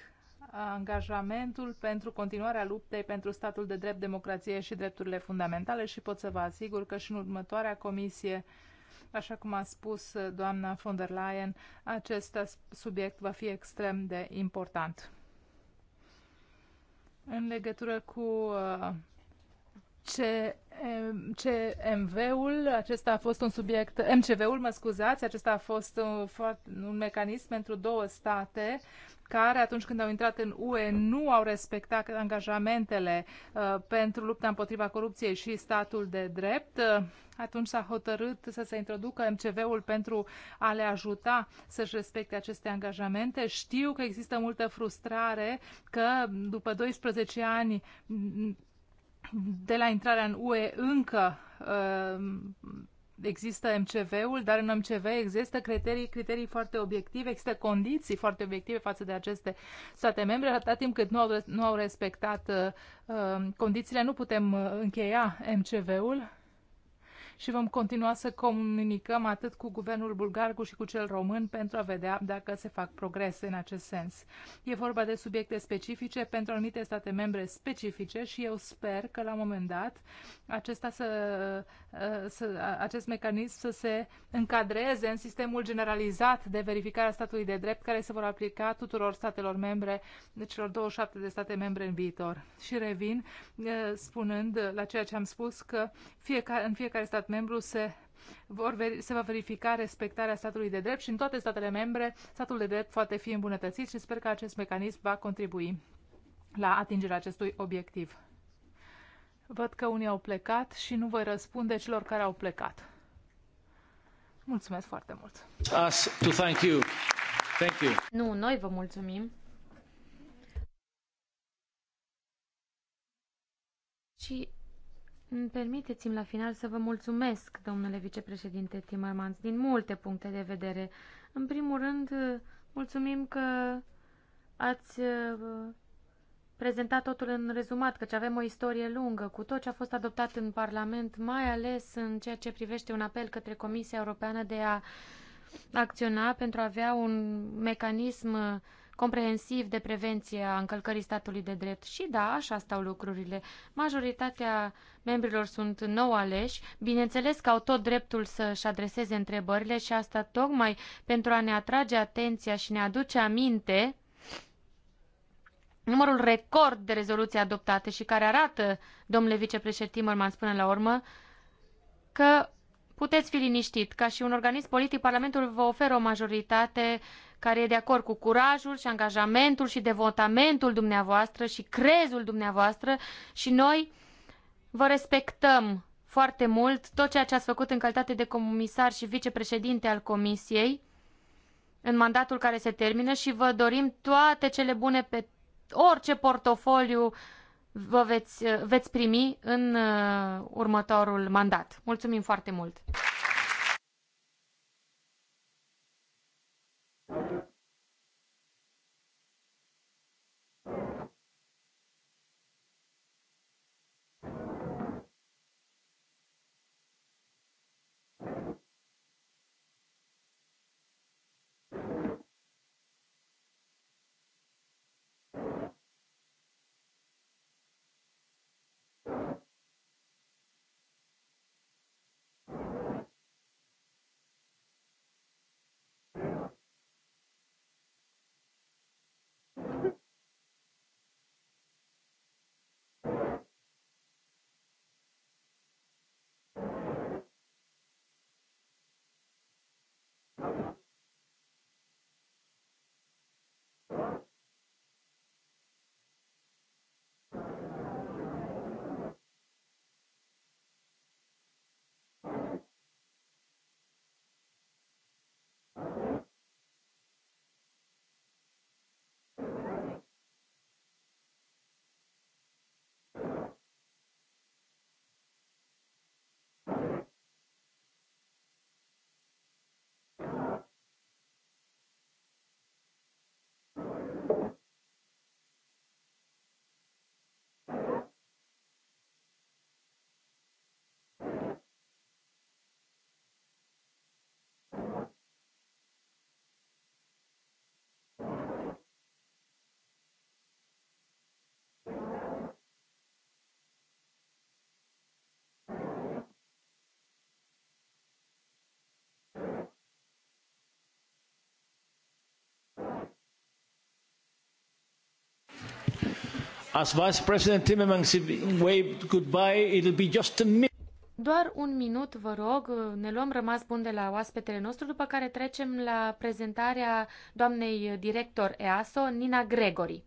angajamentul pentru continuarea luptei pentru statul de drept, democrație și drepturile fundamentale și pot să vă asigur că și în următoarea comisie, așa cum a spus doamna von der Leyen, acest subiect va fi extrem de important. În legătură cu uh, ce CMV-ul, acesta a fost un subiect, MCV-ul, mă scuzați, acesta a fost un, uh, un mecanism pentru două state care atunci când au intrat în UE nu au respectat angajamentele uh, pentru lupta împotriva corupției și statul de drept. Uh, atunci s-a hotărât să se introducă MCV-ul pentru a le ajuta să-și respecte aceste angajamente. Știu că există multă frustrare că după 12 ani de la intrarea în UE încă uh, există MCV-ul, dar în MCV există criterii, criterii foarte obiective, există condiții foarte obiective față de aceste state membre. Atâta timp cât nu au, nu au respectat uh, uh condițiile, nu putem uh, încheia MCV-ul și vom continua să comunicăm atât cu guvernul bulgar cât și cu cel român pentru a vedea dacă se fac progrese în acest sens. E vorba de subiecte specifice pentru anumite state membre specifice și eu sper că la un moment dat acesta să, uh, să, acest mecanism să se încadreze în sistemul generalizat de verificare a statului de drept care se vor aplica tuturor statelor membre, deci celor 27 de state membre în viitor. Și revin uh, spunând la ceea ce am spus că fiecare, în fiecare stat membru se, vor veri, se va verifica respectarea statului de drept și în toate statele membre statul de drept poate fi îmbunătățit și sper că acest mecanism va contribui la atingerea acestui obiectiv. Văd că unii au plecat și nu voi răspunde celor care au plecat. Mulțumesc foarte mult. Us to thank you. Thank you. Nu, noi vă mulțumim. Și Permiteți-mi la final să vă mulțumesc, domnule vicepreședinte Timmermans, din multe puncte de vedere. În primul rând, mulțumim că ați uh, prezentat totul în rezumat, căci avem o istorie lungă cu tot ce a fost adoptat în Parlament, mai ales în ceea ce privește un apel către Comisia Europeană de a acționa pentru a avea un mecanism comprehensiv de prevenție a încălcării statului de drept. Și da, așa stau lucrurile. Majoritatea membrilor sunt nou aleși. Bineînțeles că au tot dreptul să-și adreseze întrebările și asta tocmai pentru a ne atrage atenția și ne aduce aminte numărul record de rezoluții adoptate și care arată, domnule vicepreședinte Timmermans, până la urmă, că puteți fi liniștit. Ca și un organism politic, Parlamentul vă oferă o majoritate care e de acord cu curajul și angajamentul și devotamentul dumneavoastră și crezul dumneavoastră și noi vă respectăm foarte mult tot ceea ce ați făcut în calitate de comisar și vicepreședinte al Comisiei în mandatul care se termină și vă dorim toate cele bune pe orice portofoliu vă veți, veți primi în uh, următorul mandat. Mulțumim foarte mult! As Vice President Timmermans waved goodbye, it'll be just a minute. Doar un minut, vă rog, ne luăm rămas bun de la oaspetele nostru, după care trecem la prezentarea doamnei director EASO, Nina Gregory.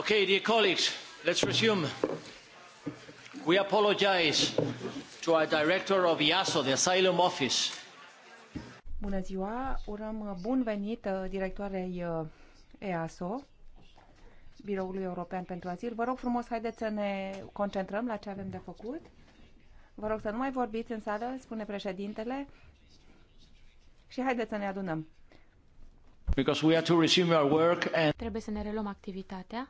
dear colleagues, let's resume. We apologize to our director of IASO, the Asylum Office. Bună ziua, urăm bun venit uh, directoarei uh, EASO, Biroului European pentru Azil. Vă rog frumos, haideți să ne concentrăm la ce avem de făcut. Vă rog să nu mai vorbiți în sală, spune președintele, și haideți să ne adunăm. Because we are to resume our work and... Trebuie să ne reluăm activitatea.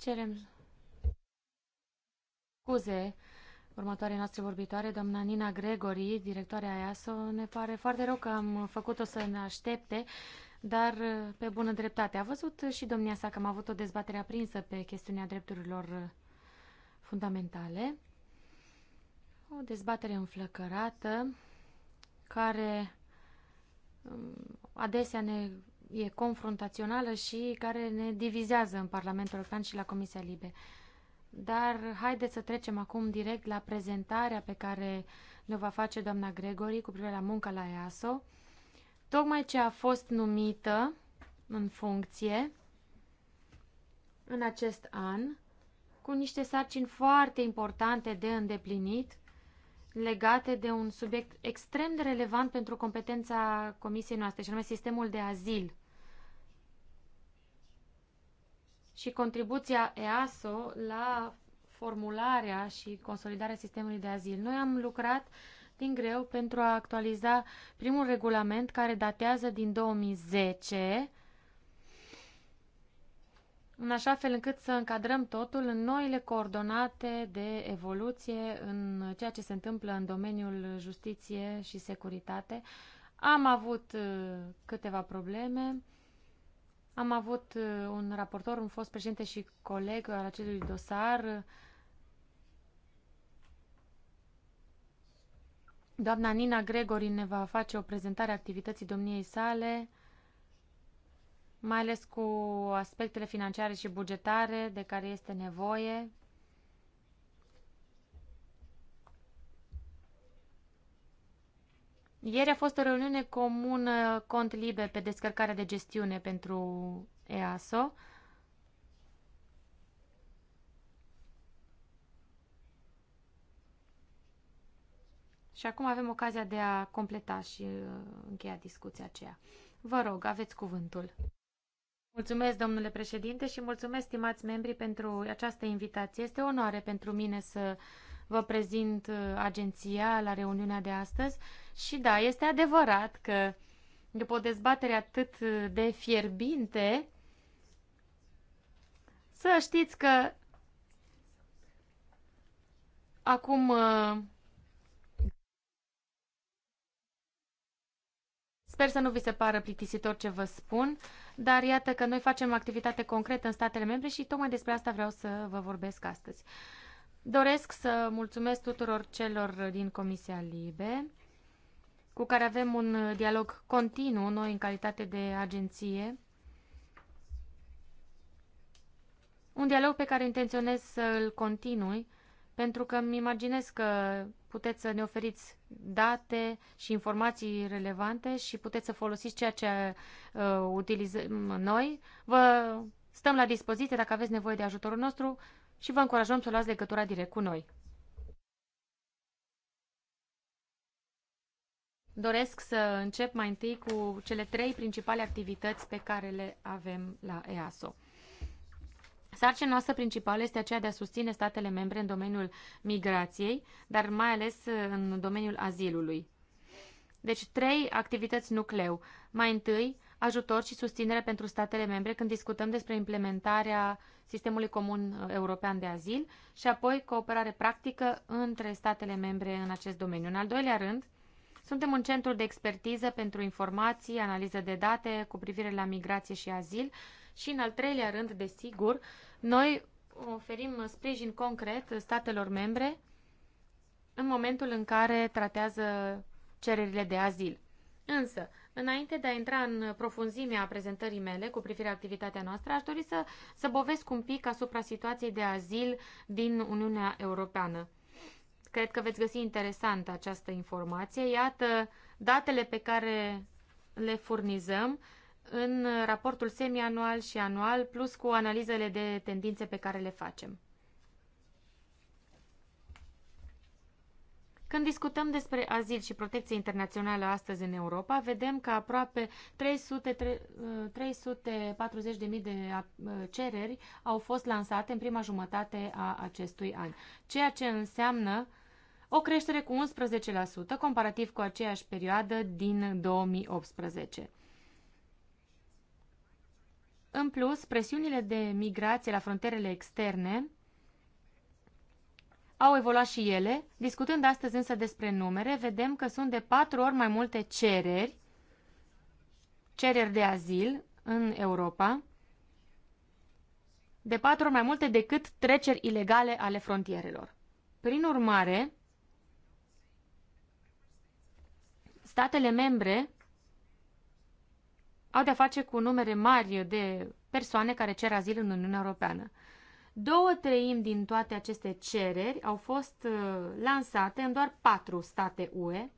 Cerem scuze următoarea noastră vorbitoare, doamna Nina Gregori, directoarea IASO, Ne pare foarte rău că am făcut-o să ne aștepte, dar pe bună dreptate. A văzut și domnia sa că am avut o dezbatere aprinsă pe chestiunea drepturilor fundamentale. O dezbatere înflăcărată care um, adesea ne e confruntațională și care ne divizează în Parlamentul European și la Comisia Libe. Dar haideți să trecem acum direct la prezentarea pe care ne va face doamna Gregori cu privire la munca la EASO. Tocmai ce a fost numită în funcție în acest an, cu niște sarcini foarte importante de îndeplinit, legate de un subiect extrem de relevant pentru competența comisiei noastre, și anume sistemul de azil. și contribuția EASO la formularea și consolidarea sistemului de azil. Noi am lucrat din greu pentru a actualiza primul regulament care datează din 2010, în așa fel încât să încadrăm totul în noile coordonate de evoluție în ceea ce se întâmplă în domeniul justiție și securitate. Am avut uh, câteva probleme, am avut uh, un raportor, un fost președinte și coleg al acelui dosar, Doamna Nina Gregori ne va face o prezentare a activității domniei sale, mai ales cu aspectele financiare și bugetare de care este nevoie Ieri a fost o reuniune comună cont liber pe descărcarea de gestiune pentru EASO. Și acum avem ocazia de a completa și uh, încheia discuția aceea. Vă rog, aveți cuvântul. Mulțumesc, domnule președinte, și mulțumesc, stimați membri, pentru această invitație. Este o onoare pentru mine să vă prezint uh, agenția la reuniunea de astăzi și da, este adevărat că după o dezbatere atât de fierbinte, să știți că acum uh, Sper să nu vi se pară plictisitor ce vă spun, dar iată că noi facem activitate concretă în statele membre și tocmai despre asta vreau să vă vorbesc astăzi. Doresc să mulțumesc tuturor celor din Comisia Libe cu care avem un uh, dialog continuu, noi în calitate de agenție. Un dialog pe care intenționez să-l continui, pentru că îmi imaginez că puteți să ne oferiți date și informații relevante și puteți să folosiți ceea ce uh, utilizăm noi. Vă stăm la dispoziție dacă aveți nevoie de ajutorul nostru și vă încurajăm să luați legătura direct cu noi. Doresc să încep mai întâi cu cele trei principale activități pe care le avem la EASO. Sarcina noastră principală este aceea de a susține statele membre în domeniul migrației, dar mai ales uh, în domeniul azilului. Deci trei activități nucleu. Mai întâi, ajutor și susținere pentru statele membre când discutăm despre implementarea sistemului comun uh, european de azil și apoi cooperare practică între statele membre în acest domeniu. În al doilea rând, suntem un centru de expertiză pentru informații, analiză de date cu privire la migrație și azil și, în al treilea rând, desigur, noi oferim sprijin concret statelor membre în momentul în care tratează cererile de azil. Însă, înainte de a intra în profunzimea prezentării mele cu privire la activitatea noastră, aș dori să, să bovesc un pic asupra situației de azil din Uniunea Europeană. Cred că veți găsi interesantă această informație. Iată datele pe care le furnizăm în raportul semianual și anual, plus cu analizele de tendințe pe care le facem. Când discutăm despre azil și protecție internațională astăzi în Europa, vedem că aproape 300, 340.000 de uh, cereri au fost lansate în prima jumătate a acestui an, ceea ce înseamnă o creștere cu 11% comparativ cu aceeași perioadă din 2018. În plus, presiunile de migrație la frontierele externe au evoluat și ele. Discutând astăzi însă despre numere, vedem că sunt de patru ori mai multe cereri, cereri de azil în Europa, de patru ori mai multe decât treceri ilegale ale frontierelor. Prin urmare, statele membre au de-a face cu numere mari de persoane care cer azil în Uniunea Europeană. Două treimi din toate aceste cereri au fost uh, lansate în doar patru state UE,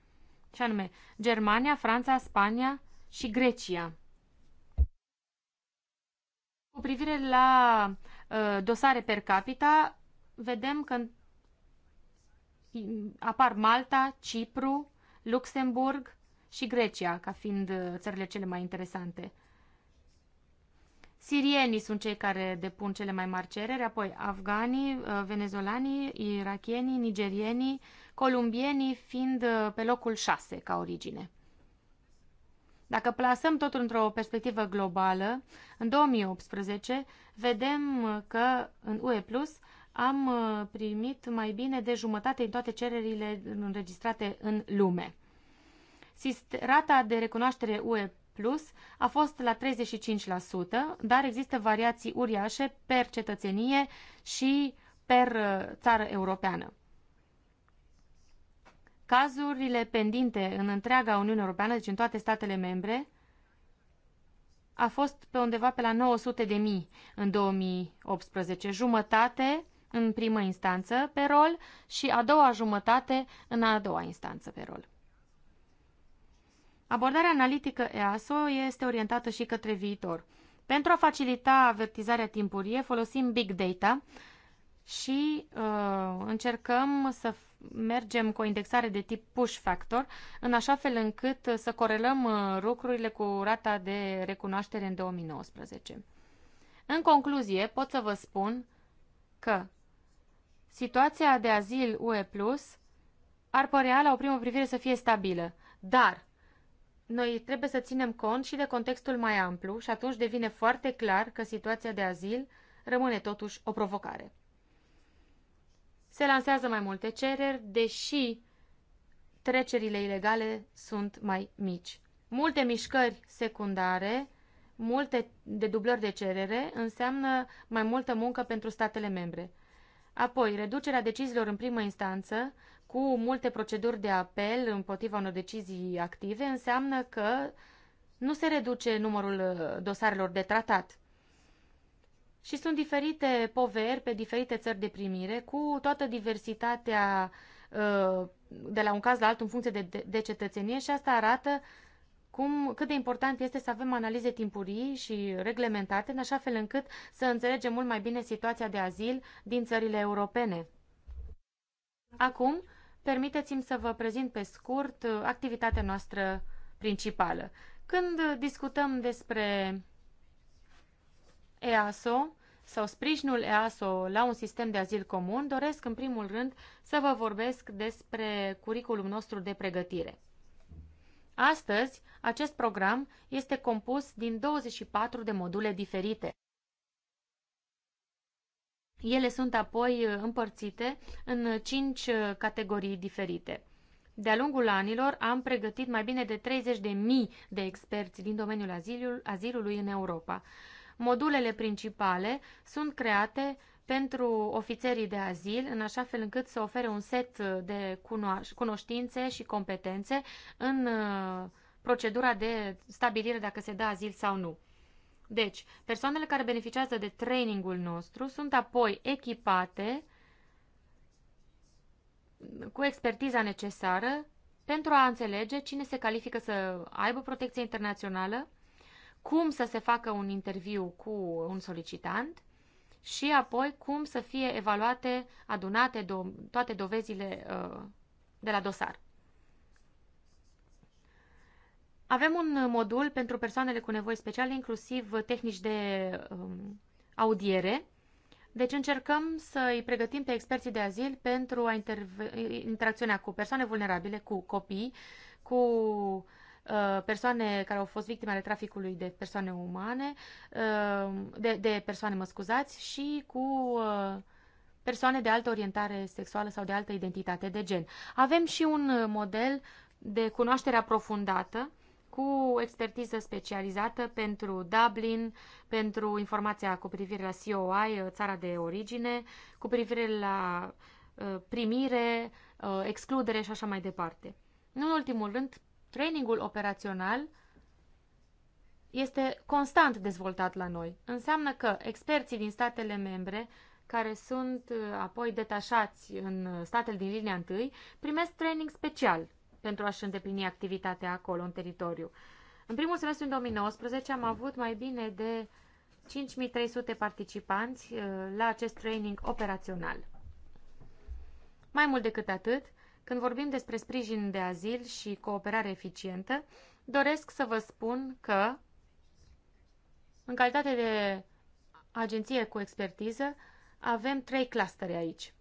și anume Germania, Franța, Spania și Grecia. Cu privire la uh, dosare per capita, vedem că apar Malta, Cipru, Luxemburg și Grecia, ca fiind uh, țările cele mai interesante. Sirienii sunt cei care depun cele mai mari cereri, apoi afganii, uh, venezolanii, irachienii, nigerienii, columbienii fiind uh, pe locul 6 ca origine. Dacă plasăm totul într-o perspectivă globală, în 2018 vedem că în UE Plus am uh, primit mai bine de jumătate în toate cererile înregistrate în lume. Rata de recunoaștere UE Plus a fost la 35%, dar există variații uriașe per cetățenie și per uh, țară europeană. Cazurile pendinte în întreaga Uniune Europeană, deci în toate statele membre, a fost pe undeva pe la 900 de mii în 2018, jumătate în primă instanță pe rol și a doua jumătate în a doua instanță pe rol. Abordarea analitică EASO este orientată și către viitor. Pentru a facilita avertizarea timpurie, folosim Big Data și uh, încercăm să mergem cu o indexare de tip push factor, în așa fel încât să corelăm uh, lucrurile cu rata de recunoaștere în 2019. În concluzie, pot să vă spun că situația de azil UE+, ar părea la o primă privire să fie stabilă, dar noi trebuie să ținem cont și de contextul mai amplu și atunci devine foarte clar că situația de azil rămâne totuși o provocare. Se lansează mai multe cereri, deși trecerile ilegale sunt mai mici. Multe mișcări secundare, multe de dublări de cerere, înseamnă mai multă muncă pentru statele membre – Apoi, reducerea deciziilor în primă instanță cu multe proceduri de apel împotriva unor decizii active înseamnă că nu se reduce numărul uh, dosarelor de tratat. Și sunt diferite poveri pe diferite țări de primire, cu toată diversitatea uh, de la un caz la altul în funcție de, de, de cetățenie și asta arată cum, cât de important este să avem analize timpurii și reglementate, în așa fel încât să înțelegem mult mai bine situația de azil din țările europene. Acum, permiteți-mi să vă prezint pe scurt uh, activitatea noastră principală. Când discutăm despre EASO sau sprijinul EASO la un sistem de azil comun, doresc în primul rând să vă vorbesc despre curiculum nostru de pregătire. Astăzi, acest program este compus din 24 de module diferite. Ele sunt apoi împărțite în 5 categorii diferite. De-a lungul anilor am pregătit mai bine de 30.000 de experți din domeniul azilului în Europa. Modulele principale sunt create pentru ofițerii de azil, în așa fel încât să ofere un set de cunoștințe și competențe în uh, procedura de stabilire dacă se dă azil sau nu. Deci, persoanele care beneficiază de trainingul nostru sunt apoi echipate cu expertiza necesară pentru a înțelege cine se califică să aibă protecție internațională, cum să se facă un interviu cu un solicitant, și apoi cum să fie evaluate, adunate do- toate dovezile uh, de la dosar. Avem un modul pentru persoanele cu nevoi speciale, inclusiv tehnici de um, audiere. Deci încercăm să îi pregătim pe experții de azil pentru a interacționa cu persoane vulnerabile, cu copii, cu Uh, persoane care au fost victime ale traficului de persoane umane, uh, de, de persoane, mă scuzați, și cu uh, persoane de altă orientare sexuală sau de altă identitate de gen. Avem și un model de cunoaștere aprofundată cu expertiză specializată pentru Dublin, pentru informația cu privire la COI, țara de origine, cu privire la primire, excludere și așa mai departe. în ultimul rând, Trainingul operațional este constant dezvoltat la noi. Înseamnă că experții din statele membre care sunt uh, apoi detașați în uh, statele din linia întâi, primesc training special pentru a-și îndeplini activitatea acolo, în teritoriu. În primul semestru în 2019 am avut mai bine de 5300 participanți uh, la acest training operațional. Mai mult decât atât, când vorbim despre sprijin de azil și cooperare eficientă, doresc să vă spun că, în calitate de agenție cu expertiză, avem trei clustere aici.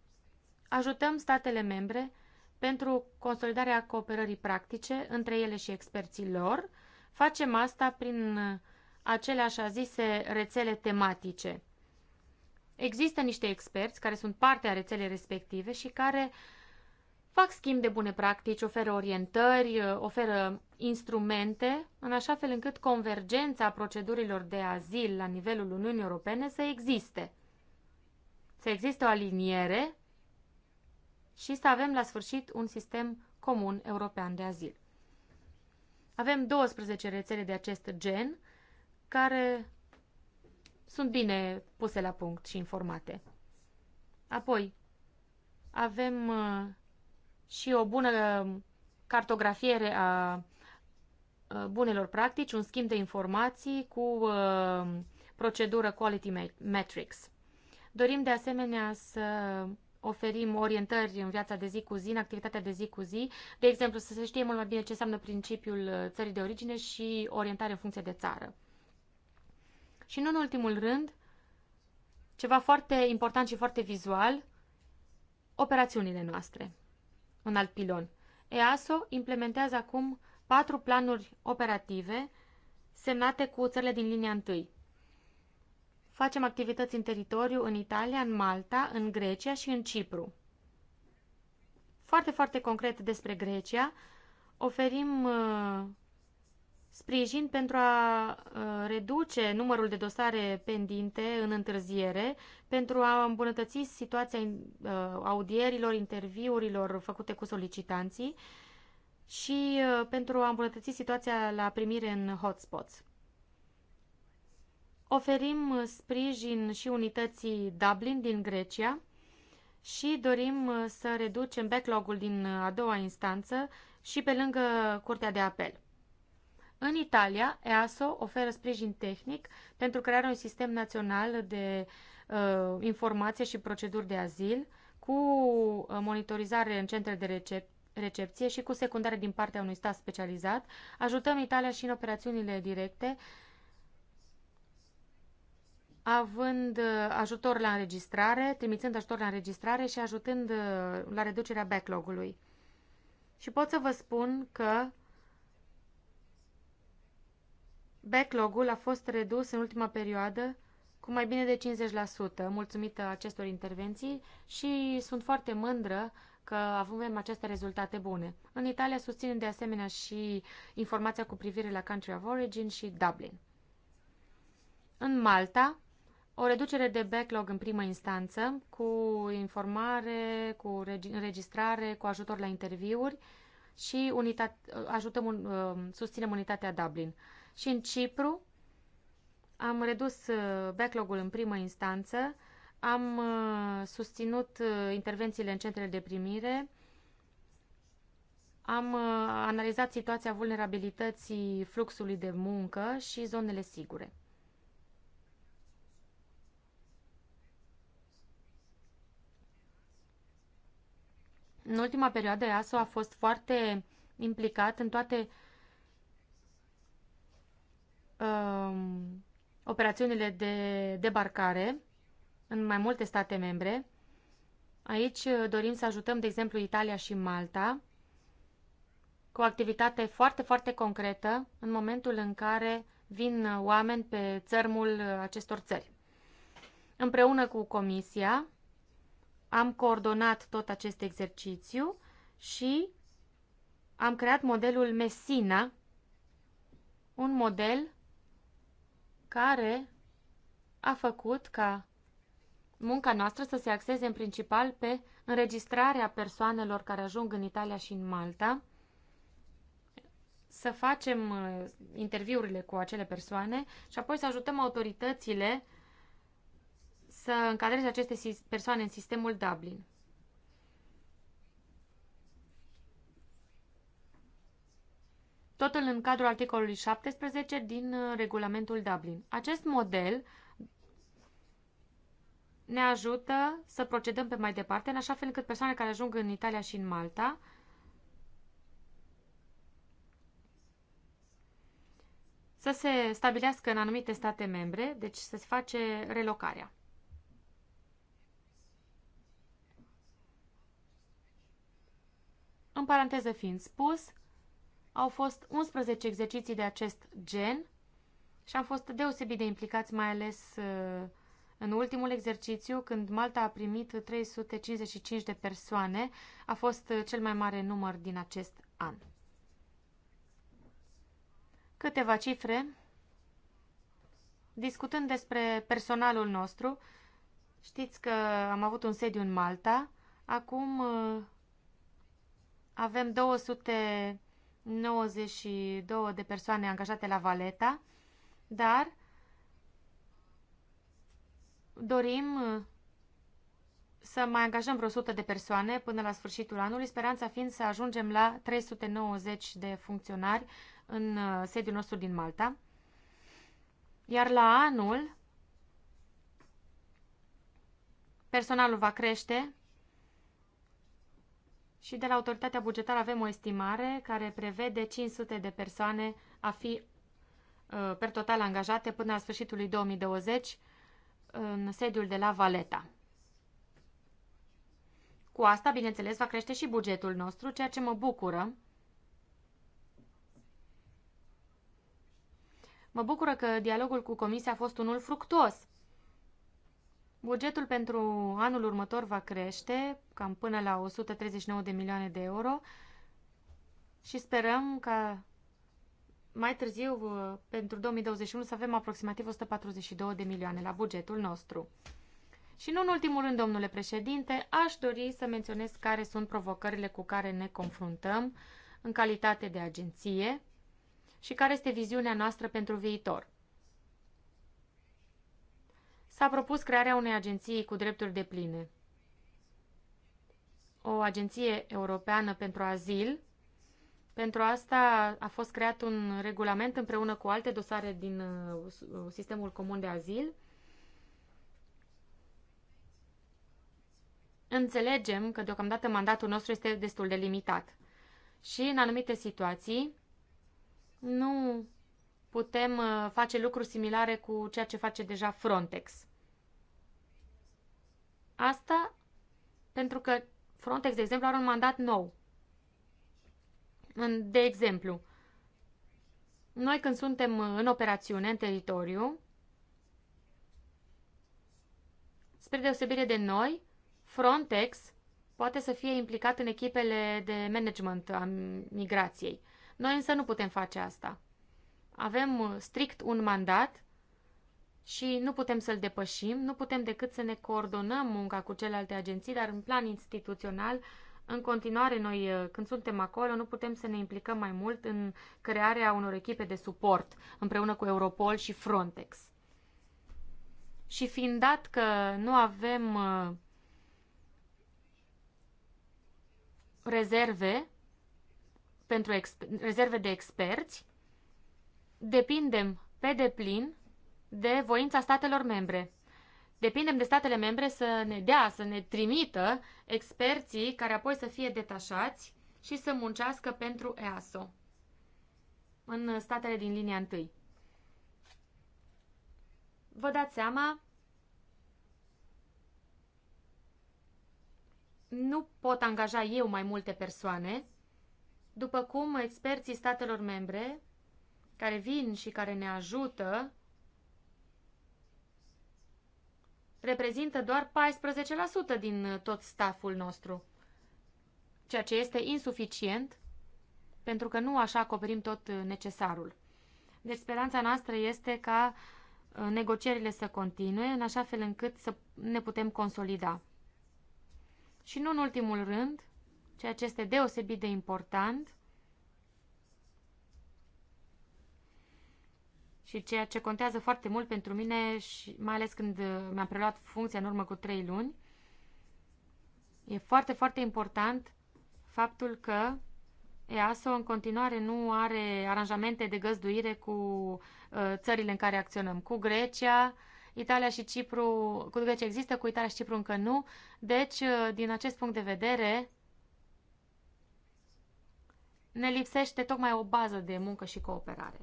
Ajutăm statele membre pentru consolidarea cooperării practice între ele și experții lor. Facem asta prin acele așa zise rețele tematice. Există niște experți care sunt parte a rețelei respective și care uh, fac schimb de bune practici, oferă orientări, oferă instrumente, în așa fel încât convergența procedurilor de azil la nivelul Uniunii Europene să existe. Să existe o aliniere și să avem la sfârșit un sistem comun european de azil. Avem 12 rețele de acest gen care sunt bine puse la punct și informate. Apoi, avem uh, și o bună cartografiere a bunelor practici, un schimb de informații cu procedură Quality Metrics. Dorim de asemenea să oferim orientări în viața de zi cu zi, în activitatea de zi cu zi, de exemplu să se știe mult mai bine ce înseamnă principiul uh, țării de origine și orientare în funcție de țară. Și nu în ultimul rând, ceva foarte important și foarte vizual, operațiunile noastre un alt pilon. EASO implementează acum patru planuri operative semnate cu țările din linia întâi. Facem activități în teritoriu în Italia, în Malta, în Grecia și în Cipru. Foarte, foarte concret despre Grecia, oferim uh, sprijin pentru a uh, reduce numărul de dosare pendinte în întârziere, pentru a îmbunătăți situația uh, audierilor, interviurilor făcute cu solicitanții și uh, pentru a îmbunătăți situația la primire în hotspots. Oferim sprijin și unității Dublin din Grecia și dorim să reducem backlog-ul din a doua instanță și pe lângă Curtea de Apel. În Italia, EASO oferă sprijin tehnic pentru crearea unui sistem național de uh, informație și proceduri de azil, cu uh, monitorizare în centre de recep recepție și cu secundare din partea unui stat specializat. Ajutăm Italia și în operațiunile directe, având uh, ajutor la înregistrare, trimițând ajutor la înregistrare și ajutând uh, la reducerea backlog-ului. Și pot să vă spun că Backlog-ul a fost redus în ultima perioadă cu mai bine de 50%, mulțumită acestor intervenții și sunt foarte mândră că avem aceste rezultate bune. În Italia susținem de asemenea și informația cu privire la Country of Origin și Dublin. În Malta, o reducere de backlog în primă instanță, cu informare, cu înregistrare, cu ajutor la interviuri și unitate, ajutăm, uh, susținem unitatea Dublin. Și în Cipru am redus uh, backlog-ul în primă instanță, am uh, susținut uh, intervențiile în centrele de primire, am analizat situația vulnerabilității fluxului de muncă și zonele sigure. În ultima perioadă, ASO a fost foarte implicat în toate um, operațiunile de debarcare în mai multe state membre. Aici uh, dorim să ajutăm, de exemplu, Italia și Malta cu o activitate foarte, foarte concretă în momentul în care vin uh, oameni pe țărmul uh, acestor țări. Împreună cu Comisia am coordonat tot acest exercițiu și am creat modelul Messina, un model care a făcut ca munca noastră să se axeze în principal pe înregistrarea persoanelor care ajung în Italia și în Malta, să facem uh, interviurile cu acele persoane și apoi să ajutăm autoritățile să încadreze aceste persoane în sistemul Dublin. totul în cadrul articolului 17 din uh, regulamentul Dublin. Acest model ne ajută să procedăm pe mai departe, în așa fel încât persoanele care ajung în Italia și în Malta să se stabilească în anumite state membre, deci să se face relocarea. În paranteză fiind spus, au fost 11 exerciții de acest gen și am fost deosebit de implicați, mai ales uh, în ultimul exercițiu, când Malta a primit 355 de persoane, a fost uh, cel mai mare număr din acest an. Câteva cifre. Discutând despre personalul nostru, știți că am avut un sediu în Malta, acum uh, avem 200 92 de persoane angajate la Valeta, dar dorim uh, să mai angajăm vreo 100 de persoane până la sfârșitul anului, speranța fiind să ajungem la 390 de funcționari în uh, sediul nostru din Malta. Iar la anul, personalul va crește și de la autoritatea bugetară avem o estimare care prevede 500 de persoane a fi uh, per total angajate până la sfârșitul lui 2020 în sediul de la Valeta. Cu asta, bineînțeles, va crește și bugetul nostru, ceea ce mă bucură. Mă bucură că dialogul cu Comisia a fost unul fructuos Bugetul pentru anul următor va crește cam până la 139 de milioane de euro și sperăm ca mai târziu, uh, pentru 2021, să avem aproximativ 142 de milioane la bugetul nostru. Și nu în ultimul rând, domnule președinte, aș dori să menționez care sunt provocările cu care ne confruntăm în calitate de agenție și care este viziunea noastră pentru viitor s-a propus crearea unei agenții cu drepturi de pline. O agenție europeană pentru azil. Pentru asta a fost creat un regulament împreună cu alte dosare din uh, uh, sistemul comun de azil. Înțelegem că deocamdată mandatul nostru este destul de limitat și în anumite situații nu putem uh, face lucruri similare cu ceea ce face deja Frontex. Asta pentru că Frontex, de exemplu, are un mandat nou. De exemplu, noi când suntem în operațiune, în teritoriu, spre deosebire de noi, Frontex poate să fie implicat în echipele de management a migrației. Noi însă nu putem face asta. Avem strict un mandat și nu putem să-l depășim, nu putem decât să ne coordonăm munca cu celelalte agenții, dar în plan instituțional, în continuare, noi uh, când suntem acolo, nu putem să ne implicăm mai mult în crearea unor echipe de suport împreună cu Europol și Frontex. Și fiind dat că nu avem uh, rezerve, pentru rezerve de experți, depindem pe deplin de voința statelor membre. Depindem de statele membre să ne dea, să ne trimită experții care apoi să fie detașați și să muncească pentru EASO în statele din linia întâi. Vă dați seama, nu pot angaja eu mai multe persoane, după cum experții statelor membre care vin și care ne ajută reprezintă doar 14% din uh, tot staful nostru, ceea ce este insuficient pentru că nu așa acoperim tot uh, necesarul. Deci speranța noastră este ca uh, negocierile să continue în așa fel încât să ne putem consolida. Și nu în ultimul rând, ceea ce este deosebit de important, și ceea ce contează foarte mult pentru mine, și mai ales când mi-am preluat funcția în urmă cu trei luni, e foarte, foarte important faptul că EASO în continuare nu are aranjamente de găzduire cu uh, țările în care acționăm, cu Grecia, Italia și Cipru, cu Grecia există, cu Italia și Cipru încă nu. Deci, uh, din acest punct de vedere, ne lipsește tocmai o bază de muncă și cooperare.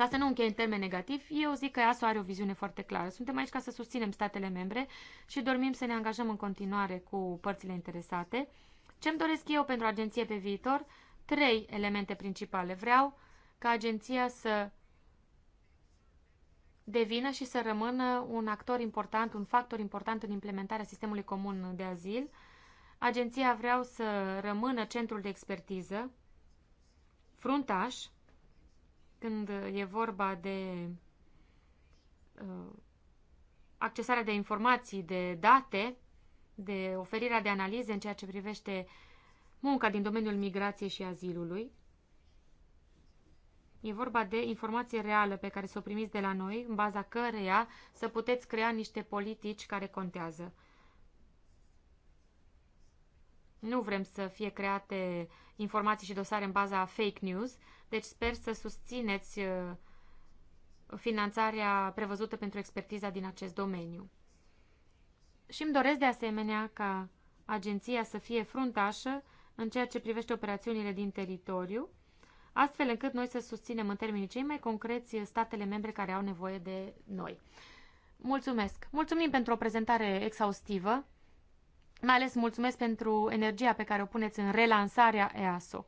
Ca să nu închei în termen negativ, eu zic că ASO are o viziune foarte clară. Suntem aici ca să susținem statele membre și dormim să ne angajăm în continuare cu părțile interesate. Ce-mi doresc eu pentru agenție pe viitor? Trei elemente principale. Vreau ca agenția să devină și să rămână un actor important, un factor important în implementarea sistemului comun de azil. Agenția vreau să rămână centrul de expertiză, fruntaș, când e vorba de uh, accesarea de informații, de date, de oferirea de analize în ceea ce privește munca din domeniul migrației și azilului. E vorba de informație reală pe care să o primiți de la noi, în baza căreia să puteți crea niște politici care contează. Nu vrem să fie create informații și dosare în baza fake news, deci sper să susțineți uh, finanțarea prevăzută pentru expertiza din acest domeniu. Și îmi doresc de asemenea ca agenția să fie fruntașă în ceea ce privește operațiunile din teritoriu, astfel încât noi să susținem în termenii cei mai concreți statele membre care au nevoie de noi. Mulțumesc! Mulțumim pentru o prezentare exhaustivă, mai ales mulțumesc pentru energia pe care o puneți în relansarea EASO,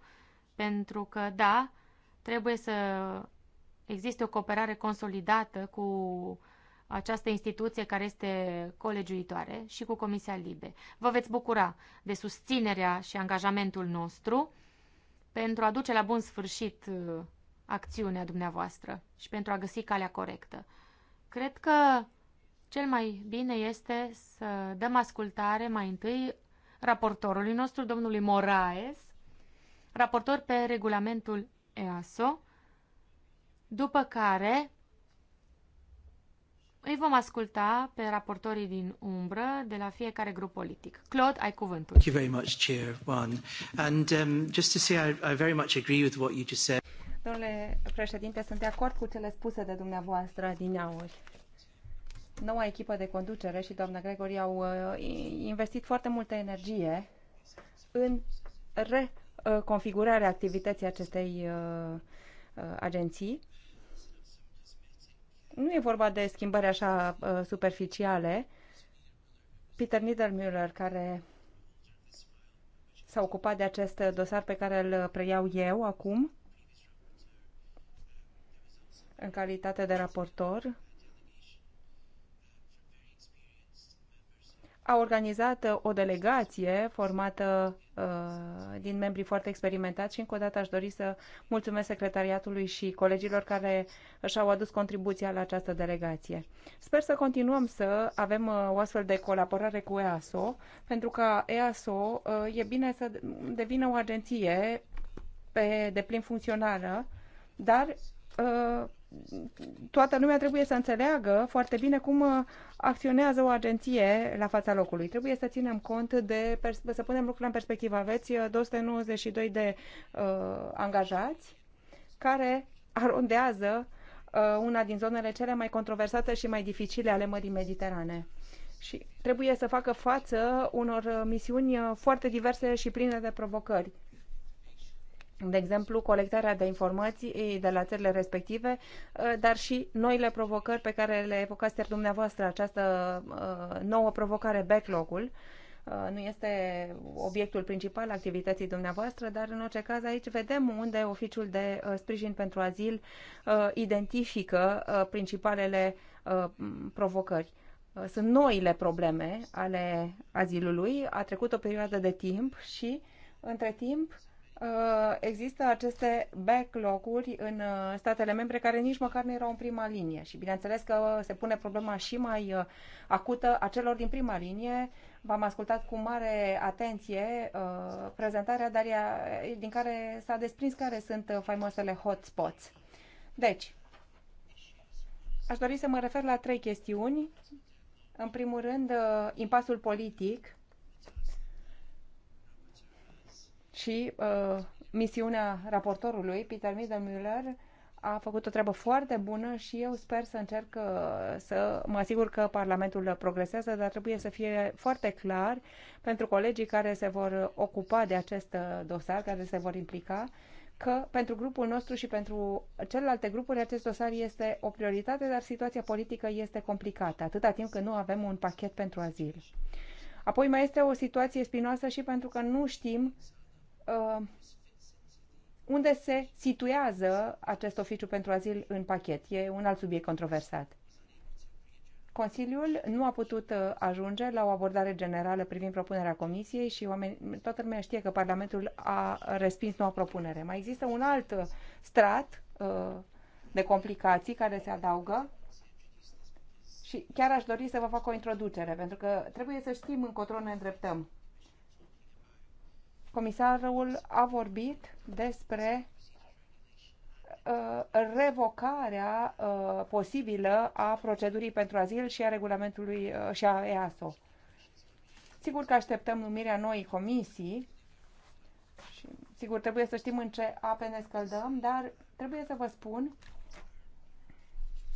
pentru că, da, Trebuie să existe o cooperare consolidată cu această instituție care este colegiuitoare și cu Comisia Libe. Vă veți bucura de susținerea și angajamentul nostru pentru a duce la bun sfârșit uh, acțiunea dumneavoastră și pentru a găsi calea corectă. Cred că cel mai bine este să dăm ascultare mai întâi raportorului nostru, domnului Moraes, raportor pe regulamentul EASO, după care îi vom asculta pe raportorii din umbră de la fiecare grup politic. Claude, ai cuvântul. Thank you very much, Chair And um, just to say, I, I very much agree with what you just said. Domnule președinte, sunt de acord cu cele spuse de dumneavoastră din aur. Noua echipă de conducere și doamna Gregory au uh, investit foarte multă energie în re Uh, configurarea activității acestei uh, uh, agenții. Nu e vorba de schimbări așa superficiale. Peter Niedermüller, care s-a ocupat de acest dosar pe care îl preiau eu acum, în calitate de raportor, a organizat o delegație formată Uh, din membrii foarte experimentați și încă o dată aș dori să mulțumesc secretariatului și colegilor care își au adus contribuția la această delegație. Sper să continuăm să avem uh, o astfel de colaborare cu EASO, pentru că EASO uh, e bine să devină o agenție pe deplin funcțională, dar toată lumea trebuie să înțeleagă foarte bine cum uh, acționează o agenție la fața locului. Trebuie să ținem cont de, să punem lucrurile în perspectivă. Aveți 292 uh, de uh, angajați care arondează uh, una din zonele cele mai controversate și mai dificile ale Mării Mediterane. Și trebuie să facă față unor uh, misiuni foarte diverse și pline de provocări de exemplu, colectarea de informații de la țările respective, uh, dar și noile provocări pe care le evocați dumneavoastră, această uh, nouă provocare, backlog-ul, uh, nu este obiectul principal activității dumneavoastră, dar în orice caz aici vedem unde oficiul de sprijin pentru azil identifică principalele provocări sunt noile probleme ale azilului. A trecut o perioadă de timp și, între timp, Uh, există aceste backlog-uri în uh, statele membre care nici măcar nu erau în prima linie și bineînțeles că se pune problema și mai uh, acută a celor din prima linie. V-am ascultat cu mare atenție uh, prezentarea dar ea, din care s-a desprins care sunt faimosele hotspots. Deci, aș dori să mă refer la trei chestiuni. În primul rând, impasul politic și uh, misiunea raportorului, Peter Miedermüller a făcut o treabă foarte bună și eu sper să încerc uh, să mă asigur că Parlamentul progresează, dar trebuie să fie foarte clar pentru colegii care se vor ocupa de acest uh, dosar, care se vor implica, că pentru grupul nostru și pentru celelalte grupuri acest dosar este o prioritate, dar situația politică este complicată, atâta timp când nu avem un pachet pentru azil. Apoi mai este o situație spinoasă și pentru că nu știm Uh, unde se situează acest oficiu pentru azil în pachet. E un alt subiect controversat. Consiliul nu a putut uh, ajunge la o abordare generală privind propunerea Comisiei și oameni, toată lumea știe că Parlamentul a respins noua propunere. Mai există un alt strat uh, de complicații care se adaugă și chiar aș dori să vă fac o introducere, pentru că trebuie să știm încotro ne îndreptăm comisarul a vorbit despre uh, revocarea uh, posibilă a procedurii pentru azil și a regulamentului uh, și a EASO. Sigur că așteptăm numirea noii comisii și sigur trebuie să știm în ce ape ne scăldăm, dar trebuie să vă spun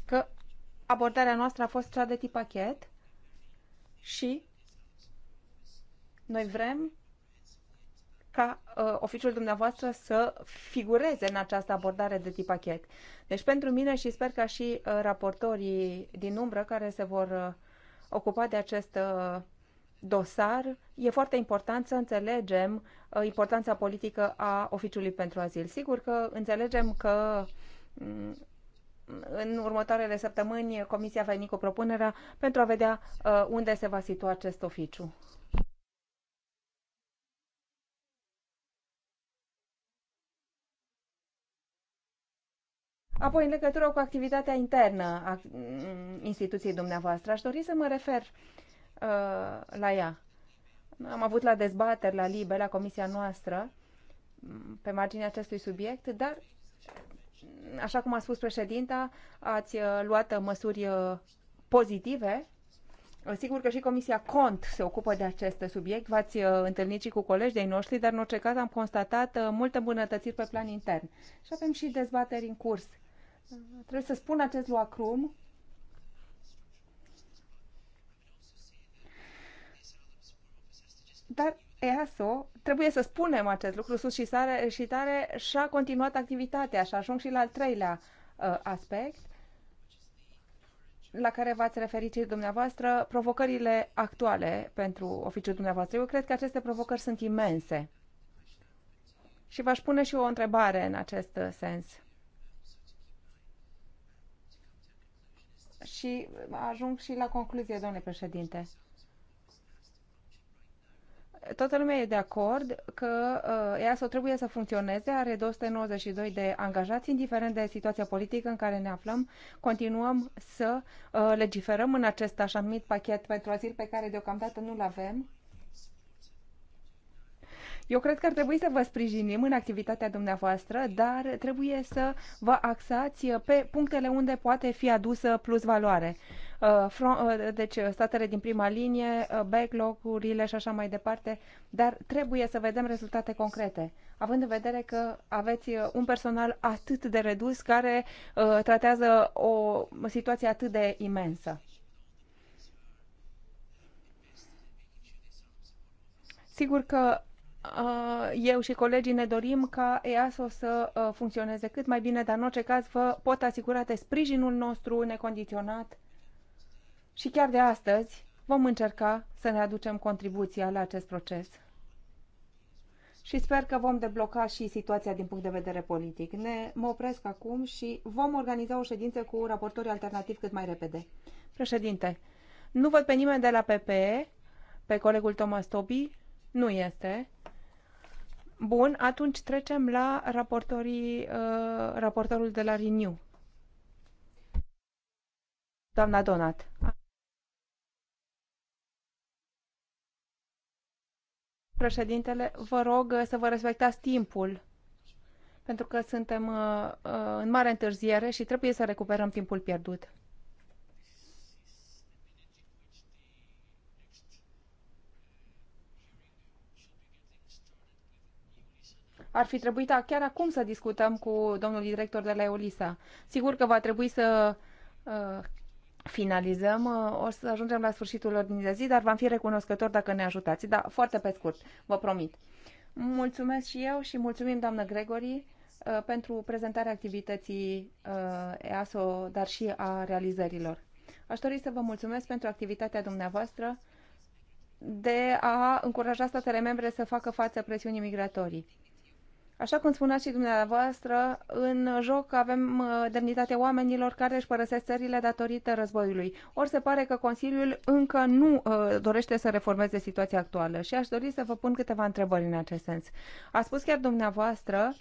că abordarea noastră a fost cea de tip pachet și noi vrem ca uh, oficiul dumneavoastră să figureze în această abordare de tip pachet. Deci pentru mine și sper ca și uh, raportorii din umbră care se vor uh, ocupa de acest uh, dosar, e foarte important să înțelegem uh, importanța politică a oficiului pentru azil. Sigur că înțelegem că um, în următoarele săptămâni Comisia va veni cu propunerea pentru a vedea uh, unde se va situa acest oficiu. Apoi, în legătură cu activitatea internă a mm, instituției dumneavoastră, aș dori să mă refer uh, la ea. Am avut la dezbateri la LIBE, la comisia noastră, mm, pe marginea acestui subiect, dar, mm, așa cum a spus președinta, ați uh, luat uh, măsuri uh, pozitive. Sigur că și Comisia Cont se ocupă de acest subiect. V-ați întâlnit și cu colegi de-ai noștri, dar în orice caz am constatat multe îmbunătățiri pe plan intern. Și avem și dezbateri în curs Trebuie să spun acest lucru Dar EASO, trebuie să spunem acest lucru sus și, sare, și tare, și-a continuat activitatea și ajung și la al treilea uh, aspect la care v-ați referit și dumneavoastră, provocările actuale pentru oficiul dumneavoastră. Eu cred că aceste provocări sunt imense. Și v-aș pune și o întrebare în acest uh, sens. și ajung și la concluzie, domnule președinte. Toată lumea e de acord că uh, ea EASO trebuie să funcționeze, are 292 de angajați, indiferent de situația politică în care ne aflăm. Continuăm să uh, legiferăm în acest așa numit pachet pentru azil pe care deocamdată nu-l avem eu cred că ar trebui să vă sprijinim în activitatea dumneavoastră, dar trebuie să vă axați pe punctele unde poate fi adusă plus valoare. Uh, uh, deci uh, statele din prima linie, backlog-urile și așa mai departe, dar trebuie să vedem rezultate concrete, având în vedere că aveți un personal atât de redus care tratează o situație atât de imensă. Sigur că Uh, eu și colegii ne dorim ca EASO să uh, funcționeze cât mai bine, dar în orice caz vă pot asigura de sprijinul nostru necondiționat și chiar de astăzi vom încerca să ne aducem contribuția la acest proces. Și sper că vom debloca și situația din punct de vedere politic. Ne mă opresc acum și vom organiza o ședință cu raportorii alternativi cât mai repede. Președinte, nu văd pe nimeni de la PPE, pe colegul Thomas Tobi, nu este. Bun, atunci trecem la raportorii, uh, raportorul de la Renew. Doamna Donat. Președintele, vă rog uh, să vă respectați timpul, pentru că suntem uh, uh, în mare întârziere și trebuie să recuperăm timpul pierdut. ar fi trebuit chiar acum să discutăm cu domnul director de la Eulisa. Sigur că va trebui să uh, finalizăm, uh, o să ajungem la sfârșitul ordinii de zi, dar v-am fi recunoscător dacă ne ajutați, dar foarte pe scurt, vă promit. Mulțumesc și eu și mulțumim, doamnă Gregory, uh, pentru prezentarea activității uh, EASO, dar și a realizărilor. Aș dori să vă mulțumesc pentru activitatea dumneavoastră de a încuraja statele membre să facă față presiunii migratorii. Așa cum spunea și dumneavoastră, în joc avem uh, demnitatea oamenilor care își părăsesc țările datorită războiului. Ori se pare că Consiliul încă nu uh, dorește să reformeze situația actuală și aș dori să vă pun câteva întrebări în acest sens. A spus chiar dumneavoastră,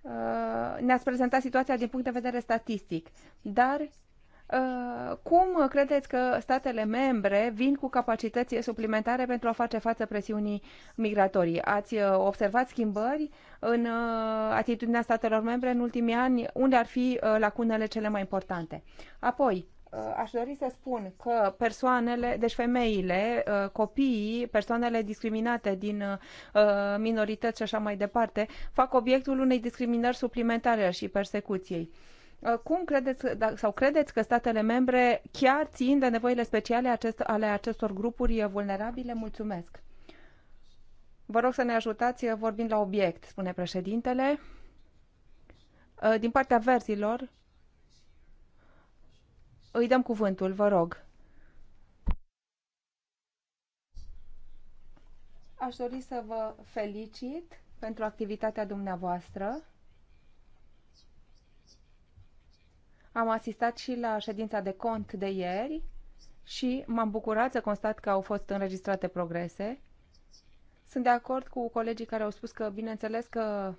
uh, ne-ați prezentat situația din punct de vedere statistic, dar Uh, cum credeți că statele membre vin cu capacități suplimentare pentru a face față presiunii migratorii? Ați uh, observat schimbări în uh, atitudinea statelor membre în ultimii ani? Unde ar fi lacunele cele mai importante? Apoi, aș dori să spun că persoanele, deci femeile, copiii, persoanele discriminate din minorități și așa mai departe, fac obiectul unei discriminări suplimentare și persecuției. Uh, cum credeți da, sau credeți că statele membre chiar țin de nevoile speciale acest, ale acestor grupuri vulnerabile? Mulțumesc! Vă rog să ne ajutați uh, vorbind la obiect, spune președintele. Uh, din partea verzilor, îi dăm cuvântul, vă rog. Aș dori să vă felicit pentru activitatea dumneavoastră Am asistat și la ședința de cont de ieri și m-am bucurat să constat că au fost înregistrate progrese. Sunt de acord cu colegii care au spus că, bineînțeles, că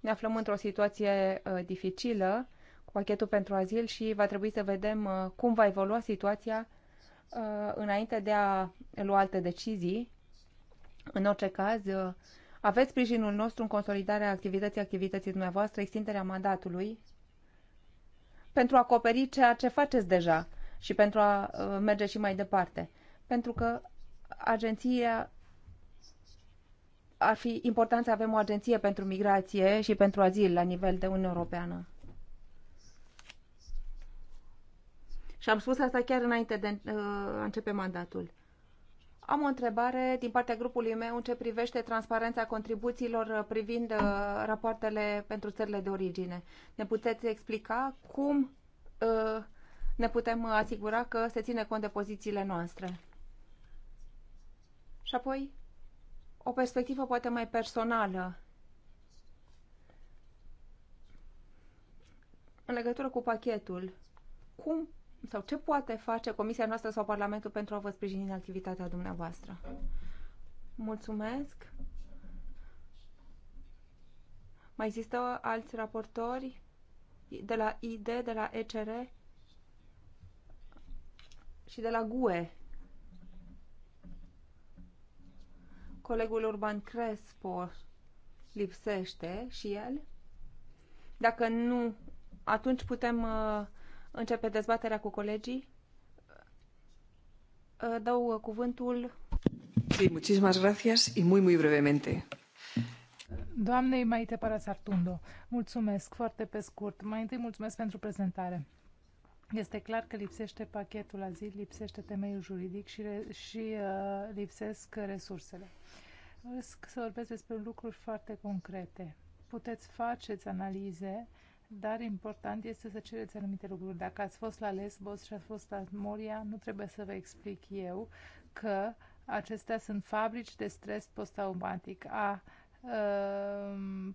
ne aflăm într-o situație uh, dificilă cu pachetul pentru azil și va trebui să vedem uh, cum va evolua situația uh, înainte de a lua alte decizii. În orice caz, uh, aveți sprijinul nostru în consolidarea activității activității dumneavoastră, extinderea mandatului pentru a acoperi ceea ce faceți deja și pentru a uh, merge și mai departe. Pentru că agenția ar fi important să avem o agenție pentru migrație și pentru azil la nivel de Uniune Europeană. Și am spus asta chiar înainte de uh, a începe mandatul. Am o întrebare din partea grupului meu în ce privește transparența contribuțiilor privind uh, rapoartele pentru țările de origine. Ne puteți explica cum uh, ne putem asigura că se ține cont de pozițiile noastre? Și apoi, o perspectivă poate mai personală. În legătură cu pachetul, cum sau ce poate face Comisia noastră sau Parlamentul pentru a vă sprijini în activitatea dumneavoastră? Mulțumesc! Mai există alți raportori de la ID, de la ECR și de la GUE? Colegul Urban Crespo lipsește și el. Dacă nu, atunci putem uh, începe dezbaterea cu colegii. Dau cuvântul. Sí, muchísimas gracias y muy, muy brevemente. Doamnei Maite Parasartundo, mulțumesc foarte pe scurt. Mai întâi mulțumesc pentru prezentare. Este clar că lipsește pachetul azil, lipsește temeiul juridic și, re, și uh, lipsesc resursele. Vreau să vorbesc despre lucruri foarte concrete. Puteți faceți analize dar important este să cereți anumite lucruri. Dacă ați fost la Lesbos și ați fost la Moria, nu trebuie să vă explic eu că acestea sunt fabrici de stres post-traumatic. A uh,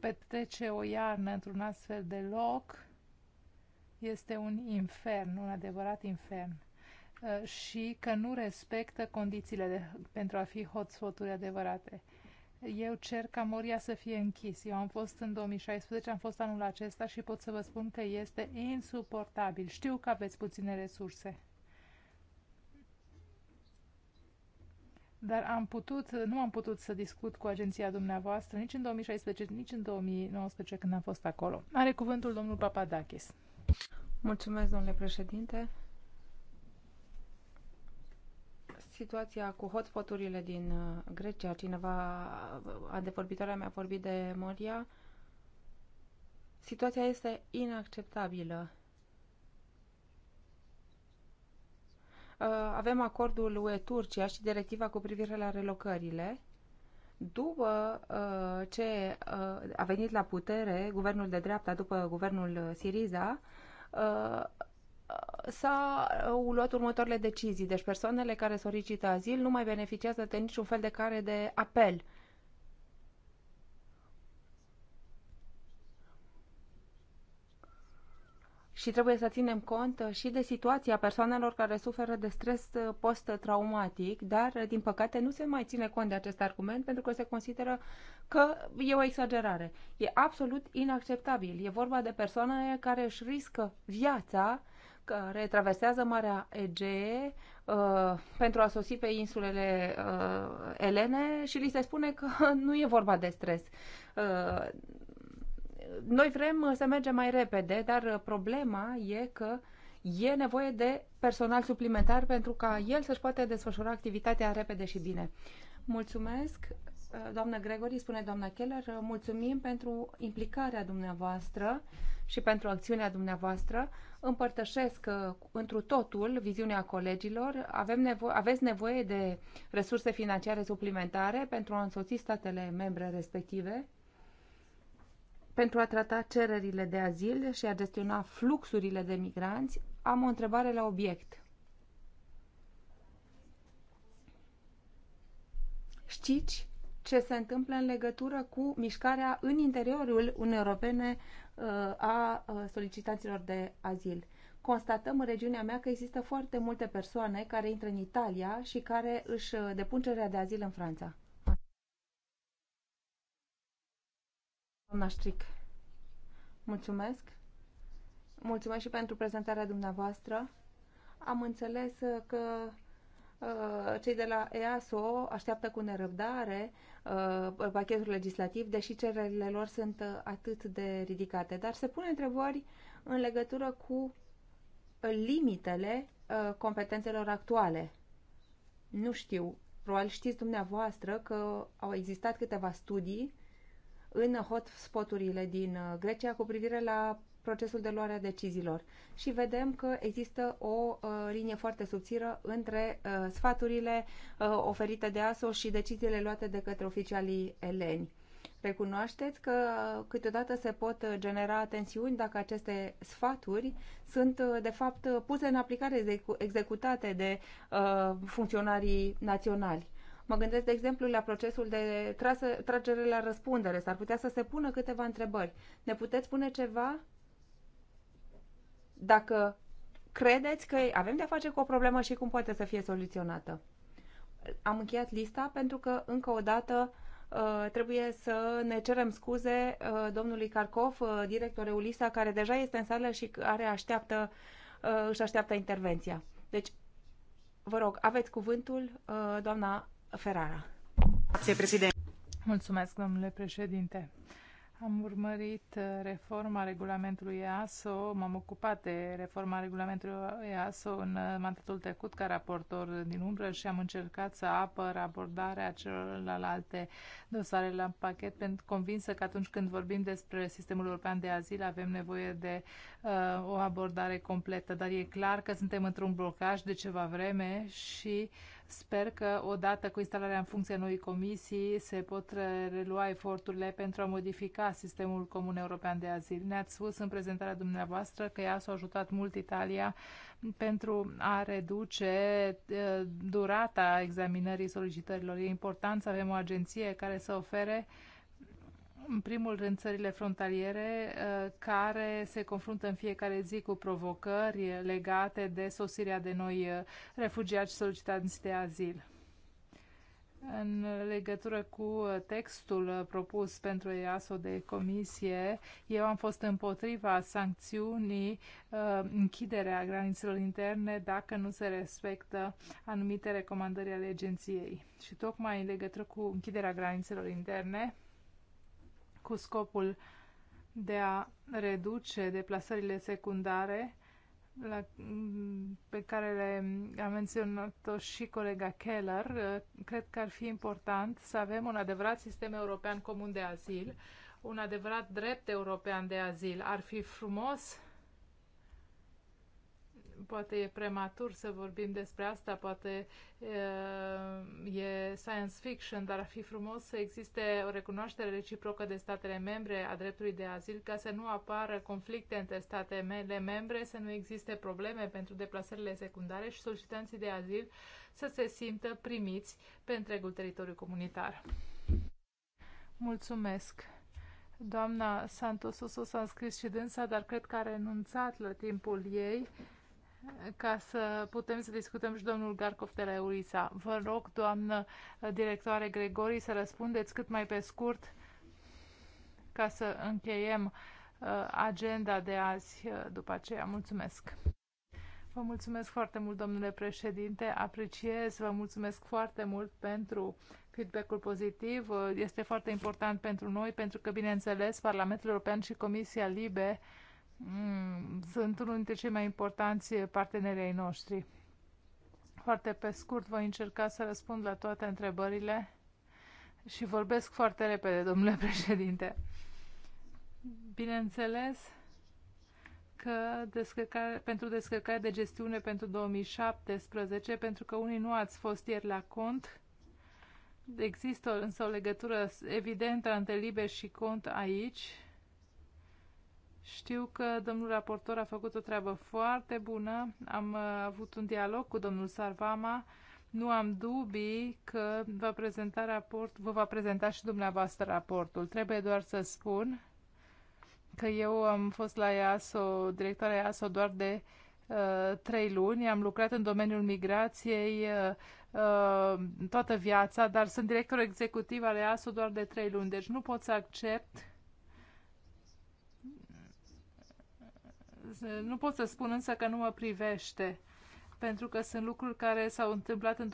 petrece o iarnă într-un astfel de loc este un infern, un adevărat infern uh, și că nu respectă condițiile de, pentru a fi hotspot-uri adevărate eu cer ca Moria să fie închis. Eu am fost în 2016, am fost anul acesta și pot să vă spun că este insuportabil. Știu că aveți puține resurse. Dar am putut, nu am putut să discut cu agenția dumneavoastră nici în 2016, nici în 2019 când am fost acolo. Are cuvântul domnul Papadakis. Mulțumesc, domnule președinte. situația cu hotspoturile din uh, Grecia. Cineva, uh, a de vorbitoarea mea a vorbit de Moria. Situația este inacceptabilă. Uh, avem acordul UE-Turcia și directiva cu privire la relocările. După ce a venit la putere guvernul de dreapta, după guvernul Siriza, s au uh, luat următoarele decizii. Deci persoanele care solicită azil nu mai beneficiază de niciun fel de care de apel. Și trebuie să ținem cont uh, și de situația persoanelor care suferă de stres uh, post-traumatic, dar, din păcate, nu se mai ține cont de acest argument pentru că se consideră că e o exagerare. E absolut inacceptabil. E vorba de persoane care își riscă viața care traversează Marea Egee uh, pentru a sosi pe insulele uh, Elene și li se spune că [LAUGHS] nu e vorba de stres. Uh, noi vrem să mergem mai repede, dar problema e că e nevoie de personal suplimentar pentru ca el să-și poate desfășura activitatea repede și bine. Mulțumesc, uh, doamna Gregory, spune doamna Keller, mulțumim pentru implicarea dumneavoastră și pentru acțiunea dumneavoastră împărtășesc uh, întru totul viziunea colegilor. Avem nevo- aveți nevoie de resurse financiare suplimentare pentru a însoți statele membre respective, pentru a trata cererile de azil și a gestiona fluxurile de migranți. Am o întrebare la obiect. Știți ce se întâmplă în legătură cu mișcarea în interiorul Uniunii Europene Uh, a uh, solicitanților de azil. Constatăm în regiunea mea că există foarte multe persoane care intră în Italia și care își uh, depun cererea de azil în Franța. Doamna Stric, mulțumesc. Mulțumesc și pentru prezentarea dumneavoastră. Am înțeles că Uh, cei de la EASO așteaptă cu nerăbdare uh, pachetul legislativ, deși cererile lor sunt uh, atât de ridicate. Dar se pune întrebări în legătură cu limitele competențelor actuale. Nu știu, probabil știți dumneavoastră că au existat câteva studii în hotspoturile din Grecia cu privire la procesul de luare a deciziilor. Și vedem că există o uh, linie foarte subțiră între uh, sfaturile uh, oferite de ASO și deciziile luate de către oficialii eleni. Recunoașteți că câteodată se pot uh, genera tensiuni dacă aceste sfaturi sunt, uh, de fapt, uh, puse în aplicare, executate de uh, funcționarii naționali. Mă gândesc, de exemplu, la procesul de trasă, tragere la răspundere. S-ar putea să se pună câteva întrebări. Ne puteți spune ceva dacă credeți că avem de-a face cu o problemă și cum poate să fie soluționată. Am încheiat lista pentru că, încă o dată, uh, trebuie să ne cerem scuze uh, domnului Carcov, uh, directorul lista care deja este în sală și care așteaptă, își așteaptă intervenția. Deci, vă rog, aveți cuvântul, doamna Ferrara. Mulțumesc, domnule președinte. Am urmărit uh, reforma regulamentului EASO, m-am ocupat de reforma regulamentului EASO în uh, mandatul trecut ca raportor din umbră și am încercat să apăr abordarea celorlalte dosare la pachet, pentru convinsă că atunci când vorbim despre sistemul european de azil avem nevoie de uh, o abordare completă, dar e clar că suntem într-un blocaj de ceva vreme și uh, Sper că odată cu instalarea în funcție noii comisii se pot relua eforturile pentru a modifica sistemul comun european de azil. Ne-ați spus în prezentarea dumneavoastră că ea s-a ajutat mult Italia pentru a reduce durata examinării solicitărilor. E important să avem o agenție care să ofere uh, în primul rând, țările frontaliere uh, care se confruntă în fiecare zi cu provocări legate de sosirea de noi uh, refugiați solicitanți de azil. În legătură cu uh, textul propus pentru EASO de comisie, eu am fost împotriva sancțiunii închiderea granițelor interne dacă nu se respectă anumite recomandări ale agenției. Și tocmai în legătură cu închiderea granițelor interne, cu scopul de a reduce deplasările secundare la, pe care le a menționat-o și colega Keller, cred că ar fi important să avem un adevărat sistem european comun de azil, un adevărat drept european de azil. Ar fi frumos poate e prematur să vorbim despre asta, poate uh, e science fiction, dar ar fi frumos să existe o recunoaștere reciprocă de statele membre a dreptului de azil ca să nu apară conflicte între statele membre, să nu existe probleme pentru deplasările secundare și solicitanții de azil să se simtă primiți pe întregul teritoriu comunitar. Mulțumesc! Doamna o s-a înscris și dânsa, dar cred că a renunțat la timpul ei ca să putem să discutăm și domnul Garcov de la Eulisa. Vă rog, doamnă directoare Gregori, să răspundeți cât mai pe scurt ca să încheiem uh, agenda de azi uh, după aceea. Mulțumesc! Vă mulțumesc foarte mult, domnule președinte, apreciez, vă mulțumesc foarte mult pentru feedback-ul pozitiv. Uh, este foarte important pentru noi, pentru că, bineînțeles, Parlamentul European și Comisia Libe Mm, sunt unul dintre cei mai importanți parteneri ai noștri. Foarte pe scurt voi încerca să răspund la toate întrebările și vorbesc foarte repede, domnule președinte. Bineînțeles că descărcare, pentru descărcare de gestiune pentru 2017, pentru că unii nu ați fost ieri la cont, există însă o legătură evidentă între liber și cont aici știu că domnul raportor a făcut o treabă foarte bună. Am uh, avut un dialog cu domnul Sarvama. Nu am dubii că va prezenta raport, vă va prezenta și dumneavoastră raportul. Trebuie doar să spun că eu am fost la IASO, directoarea IASO doar de uh, trei uh, luni, am lucrat în domeniul migrației uh, uh, toată viața, dar sunt director executiv al EASO doar de trei luni, deci nu pot să accept Nu pot să spun însă că nu mă privește, pentru că sunt lucruri care s-au întâmplat în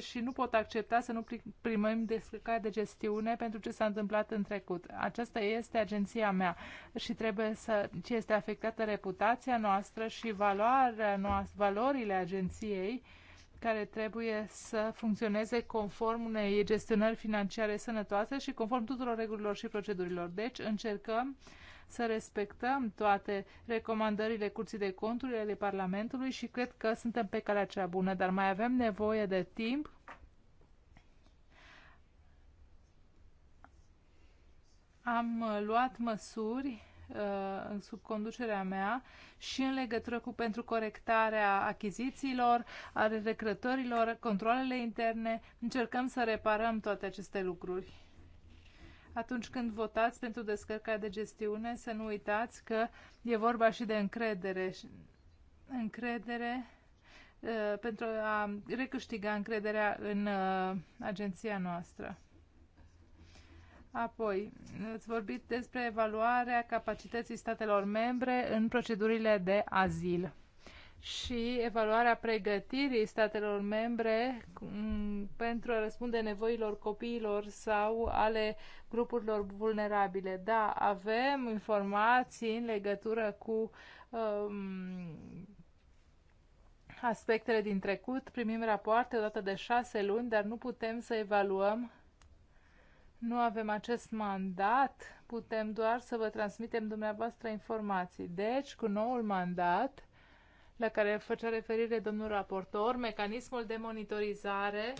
2016-2017 și nu pot accepta să nu primim descărcare de gestiune pentru ce s-a întâmplat în trecut. Aceasta este agenția mea și trebuie să ce este afectată reputația noastră și valoarea noastră, valorile agenției care trebuie să funcționeze conform unei gestionări financiare sănătoase și conform tuturor regulilor și procedurilor. Deci încercăm uh, să respectăm toate recomandările Curții de Conturi ale Parlamentului și cred că suntem pe calea cea bună, dar mai avem nevoie de timp am luat măsuri uh, sub conducerea mea și în legătură cu pentru corectarea achizițiilor, a recrătorilor, controlele interne. Încercăm să reparăm toate aceste lucruri atunci când votați pentru descărcarea de gestiune, să nu uitați că e vorba și de încredere. Încredere uh, pentru a recâștiga încrederea în uh, agenția noastră. Apoi, ați vorbit despre evaluarea capacității statelor membre în procedurile de azil și evaluarea pregătirii statelor membre mm, pentru a răspunde nevoilor copiilor sau ale grupurilor vulnerabile. Da, avem informații în legătură cu um, aspectele din trecut, primim rapoarte odată de șase luni, dar nu putem să evaluăm nu avem acest mandat, putem doar să vă transmitem dumneavoastră informații. Deci, cu noul mandat, la care făcea referire domnul raportor, mecanismul de monitorizare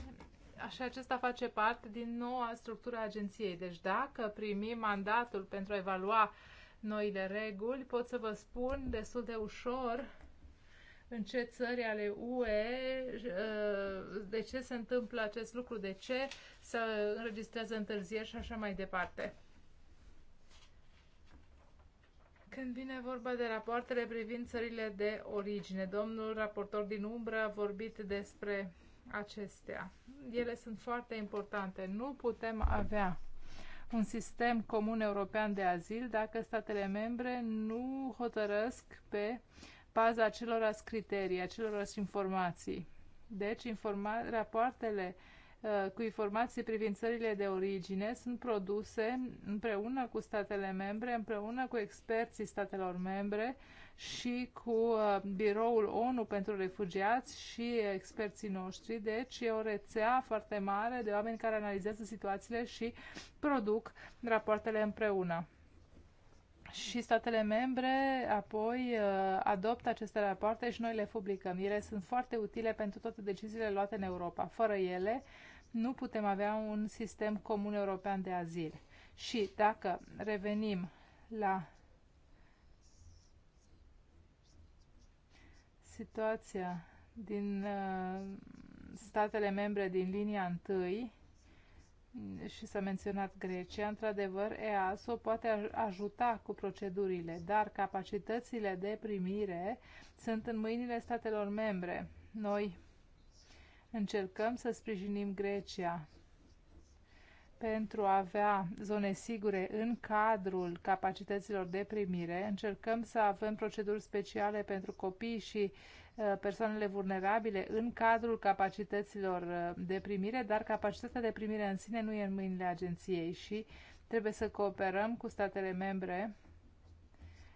și acesta face parte din noua structură a agenției. Deci dacă primim mandatul pentru a evalua noile reguli, pot să vă spun destul de ușor în ce țări ale UE, uh, de ce se întâmplă acest lucru, de ce se înregistrează întârzieri și așa mai departe. Când vine vorba de rapoartele privind țările de origine, domnul raportor din umbră a vorbit despre acestea. Ele sunt foarte importante. Nu putem avea un sistem comun european de azil dacă statele membre nu hotărăsc pe baza acelorași criterii, acelorași informații. Deci, informa- rapoartele uh, Uh, cu informații privind țările de origine sunt produse împreună cu statele membre, împreună cu experții statelor membre și cu uh, biroul ONU pentru refugiați și experții noștri. Deci e o rețea foarte mare de oameni care analizează situațiile și produc rapoartele împreună. Și statele membre apoi uh, adoptă aceste rapoarte și noi le publicăm. Ele sunt foarte utile pentru toate deciziile luate în Europa. Fără ele, nu putem avea un sistem comun european de azil. Și dacă revenim la situația din uh, statele membre din linia întâi, și s-a menționat Grecia, într-adevăr, EASO poate ajuta cu procedurile, dar capacitățile de primire sunt în mâinile statelor membre. Noi Încercăm să sprijinim Grecia pentru a avea zone sigure în cadrul capacităților de primire. Încercăm să avem proceduri speciale pentru copii și uh, persoanele vulnerabile în cadrul capacităților uh, de primire, dar capacitatea de primire în sine nu e în mâinile agenției și trebuie să cooperăm cu statele membre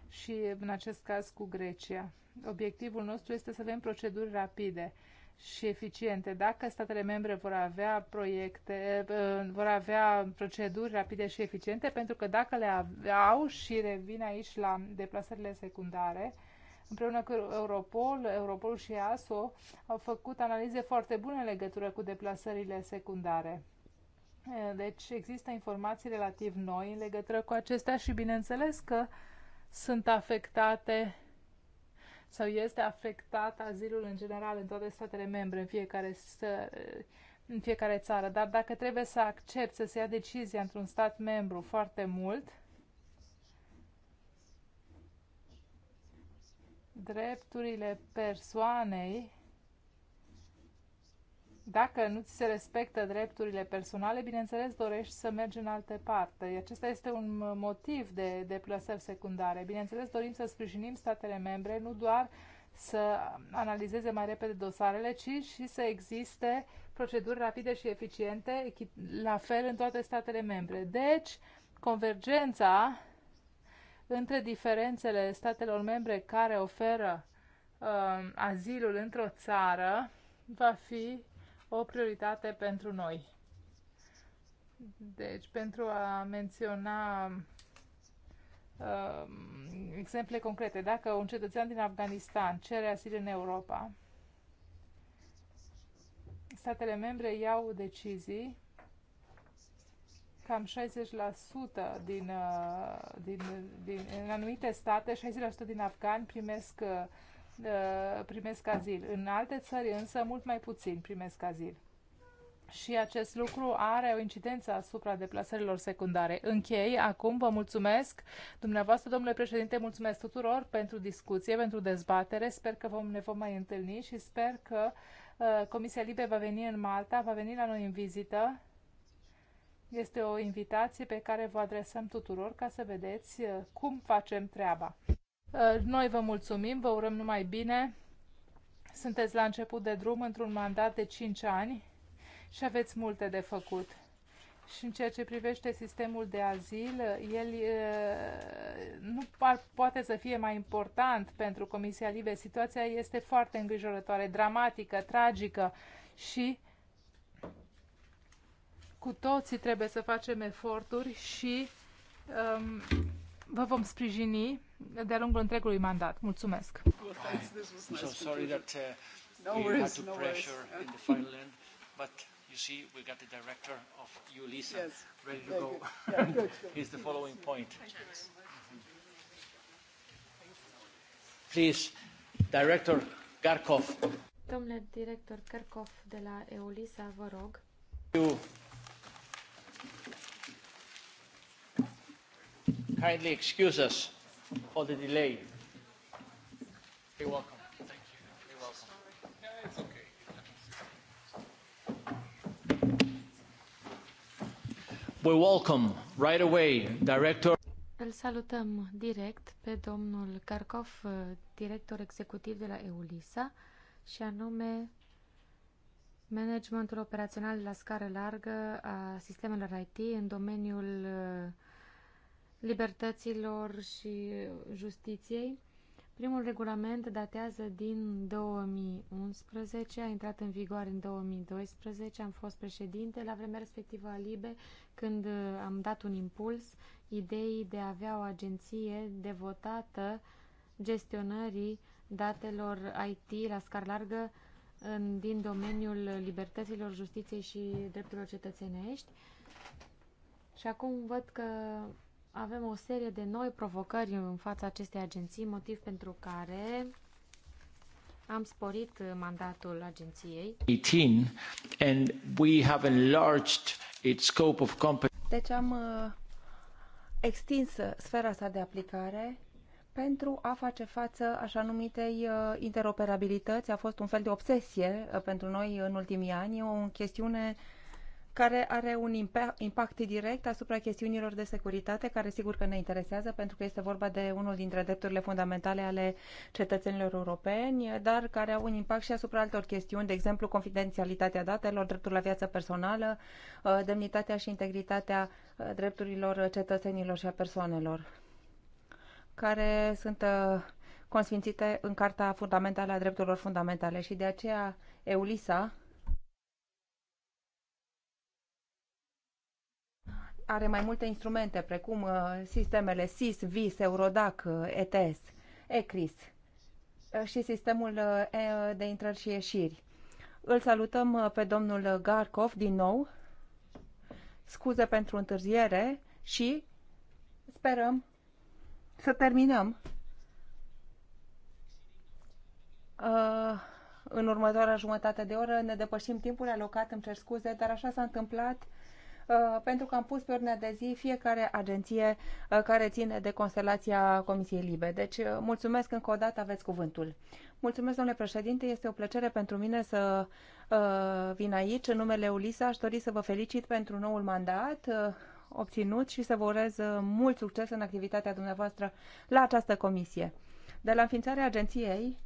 și în acest caz cu Grecia. Obiectivul nostru este să avem proceduri rapide și eficiente. Dacă statele membre vor avea proiecte, eh, vor avea proceduri rapide și eficiente, pentru că dacă le au și revin aici la deplasările secundare, împreună cu Europol, Europol și ASO au făcut analize foarte bune în legătură cu deplasările secundare. Eh, deci există informații relativ noi în legătură cu acestea și bineînțeles că sunt afectate sau este afectat azilul în general în toate statele membre, în fiecare, stă, în fiecare țară. Dar dacă trebuie să accept să se ia decizia într-un stat membru foarte mult, drepturile persoanei dacă nu ți se respectă drepturile personale, bineînțeles dorești să mergi în alte parte. Acesta este un motiv de deplasări secundare. Bineînțeles dorim să sprijinim statele membre, nu doar să analizeze mai repede dosarele, ci și să existe proceduri rapide și eficiente, la fel în toate statele membre. Deci, convergența între diferențele statelor membre care oferă uh, azilul într-o țară va fi o prioritate pentru noi. Deci, pentru a menționa uh, exemple concrete, dacă un cetățean din Afganistan cere asil în Europa, statele membre iau decizii cam 60% din, uh, din, din, în anumite state, 60% din afgani primesc uh, Uh, primesc azil. În alte țări însă mult mai puțin primesc azil. Și acest lucru are o incidență asupra deplasărilor secundare. Închei acum, vă mulțumesc dumneavoastră, domnule președinte, mulțumesc tuturor pentru discuție, pentru dezbatere. Sper că vom, ne vom mai întâlni și sper că uh, Comisia Libe va veni în Malta, va veni la noi în vizită. Este o invitație pe care vă adresăm tuturor ca să vedeți uh, cum facem treaba. Uh, noi vă mulțumim, vă urăm numai bine. Sunteți la început de drum într-un mandat de 5 ani și aveți multe de făcut. Și în ceea ce privește sistemul de azil, el uh, nu par, poate să fie mai important pentru Comisia Libe. Situația este foarte îngrijorătoare, dramatică, tragică și cu toții trebuie să facem eforturi și um, vă vom sprijini de-a lungul întregului mandat. Mulțumesc! Uh, you see, we got the director of ULISA yes. ready to go. Yeah, good, good. [LAUGHS] Here's the following point. Please, Director Garkov. Domnule director Garkov de la EULISA, vă rog. You kindly excuse us for the delay. You're welcome. Thank you. You're welcome. it's okay. We welcome right away director îl salutăm direct pe domnul Karkov, director executiv de la EULISA, și anume managementul operațional la scară largă a sistemelor IT în domeniul uh, libertăților și justiției. Primul regulament datează din 2011, a intrat în vigoare în 2012, am fost președinte la vremea respectivă a LIBE când am dat un impuls ideii de a avea o agenție devotată gestionării datelor IT la scară largă în, din domeniul libertăților, justiției și drepturilor cetățenești. Și acum văd că avem o serie de noi provocări în fața acestei agenții, motiv pentru care am sporit mandatul agenției. 18 and we have enlarged its scope of deci am uh, extins uh, sfera sa de aplicare pentru a face față așa numitei uh, interoperabilități. A fost un fel de obsesie uh, pentru noi în ultimii ani, o chestiune uh, care are un impact direct asupra chestiunilor de securitate, care sigur că ne interesează, pentru că este vorba de unul dintre drepturile fundamentale ale cetățenilor europeni, dar care au un impact și asupra altor chestiuni, de exemplu, confidențialitatea datelor, dreptul la viață personală, uh, demnitatea și integritatea uh, drepturilor cetățenilor și a persoanelor, care sunt uh, consfințite în Carta Fundamentală a Drepturilor Fundamentale și de aceea EULISA, are mai multe instrumente, precum uh, sistemele SIS, VIS, Eurodac, uh, ETS, ECRIS uh, și sistemul de intrări și ieșiri. Îl salutăm pe domnul Garkov din nou. Scuze pentru întârziere și sperăm să terminăm în următoarea jumătate de oră ne depășim timpul alocat, îmi cer scuze, dar așa s-a întâmplat Uh, pentru că am pus pe ordinea de zi fiecare agenție uh, care ține de constelația Comisiei Libe. Deci, uh, mulțumesc încă o dată, aveți cuvântul. Mulțumesc, domnule președinte, este o plăcere pentru mine să vin aici. În numele Ulisa aș dori să vă felicit pentru noul mandat obținut și să vă urez mult succes în activitatea dumneavoastră la această comisie. De la înființarea agenției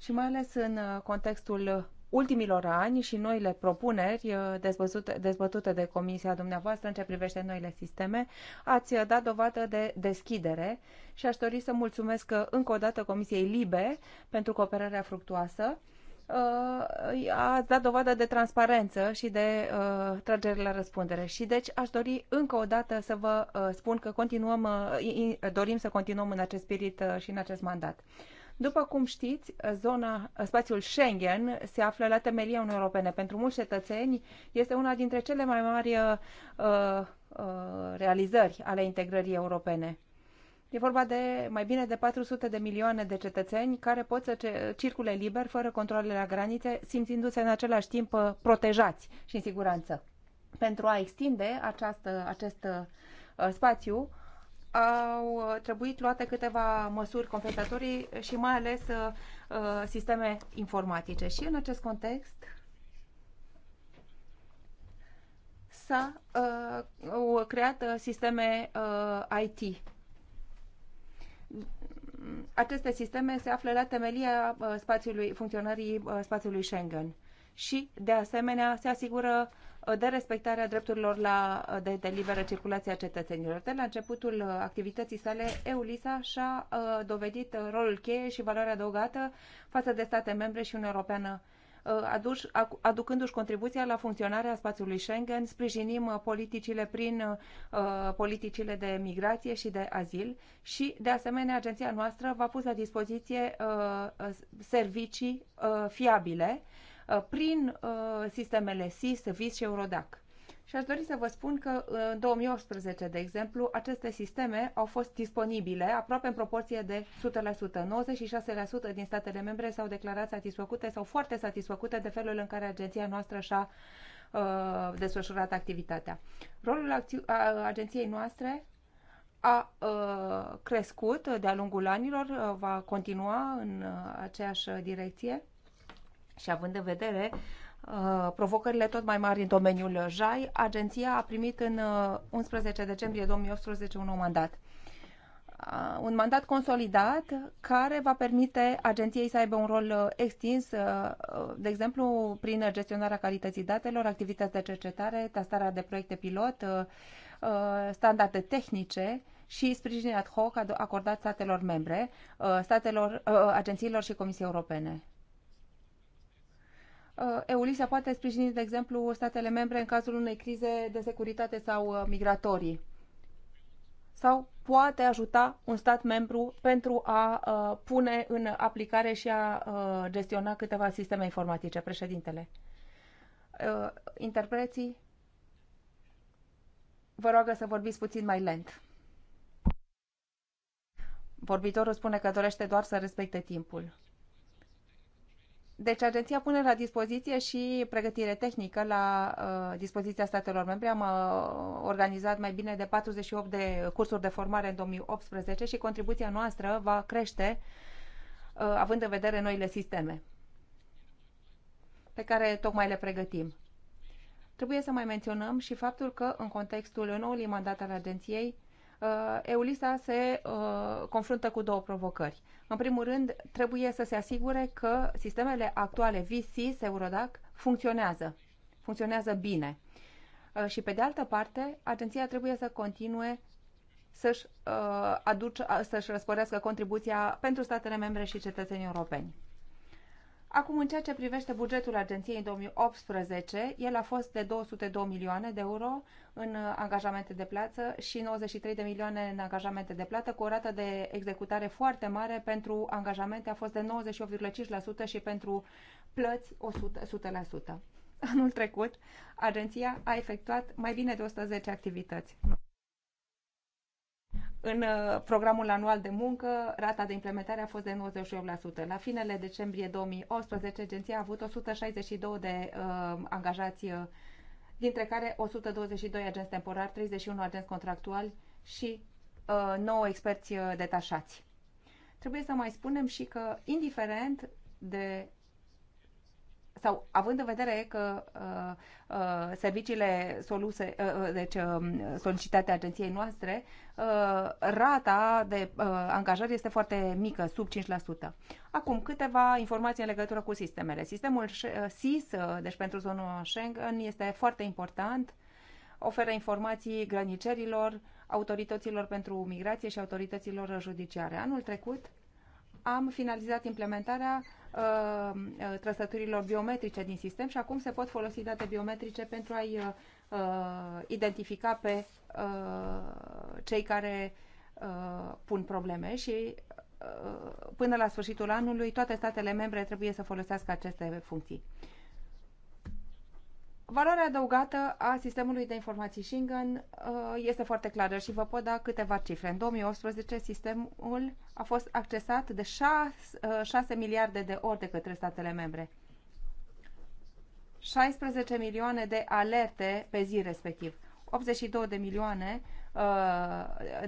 și mai ales în contextul ultimilor ani și noile propuneri uh, dezbătute, dezbătute de Comisia dumneavoastră în ce privește noile sisteme, ați uh, dat dovadă de deschidere și aș dori să mulțumesc uh, încă o dată Comisiei Libe pentru cooperarea fructuoasă. Ați dat dovadă de transparență și de tragere la răspundere. Și deci aș dori încă o dată să vă spun că continuăm, dorim să continuăm în acest spirit și în acest mandat. După cum știți, zona, spațiul Schengen se află la temelia Uniunii Europene. Pentru mulți cetățeni este una dintre cele mai mari uh, uh, realizări ale integrării europene. E vorba de mai bine de 400 de milioane de cetățeni care pot să circule liber, fără controle la granițe, simțindu-se în același timp uh, protejați și în siguranță. Pentru a extinde această, acest uh, spațiu, au uh, trebuit luate câteva măsuri compensatorii și mai ales uh, uh, sisteme informatice. Și în acest context s-au creat sisteme IT aceste sisteme se află la temelia spațiului, funcționării spațiului Schengen și, de asemenea, se asigură de respectarea drepturilor la, de, de liberă circulație a cetățenilor. De la începutul activității sale, EULISA și-a uh, dovedit rolul cheie și valoarea adăugată față de state membre și Uniunea Europeană uh, aducându-și contribuția la funcționarea spațiului Schengen, sprijinim uh, politicile prin uh, politicile de migrație și de azil și, de asemenea, agenția noastră va pus la dispoziție uh, servicii uh, fiabile Uh, prin uh, sistemele SIS, VIS și Eurodac. Și aș dori să vă spun că uh, în 2018, de exemplu, aceste sisteme au fost disponibile aproape în proporție de 100%. 96% din statele membre s-au declarat satisfăcute sau foarte satisfăcute de felul în care agenția noastră și-a uh, desfășurat activitatea. Rolul agenției noastre a uh, crescut de-a lungul anilor, uh, va continua în aceeași direcție și având în vedere uh, provocările tot mai mari în domeniul JAI, agenția a primit în 11 uh, decembrie 2018 un nou mandat. Uh, un mandat consolidat care va permite agenției să aibă un rol extins, de exemplu, prin gestionarea calității datelor, activități de cercetare, testarea de proiecte pilot, standarde tehnice, și sprijin ad hoc acordat statelor membre, statelor, agențiilor și Comisiei Europene. Uh, EULISA poate sprijini, de exemplu, statele membre în cazul unei crize de securitate sau uh, migratorii. Sau poate ajuta un stat membru pentru a uh, pune în aplicare și a gestiona câteva sisteme informatice, președintele. Interpreții, vă rog să vorbiți puțin mai lent. Vorbitorul spune că dorește doar să respecte timpul. Deci agenția pune la dispoziție și pregătire tehnică la uh, dispoziția statelor membre. Am uh, organizat mai bine de 48 de cursuri de formare în 2018 și contribuția noastră va crește uh, având în vedere noile sisteme pe care tocmai le pregătim. Trebuie să mai menționăm și faptul că în contextul noului mandat al agenției Uh, EULISA se uh, confruntă cu două provocări. În primul rând, trebuie să se asigure că sistemele actuale VSIS, Eurodac, funcționează, funcționează bine. Uh, și pe de altă parte, agenția trebuie să continue să-și, uh, să răspărească contribuția pentru statele membre și cetățenii europeni. Acum, în ceea ce privește bugetul agenției în 2018, el a fost de 202 milioane de euro în uh, angajamente de plată și 93 de milioane în angajamente de plată, cu o rată de executare foarte mare pentru angajamente a fost de 98,5% și pentru plăți 100%. Anul trecut, agenția a efectuat mai bine de 110 activități. În uh, programul anual de muncă, rata de implementare a fost de 98%. La finele decembrie 2018, agenția a avut 162 de uh, angajați, uh, dintre care 122 agenți temporari, 31 agenți contractuali și uh, 9 experți uh, detașați. Trebuie să mai spunem și că, indiferent de sau având în vedere că uh, uh, serviciile soluse, uh, uh deci uh, solicitate agenției noastre, uh, rata de uh, angajări este foarte mică, sub 5%. Acum, câteva informații în legătură cu sistemele. Sistemul uh, SIS, uh, deci pentru zona Schengen, este foarte important, oferă informații granicerilor, autorităților pentru migrație și autorităților judiciare. Anul trecut am finalizat implementarea Uh, uh, trăsăturilor biometrice din sistem și acum se pot folosi date biometrice pentru a-i uh, uh, identifica pe uh, cei care uh, pun probleme și uh, până la sfârșitul anului toate statele membre trebuie să folosească aceste funcții. Uh, Valoarea adăugată a sistemului de informații Schengen uh, este foarte clară și vă pot da câteva cifre. În 2018, sistemul a fost accesat de 6, 6 uh, miliarde de ori de către statele membre. 16 milioane de alerte pe zi respectiv. 82 de milioane uh,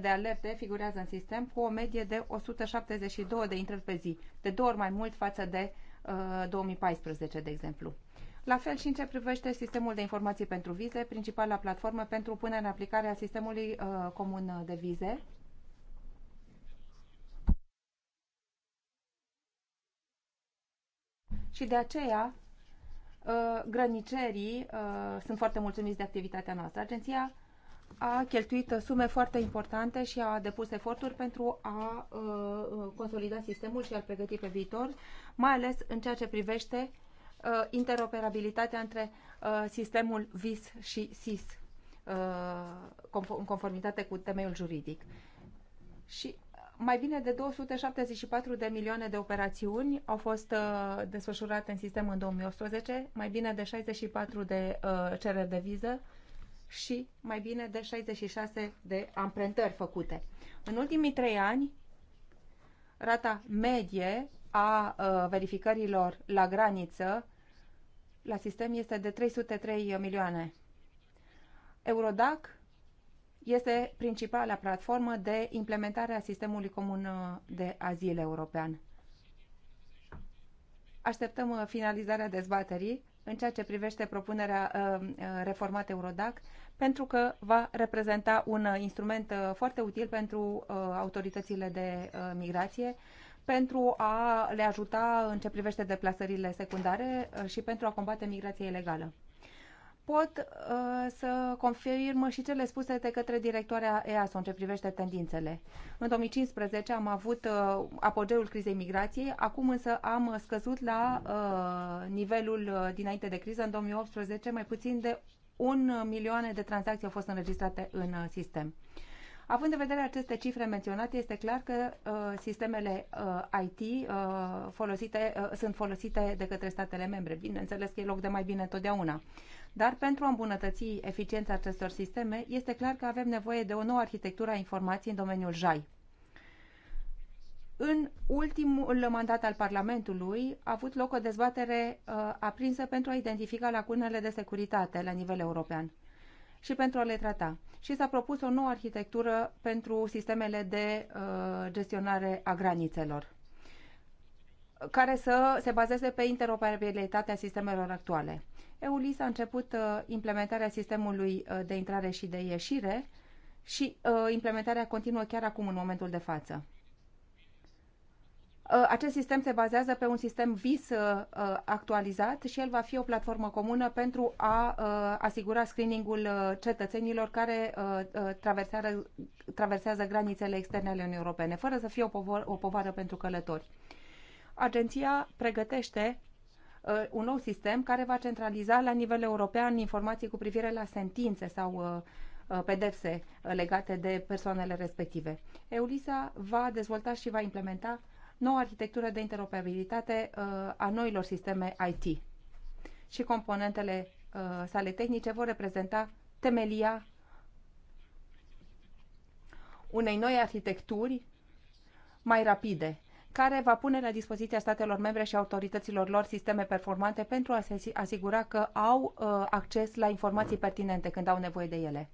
de alerte figurează în sistem cu o medie de 172 de intrări pe zi, de două ori mai mult față de 2014, de exemplu. La fel și în ce privește sistemul de informații pentru vize, principala platformă pentru punerea în aplicare a sistemului uh, comun de vize. Și de aceea, uh, grănicerii uh, sunt foarte mulțumiți de activitatea noastră. Agenția a cheltuit sume foarte importante și a depus eforturi pentru a uh, consolida sistemul și a-l pregăti pe viitor, mai ales în ceea ce privește uh, Uh, interoperabilitatea între uh, sistemul VIS și SIS uh, în conformitate cu temeiul juridic. Și mai bine de 274 de milioane de operațiuni au fost uh, desfășurate în sistem în 2018, mai bine de 64 de uh, cereri de viză și mai bine de 66 de amprentări făcute. În ultimii trei ani, rata medie a uh, verificărilor la graniță la sistem este de 303 milioane. Eurodac este principala platformă de implementare a sistemului comun uh, de azil european. Așteptăm uh, finalizarea dezbaterii în ceea ce privește propunerea reformată Eurodac, pentru că va reprezenta un instrument foarte util pentru autoritățile de migrație, pentru a le ajuta în ce privește deplasările secundare uh, și pentru a combate migrația ilegală. Pot uh, să confirm și cele spuse de către directoarea EASO în ce privește tendințele. În 2015 am avut uh, apogeul crizei migrației, acum însă am scăzut la uh, nivelul uh, dinainte de criză, în 2018 mai puțin de un milioane de tranzacții au fost înregistrate în uh, sistem. Uh, Având în vedere aceste cifre menționate, este clar că uh, sistemele uh, IT uh, folosite, uh, sunt folosite de către statele membre. Bineînțeles că e loc de mai bine totdeauna. Dar pentru a îmbunătăți eficiența acestor sisteme, este clar că avem nevoie de o nouă arhitectură a informației în domeniul JAI. În ultimul mandat al Parlamentului a avut loc o dezbatere uh, aprinsă pentru a identifica lacunele de securitate la nivel european și pentru a le trata. Și s-a propus o nouă arhitectură pentru sistemele de uh, gestionare a granițelor, care să se bazeze pe interoperabilitatea sistemelor actuale. EULIS a început uh, implementarea sistemului uh, de intrare și de ieșire și uh, implementarea continuă chiar acum în momentul de față. Uh, acest sistem se bazează pe un sistem VIS uh, uh, actualizat și el va fi o platformă comună pentru a asigura screeningul cetățenilor care traversează granițele externe ale Uniunii Europene, fără să fie o povară, o povară pentru călători. Agenția pregătește un nou sistem care va centraliza la nivel european informații cu privire la sentințe sau pedepse legate de persoanele respective. EULISA va dezvolta și va implementa noua arhitectură de interoperabilitate uh, a noilor sisteme IT și componentele uh, sale tehnice vor reprezenta temelia unei noi arhitecturi mai rapide, care va pune la dispoziția statelor membre și autorităților lor sisteme performante pentru a se asigura că au uh, acces la informații pertinente când au nevoie de ele.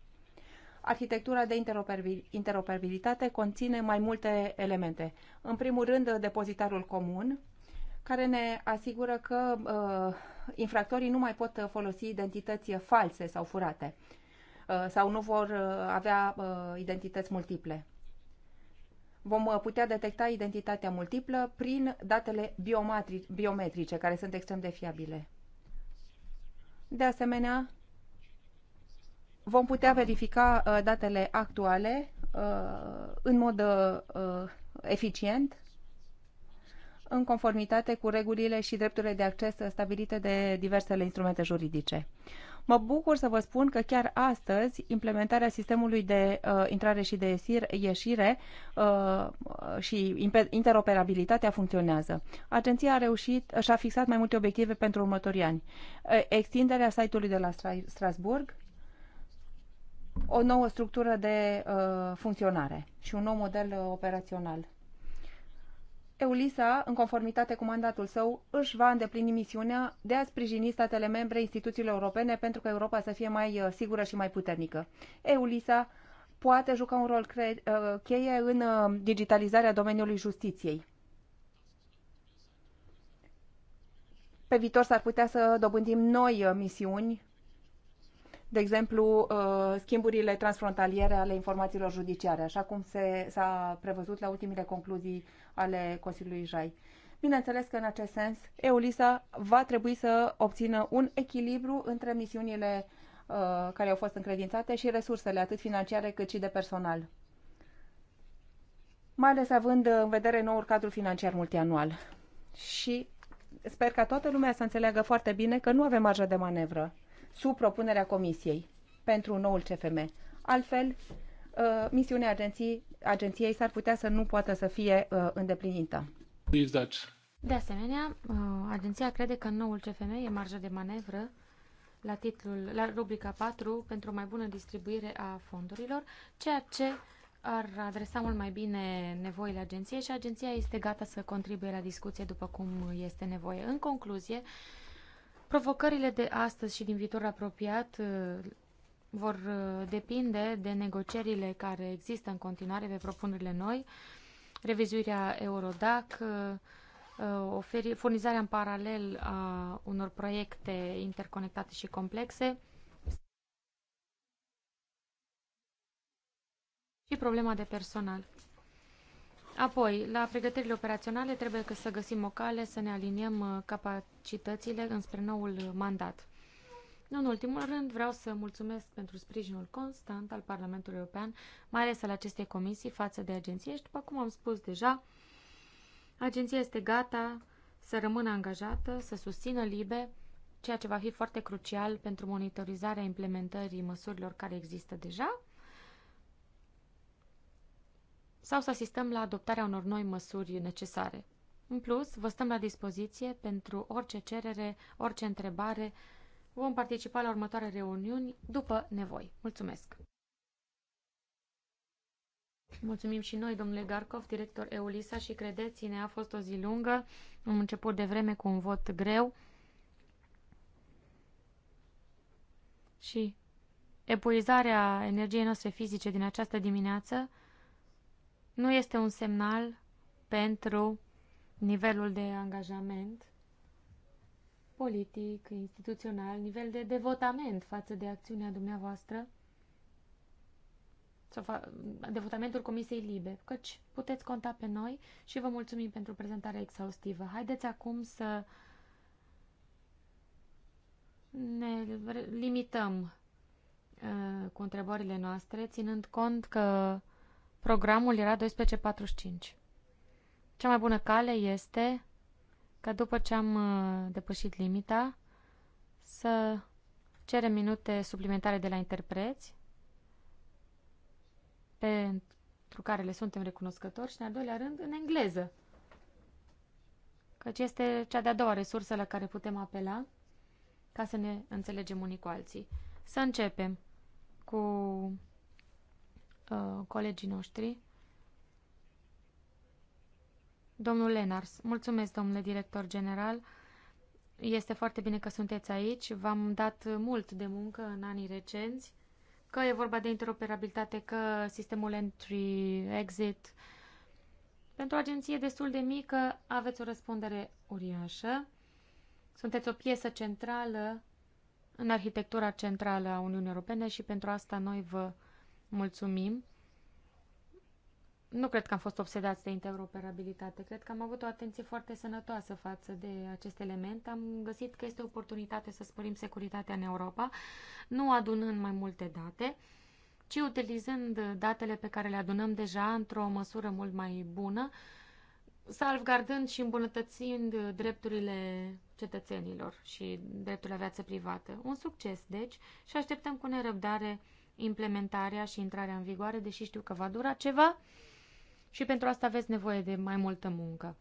Arhitectura de interoperabilitate conține mai multe elemente. În primul rând, depozitarul comun, care ne asigură că uh, infractorii nu mai pot folosi identități false sau furate uh, sau nu vor uh, avea uh, identități multiple. Vom uh, putea detecta identitatea multiplă prin datele biometrice, care sunt extrem de fiabile. De asemenea, vom putea verifica uh, datele actuale uh, în mod uh, eficient, în conformitate cu regulile și drepturile de acces stabilite de diversele instrumente juridice. Mă bucur să vă spun că chiar astăzi implementarea sistemului de uh, intrare și de ieșire uh, și interoperabilitatea funcționează. Agenția a reușit și-a fixat mai multe obiective pentru următorii ani. Uh, extinderea site-ului de la Stra Strasburg, o nouă structură de uh, funcționare și un nou model uh, operațional. EULISA, în conformitate cu mandatul său, își va îndeplini misiunea de a sprijini statele membre instituțiile europene pentru că Europa să fie mai uh, sigură și mai puternică. EULISA poate juca un rol uh, cheie în uh, digitalizarea domeniului justiției. Pe viitor s-ar putea să dobândim noi misiuni de exemplu, uh, schimburile transfrontaliere ale informațiilor judiciare, așa cum s-a prevăzut la ultimile concluzii ale Consiliului JAI. Bineînțeles că, în acest sens, EULISA va trebui să obțină un echilibru între misiunile uh, care au fost încredințate și resursele, atât financiare cât și de personal. Mai ales având în vedere noul cadru financiar multianual. Și sper ca toată lumea să înțeleagă foarte bine că nu avem marjă de manevră sub propunerea Comisiei pentru noul CFM. Altfel, uh, misiunea agenției, agenției s-ar putea să nu poată să fie uh, îndeplinită. De asemenea, uh, agenția crede că noul CFM e marja de manevră la titlul, la rubrica 4 pentru o mai bună distribuire a fondurilor, ceea ce ar adresa mult mai bine nevoile agenției și agenția este gata să contribuie la discuție după cum este nevoie. În concluzie, Provocările de astăzi și din viitor apropiat uh, vor uh, depinde de negocierile care există în continuare de propunerile noi, revizuirea Eurodac, uh, oferi, furnizarea în paralel a unor proiecte interconectate și complexe și problema de personal. Apoi, la pregătirile operaționale trebuie să găsim o cale să ne aliniem uh, capacitățile înspre noul uh, mandat. Nu în ultimul rând, vreau să mulțumesc pentru sprijinul constant al Parlamentului European, mai ales al acestei comisii față de agenție și, după cum am spus deja, agenția este gata să rămână angajată, să susțină LIBE, ceea ce va fi foarte crucial pentru monitorizarea implementării măsurilor care există deja sau să asistăm la adoptarea unor noi măsuri necesare. În plus, vă stăm la dispoziție pentru orice cerere, orice întrebare. Vom participa la următoare reuniuni după nevoi. Mulțumesc! Mulțumim și noi, domnule Garkov, director Eulisa, și credeți-ne, a fost o zi lungă. Am început de vreme cu un vot greu și epuizarea energiei noastre fizice din această dimineață nu este un semnal pentru nivelul de angajament politic, instituțional, nivel de devotament față de acțiunea dumneavoastră sau devotamentul Comisiei Libe, căci puteți conta pe noi și vă mulțumim pentru prezentarea exhaustivă. Haideți acum să ne limităm uh, cu întrebările noastre, ținând cont că Programul era 12.45. Cea mai bună cale este ca după ce am uh, depășit limita să cerem minute suplimentare de la interpreți pentru care le suntem recunoscători și, în al doilea rând, în engleză, căci este cea de-a doua resursă la care putem apela ca să ne înțelegem unii cu alții. Să începem cu Uh, colegii noștri. Domnul Lenars, mulțumesc, domnule director general. Este foarte bine că sunteți aici. V-am dat mult de muncă în anii recenți, că e vorba de interoperabilitate, că sistemul entry-exit. Pentru o agenție destul de mică aveți o răspundere uriașă. Sunteți o piesă centrală în arhitectura centrală a Uniunii Europene și pentru asta noi vă Mulțumim. Nu cred că am fost obsedați de interoperabilitate. Cred că am avut o atenție foarte sănătoasă față de acest element. Am găsit că este o oportunitate să sporim securitatea în Europa, nu adunând mai multe date, ci utilizând datele pe care le adunăm deja într-o măsură mult mai bună, salvgardând și îmbunătățind drepturile cetățenilor și dreptul la viață privată. Un succes, deci, și așteptăm cu nerăbdare implementarea și intrarea în vigoare, deși știu că va dura ceva și pentru asta aveți nevoie de mai multă muncă.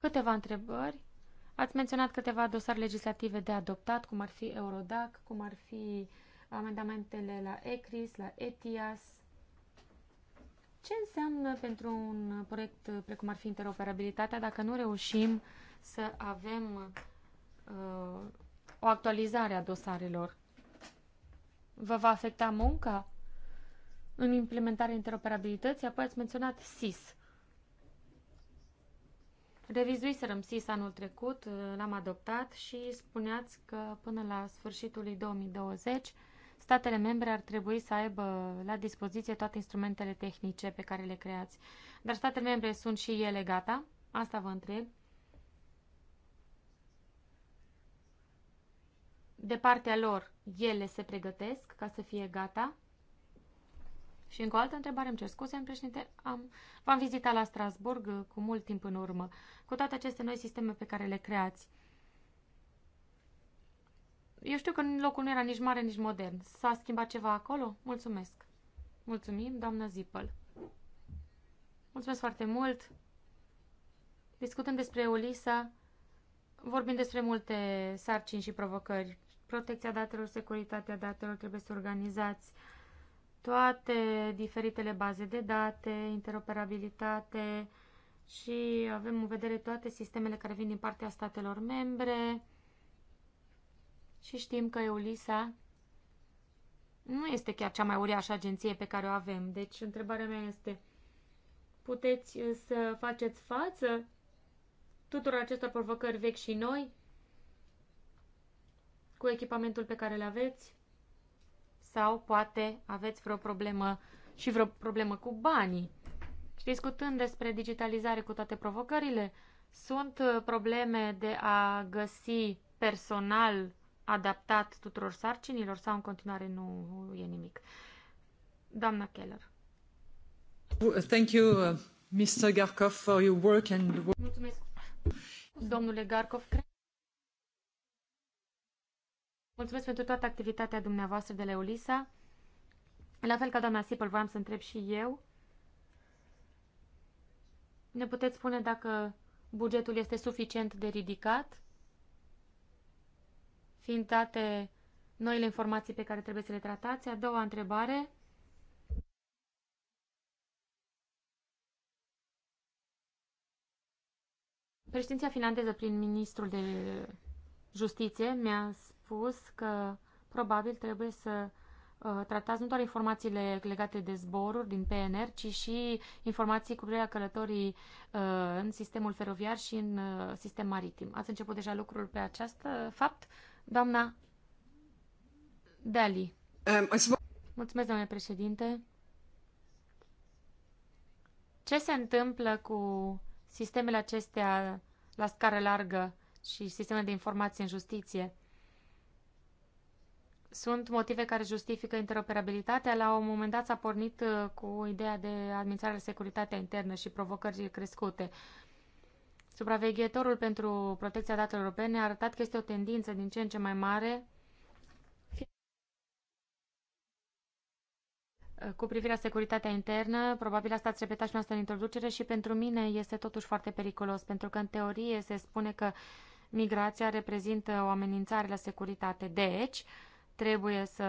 Câteva întrebări. Ați menționat câteva dosare legislative de adoptat, cum ar fi Eurodac, cum ar fi amendamentele la ECRIS, la ETIAS. Ce înseamnă pentru un proiect precum ar fi interoperabilitatea dacă nu reușim să avem uh, o actualizare a dosarelor. Vă va afecta munca în implementarea interoperabilității? Apoi ați menționat SIS. Revizuiserăm SIS anul trecut, l-am adoptat și spuneați că până la sfârșitul 2020 statele membre ar trebui să aibă la dispoziție toate instrumentele tehnice pe care le creați. Dar statele membre sunt și ele gata? Asta vă întreb. de partea lor ele se pregătesc ca să fie gata? Și încă o altă întrebare, îmi cer scuze, în președinte, am, v-am vizitat la Strasburg uh, cu mult timp în urmă, cu toate aceste noi sisteme pe care le creați. Eu știu că locul nu era nici mare, nici modern. S-a schimbat ceva acolo? Mulțumesc. Mulțumim, doamnă Zipăl. Mulțumesc foarte mult. Discutăm despre Ulisa, vorbim despre multe sarcini și provocări protecția datelor, securitatea datelor, trebuie să organizați toate diferitele baze de date, interoperabilitate și avem în vedere toate sistemele care vin din partea statelor membre și știm că EULISA nu este chiar cea mai uriașă agenție pe care o avem. Deci, întrebarea mea este, puteți să faceți față tuturor acestor provocări vechi și noi? cu echipamentul pe care îl aveți sau poate aveți vreo problemă și vreo problemă cu banii. Și discutând despre digitalizare cu toate provocările, sunt uh, probleme de a găsi personal adaptat tuturor sarcinilor sau în continuare nu e nimic. Doamna Keller. Thank you, uh, Mr. Garkov, for your work and... Mulțumesc, domnule Garkov. Cred Mulțumesc pentru toată activitatea dumneavoastră de la Eulisa. La fel ca doamna Sipăl, voiam să întreb și eu. Ne puteți spune dacă bugetul este suficient de ridicat, fiind date noile informații pe care trebuie să le tratați. A doua întrebare. Președinția finlandeză prin ministrul de justiție mi-a spus că probabil trebuie să uh, tratați nu doar informațiile legate de zboruri din PNR, ci și informații cu privire la călătorii uh, în sistemul feroviar și în uh, sistem maritim. Ați început deja lucrul pe acest fapt? Doamna Dali. Um, Mulțumesc, domnule președinte. Ce se întâmplă cu sistemele acestea la scară largă și sistemele de informații în justiție? sunt motive care justifică interoperabilitatea. La un moment dat s-a pornit uh, cu ideea de administrare de securitatea internă și provocări crescute. Supraveghetorul pentru protecția datelor europene a arătat că este o tendință din ce în ce mai mare uh, cu privire la securitatea internă, probabil asta ați repetat și noastră în introducere și pentru mine este totuși foarte periculos, pentru că în teorie se spune că migrația reprezintă o amenințare la securitate. Deci, uh, Trebuie să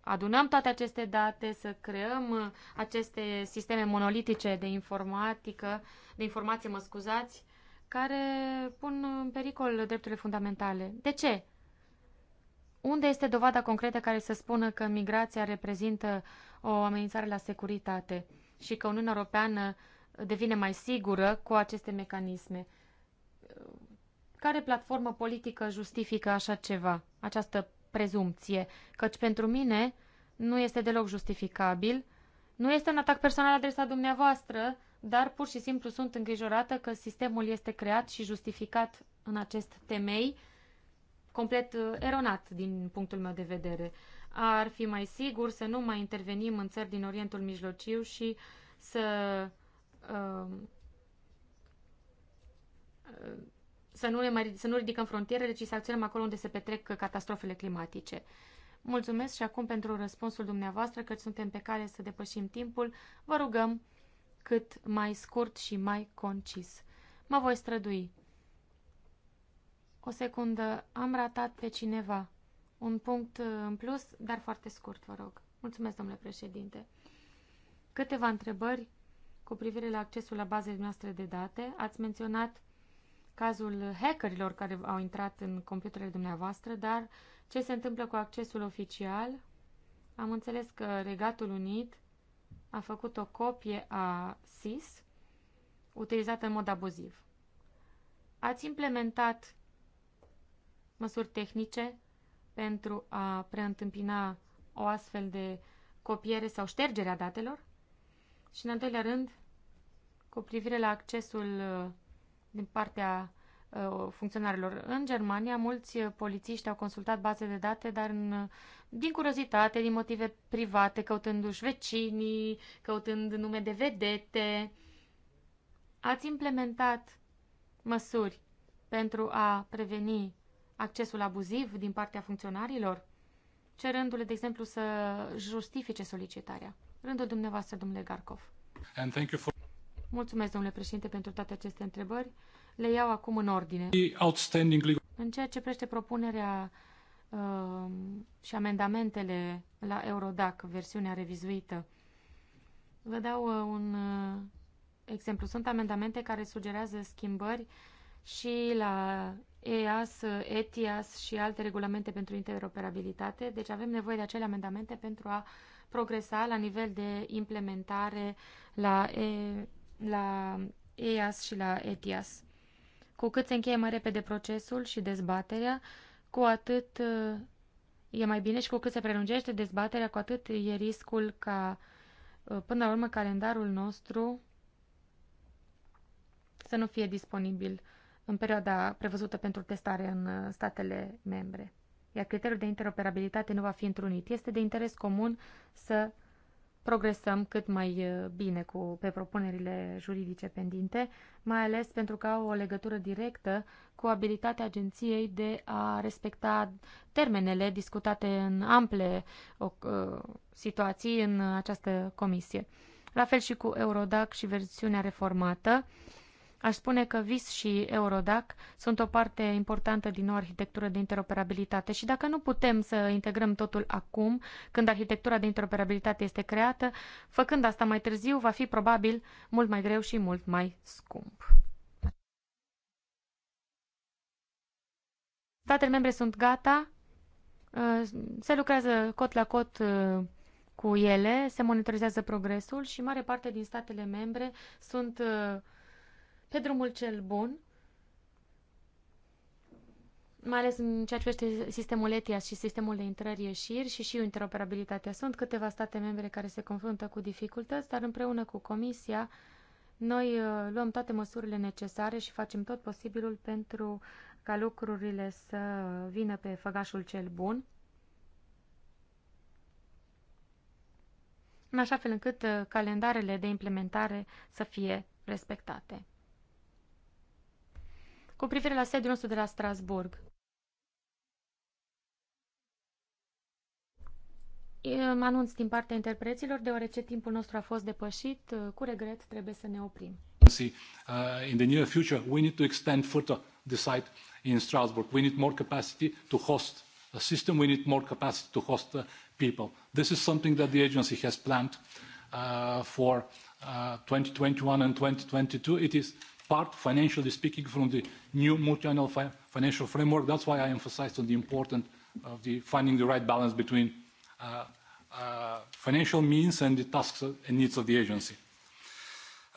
adunăm toate aceste date, să creăm uh, aceste sisteme monolitice de informatică, de informație, mă scuzați, care pun în pericol drepturile fundamentale. De ce? Unde este dovada concretă care să spună că migrația reprezintă o amenințare la securitate și că Uniunea Europeană devine mai sigură cu aceste mecanisme? Care platformă politică justifică așa ceva, această prezumție, căci pentru mine nu este deloc justificabil. Nu este un atac personal adresat dumneavoastră, dar pur și simplu sunt îngrijorată că sistemul este creat și justificat în acest temei complet uh, eronat din punctul meu de vedere. Ar fi mai sigur să nu mai intervenim în țări din Orientul Mijlociu și să uh, să nu, ne mai, să nu ridicăm frontierele, ci să acționăm acolo unde se petrec catastrofele climatice. Mulțumesc și acum pentru răspunsul dumneavoastră, că suntem pe care să depășim timpul. Vă rugăm cât mai scurt și mai concis. Mă voi strădui. O secundă, am ratat pe cineva. Un punct uh, în plus, dar foarte scurt, vă rog. Mulțumesc, domnule președinte. Câteva întrebări cu privire la accesul la bazele noastre de date. Ați menționat cazul hackerilor care au intrat în computerele dumneavoastră, dar ce se întâmplă cu accesul oficial? Am înțeles că Regatul Unit a făcut o copie a SIS utilizată în mod abuziv. Ați implementat măsuri tehnice pentru a preîntâmpina o astfel de copiere sau a datelor? Și, în al doilea rând, cu privire la accesul uh, din partea uh, funcționarilor. În Germania, mulți uh, polițiști au consultat baze de date, dar în, uh, din curiozitate, din motive private, căutându-și vecinii, căutând nume de vedete. Ați implementat măsuri pentru a preveni accesul abuziv din partea funcționarilor, cerându-le, de exemplu, să justifice solicitarea. Rândul dumneavoastră, domnule Garkov. And thank you for Mulțumesc, domnule președinte, pentru toate aceste întrebări. Le iau acum în ordine. În ceea ce prește propunerea uh, și amendamentele la Eurodac, versiunea revizuită, vă dau uh, un uh, exemplu. Sunt amendamente care sugerează schimbări și la EAS, ETIAS și alte regulamente pentru interoperabilitate. Deci avem nevoie de acele amendamente pentru a progresa la nivel de implementare la e la EAS și la ETIAS. Cu cât se încheie mai repede procesul și dezbaterea, cu atât uh, e mai bine și cu cât se prelungește dezbaterea, cu atât e riscul ca, uh, până la urmă, calendarul nostru să nu fie disponibil în perioada prevăzută pentru testare în uh, statele membre. Iar criteriul de interoperabilitate nu va fi întrunit. Este de interes comun să progresăm cât mai uh, bine cu, pe propunerile juridice pendinte, mai ales pentru că au o legătură directă cu abilitatea agenției de a respecta termenele discutate în ample o, uh, situații în această comisie. La fel și cu Eurodac și versiunea reformată, uh, Aș spune că VIS și Eurodac sunt o parte importantă din o arhitectură de interoperabilitate și dacă nu putem să integrăm totul acum, când arhitectura de interoperabilitate este creată, făcând asta mai târziu, va fi probabil mult mai greu și mult mai scump. Statele membre sunt gata, uh, se lucrează cot la cot uh, cu ele, se monitorizează progresul și mare parte din statele membre sunt uh, pe drumul cel bun, mai ales în ceea ce este sistemul ETIAS și sistemul de intrări-ieșiri și și interoperabilitatea. Sunt câteva state membre care se confruntă cu dificultăți, dar împreună cu Comisia noi uh, luăm toate măsurile necesare și facem tot posibilul pentru ca lucrurile să vină pe făgașul cel bun. în așa fel încât uh, calendarele de implementare să fie respectate cu privire la sediul nostru de la Strasburg. Mă anunț din partea interpreților, deoarece timpul nostru a fost depășit, cu regret trebuie să ne oprim. See, uh, in the near future, we need to extend further the site in Strasbourg. We need more capacity to host a system. We need more capacity to host uh, people. This is something that the agency has planned uh, for uh, 2021 and 2022. It is part, financially speaking, from the new multi-annual fi financial framework. That's why I emphasized on the importance of the finding the right balance between uh, uh, financial means and the tasks and needs of the agency.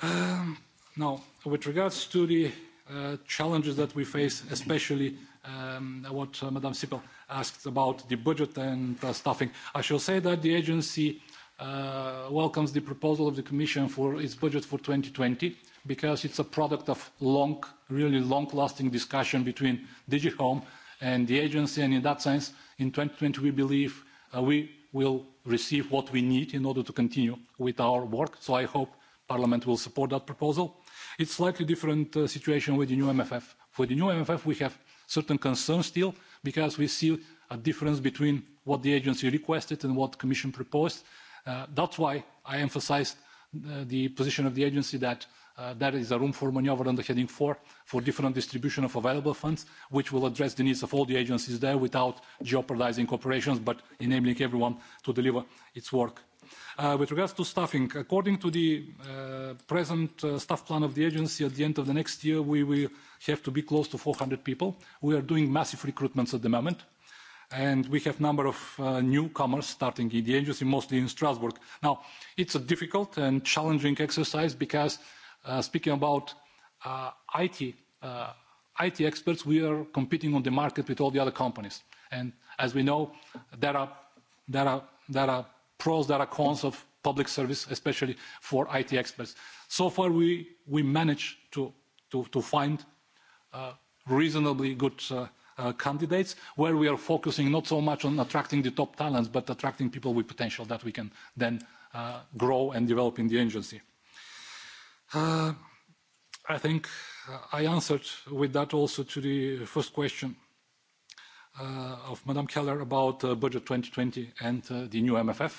Um, now, with regards to the uh, challenges that we face, especially um, what uh, Madame Sipel asked about the budget and uh, staffing, I shall say that the agency uh, welcomes the proposal of the Commission for its budget for 2020 because it's a product of long, really long-lasting discussion between DG Home and the agency. And in that sense, in 2020, we believe uh, we will receive what we need in order to continue with our work. So I hope Parliament will support that proposal. It's slightly different uh, situation with the new MFF. For the new MFF, we have certain concerns still because we see a difference between what the agency requested and what Commission proposed. Uh, that's why I emphasized uh, the position of the agency that Uh, there is a room for maneuver under heading four for different distribution of available funds, which will address the needs of all the agencies there without jeopardizing operations, but enabling everyone to deliver its work. Uh, with regards to staffing, according to the uh, present uh, staff plan of the agency, at the end of the next year, we will have to be close to 400 people. We are doing massive recruitments at the moment, and we have a number of uh, newcomers starting in the agency, mostly in Strasbourg. Now, it's a difficult and challenging exercise because Uh, speaking about uh, IT, uh, IT experts, we are competing on the market with all the other companies. And as we know, there are, there are, there are pros, there are cons of public service, especially for IT experts. So far, we, we managed to, to, to find uh, reasonably good uh, uh, candidates where we are focusing not so much on attracting the top talents, but attracting people with potential that we can then uh, grow and develop in the agency. Uh, I think uh, I answered with that also to the first question uh, of Madame Keller about uh, budget 2020 and uh, the new MFF.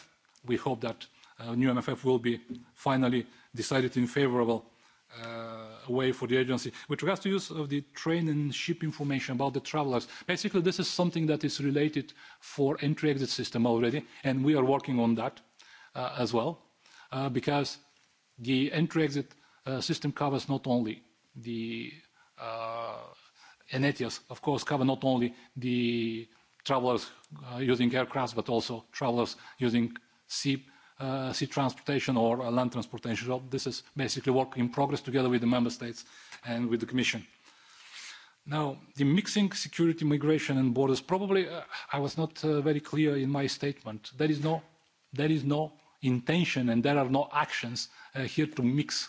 We hope that uh, new MFF will be finally decided in favorable uh, way for the agency. With regards to use of the train and ship information about the travelers, basically this is something that is related for entry-exit system already, and we are working on that uh, as well, uh, because the entry-exit Uh, system covers not only the uh, and ETIAS, of course, cover not only the travelers uh, using aircraft, but also travelers using sea, uh, sea transportation or uh, land transportation. So this is basically work in progress together with the member states and with the Commission. Now, the mixing security, migration and borders, probably uh, I was not uh, very clear in my statement. There is no, there is no intention and there are no actions uh, here to mix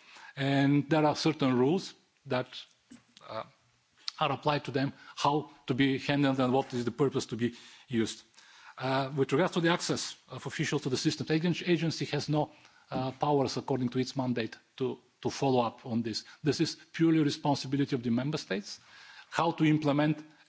And there are certain rules that uh, are applied to them, how to be handled and what is the purpose to be used. Uh, with regards to the access of officials to the system, the agency has no uh, powers according to its mandate to, to follow up on this. This is purely responsibility of the member states, how to implement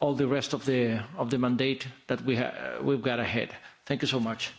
all the rest of the, of the mandate that we we've got ahead. Thank you so much.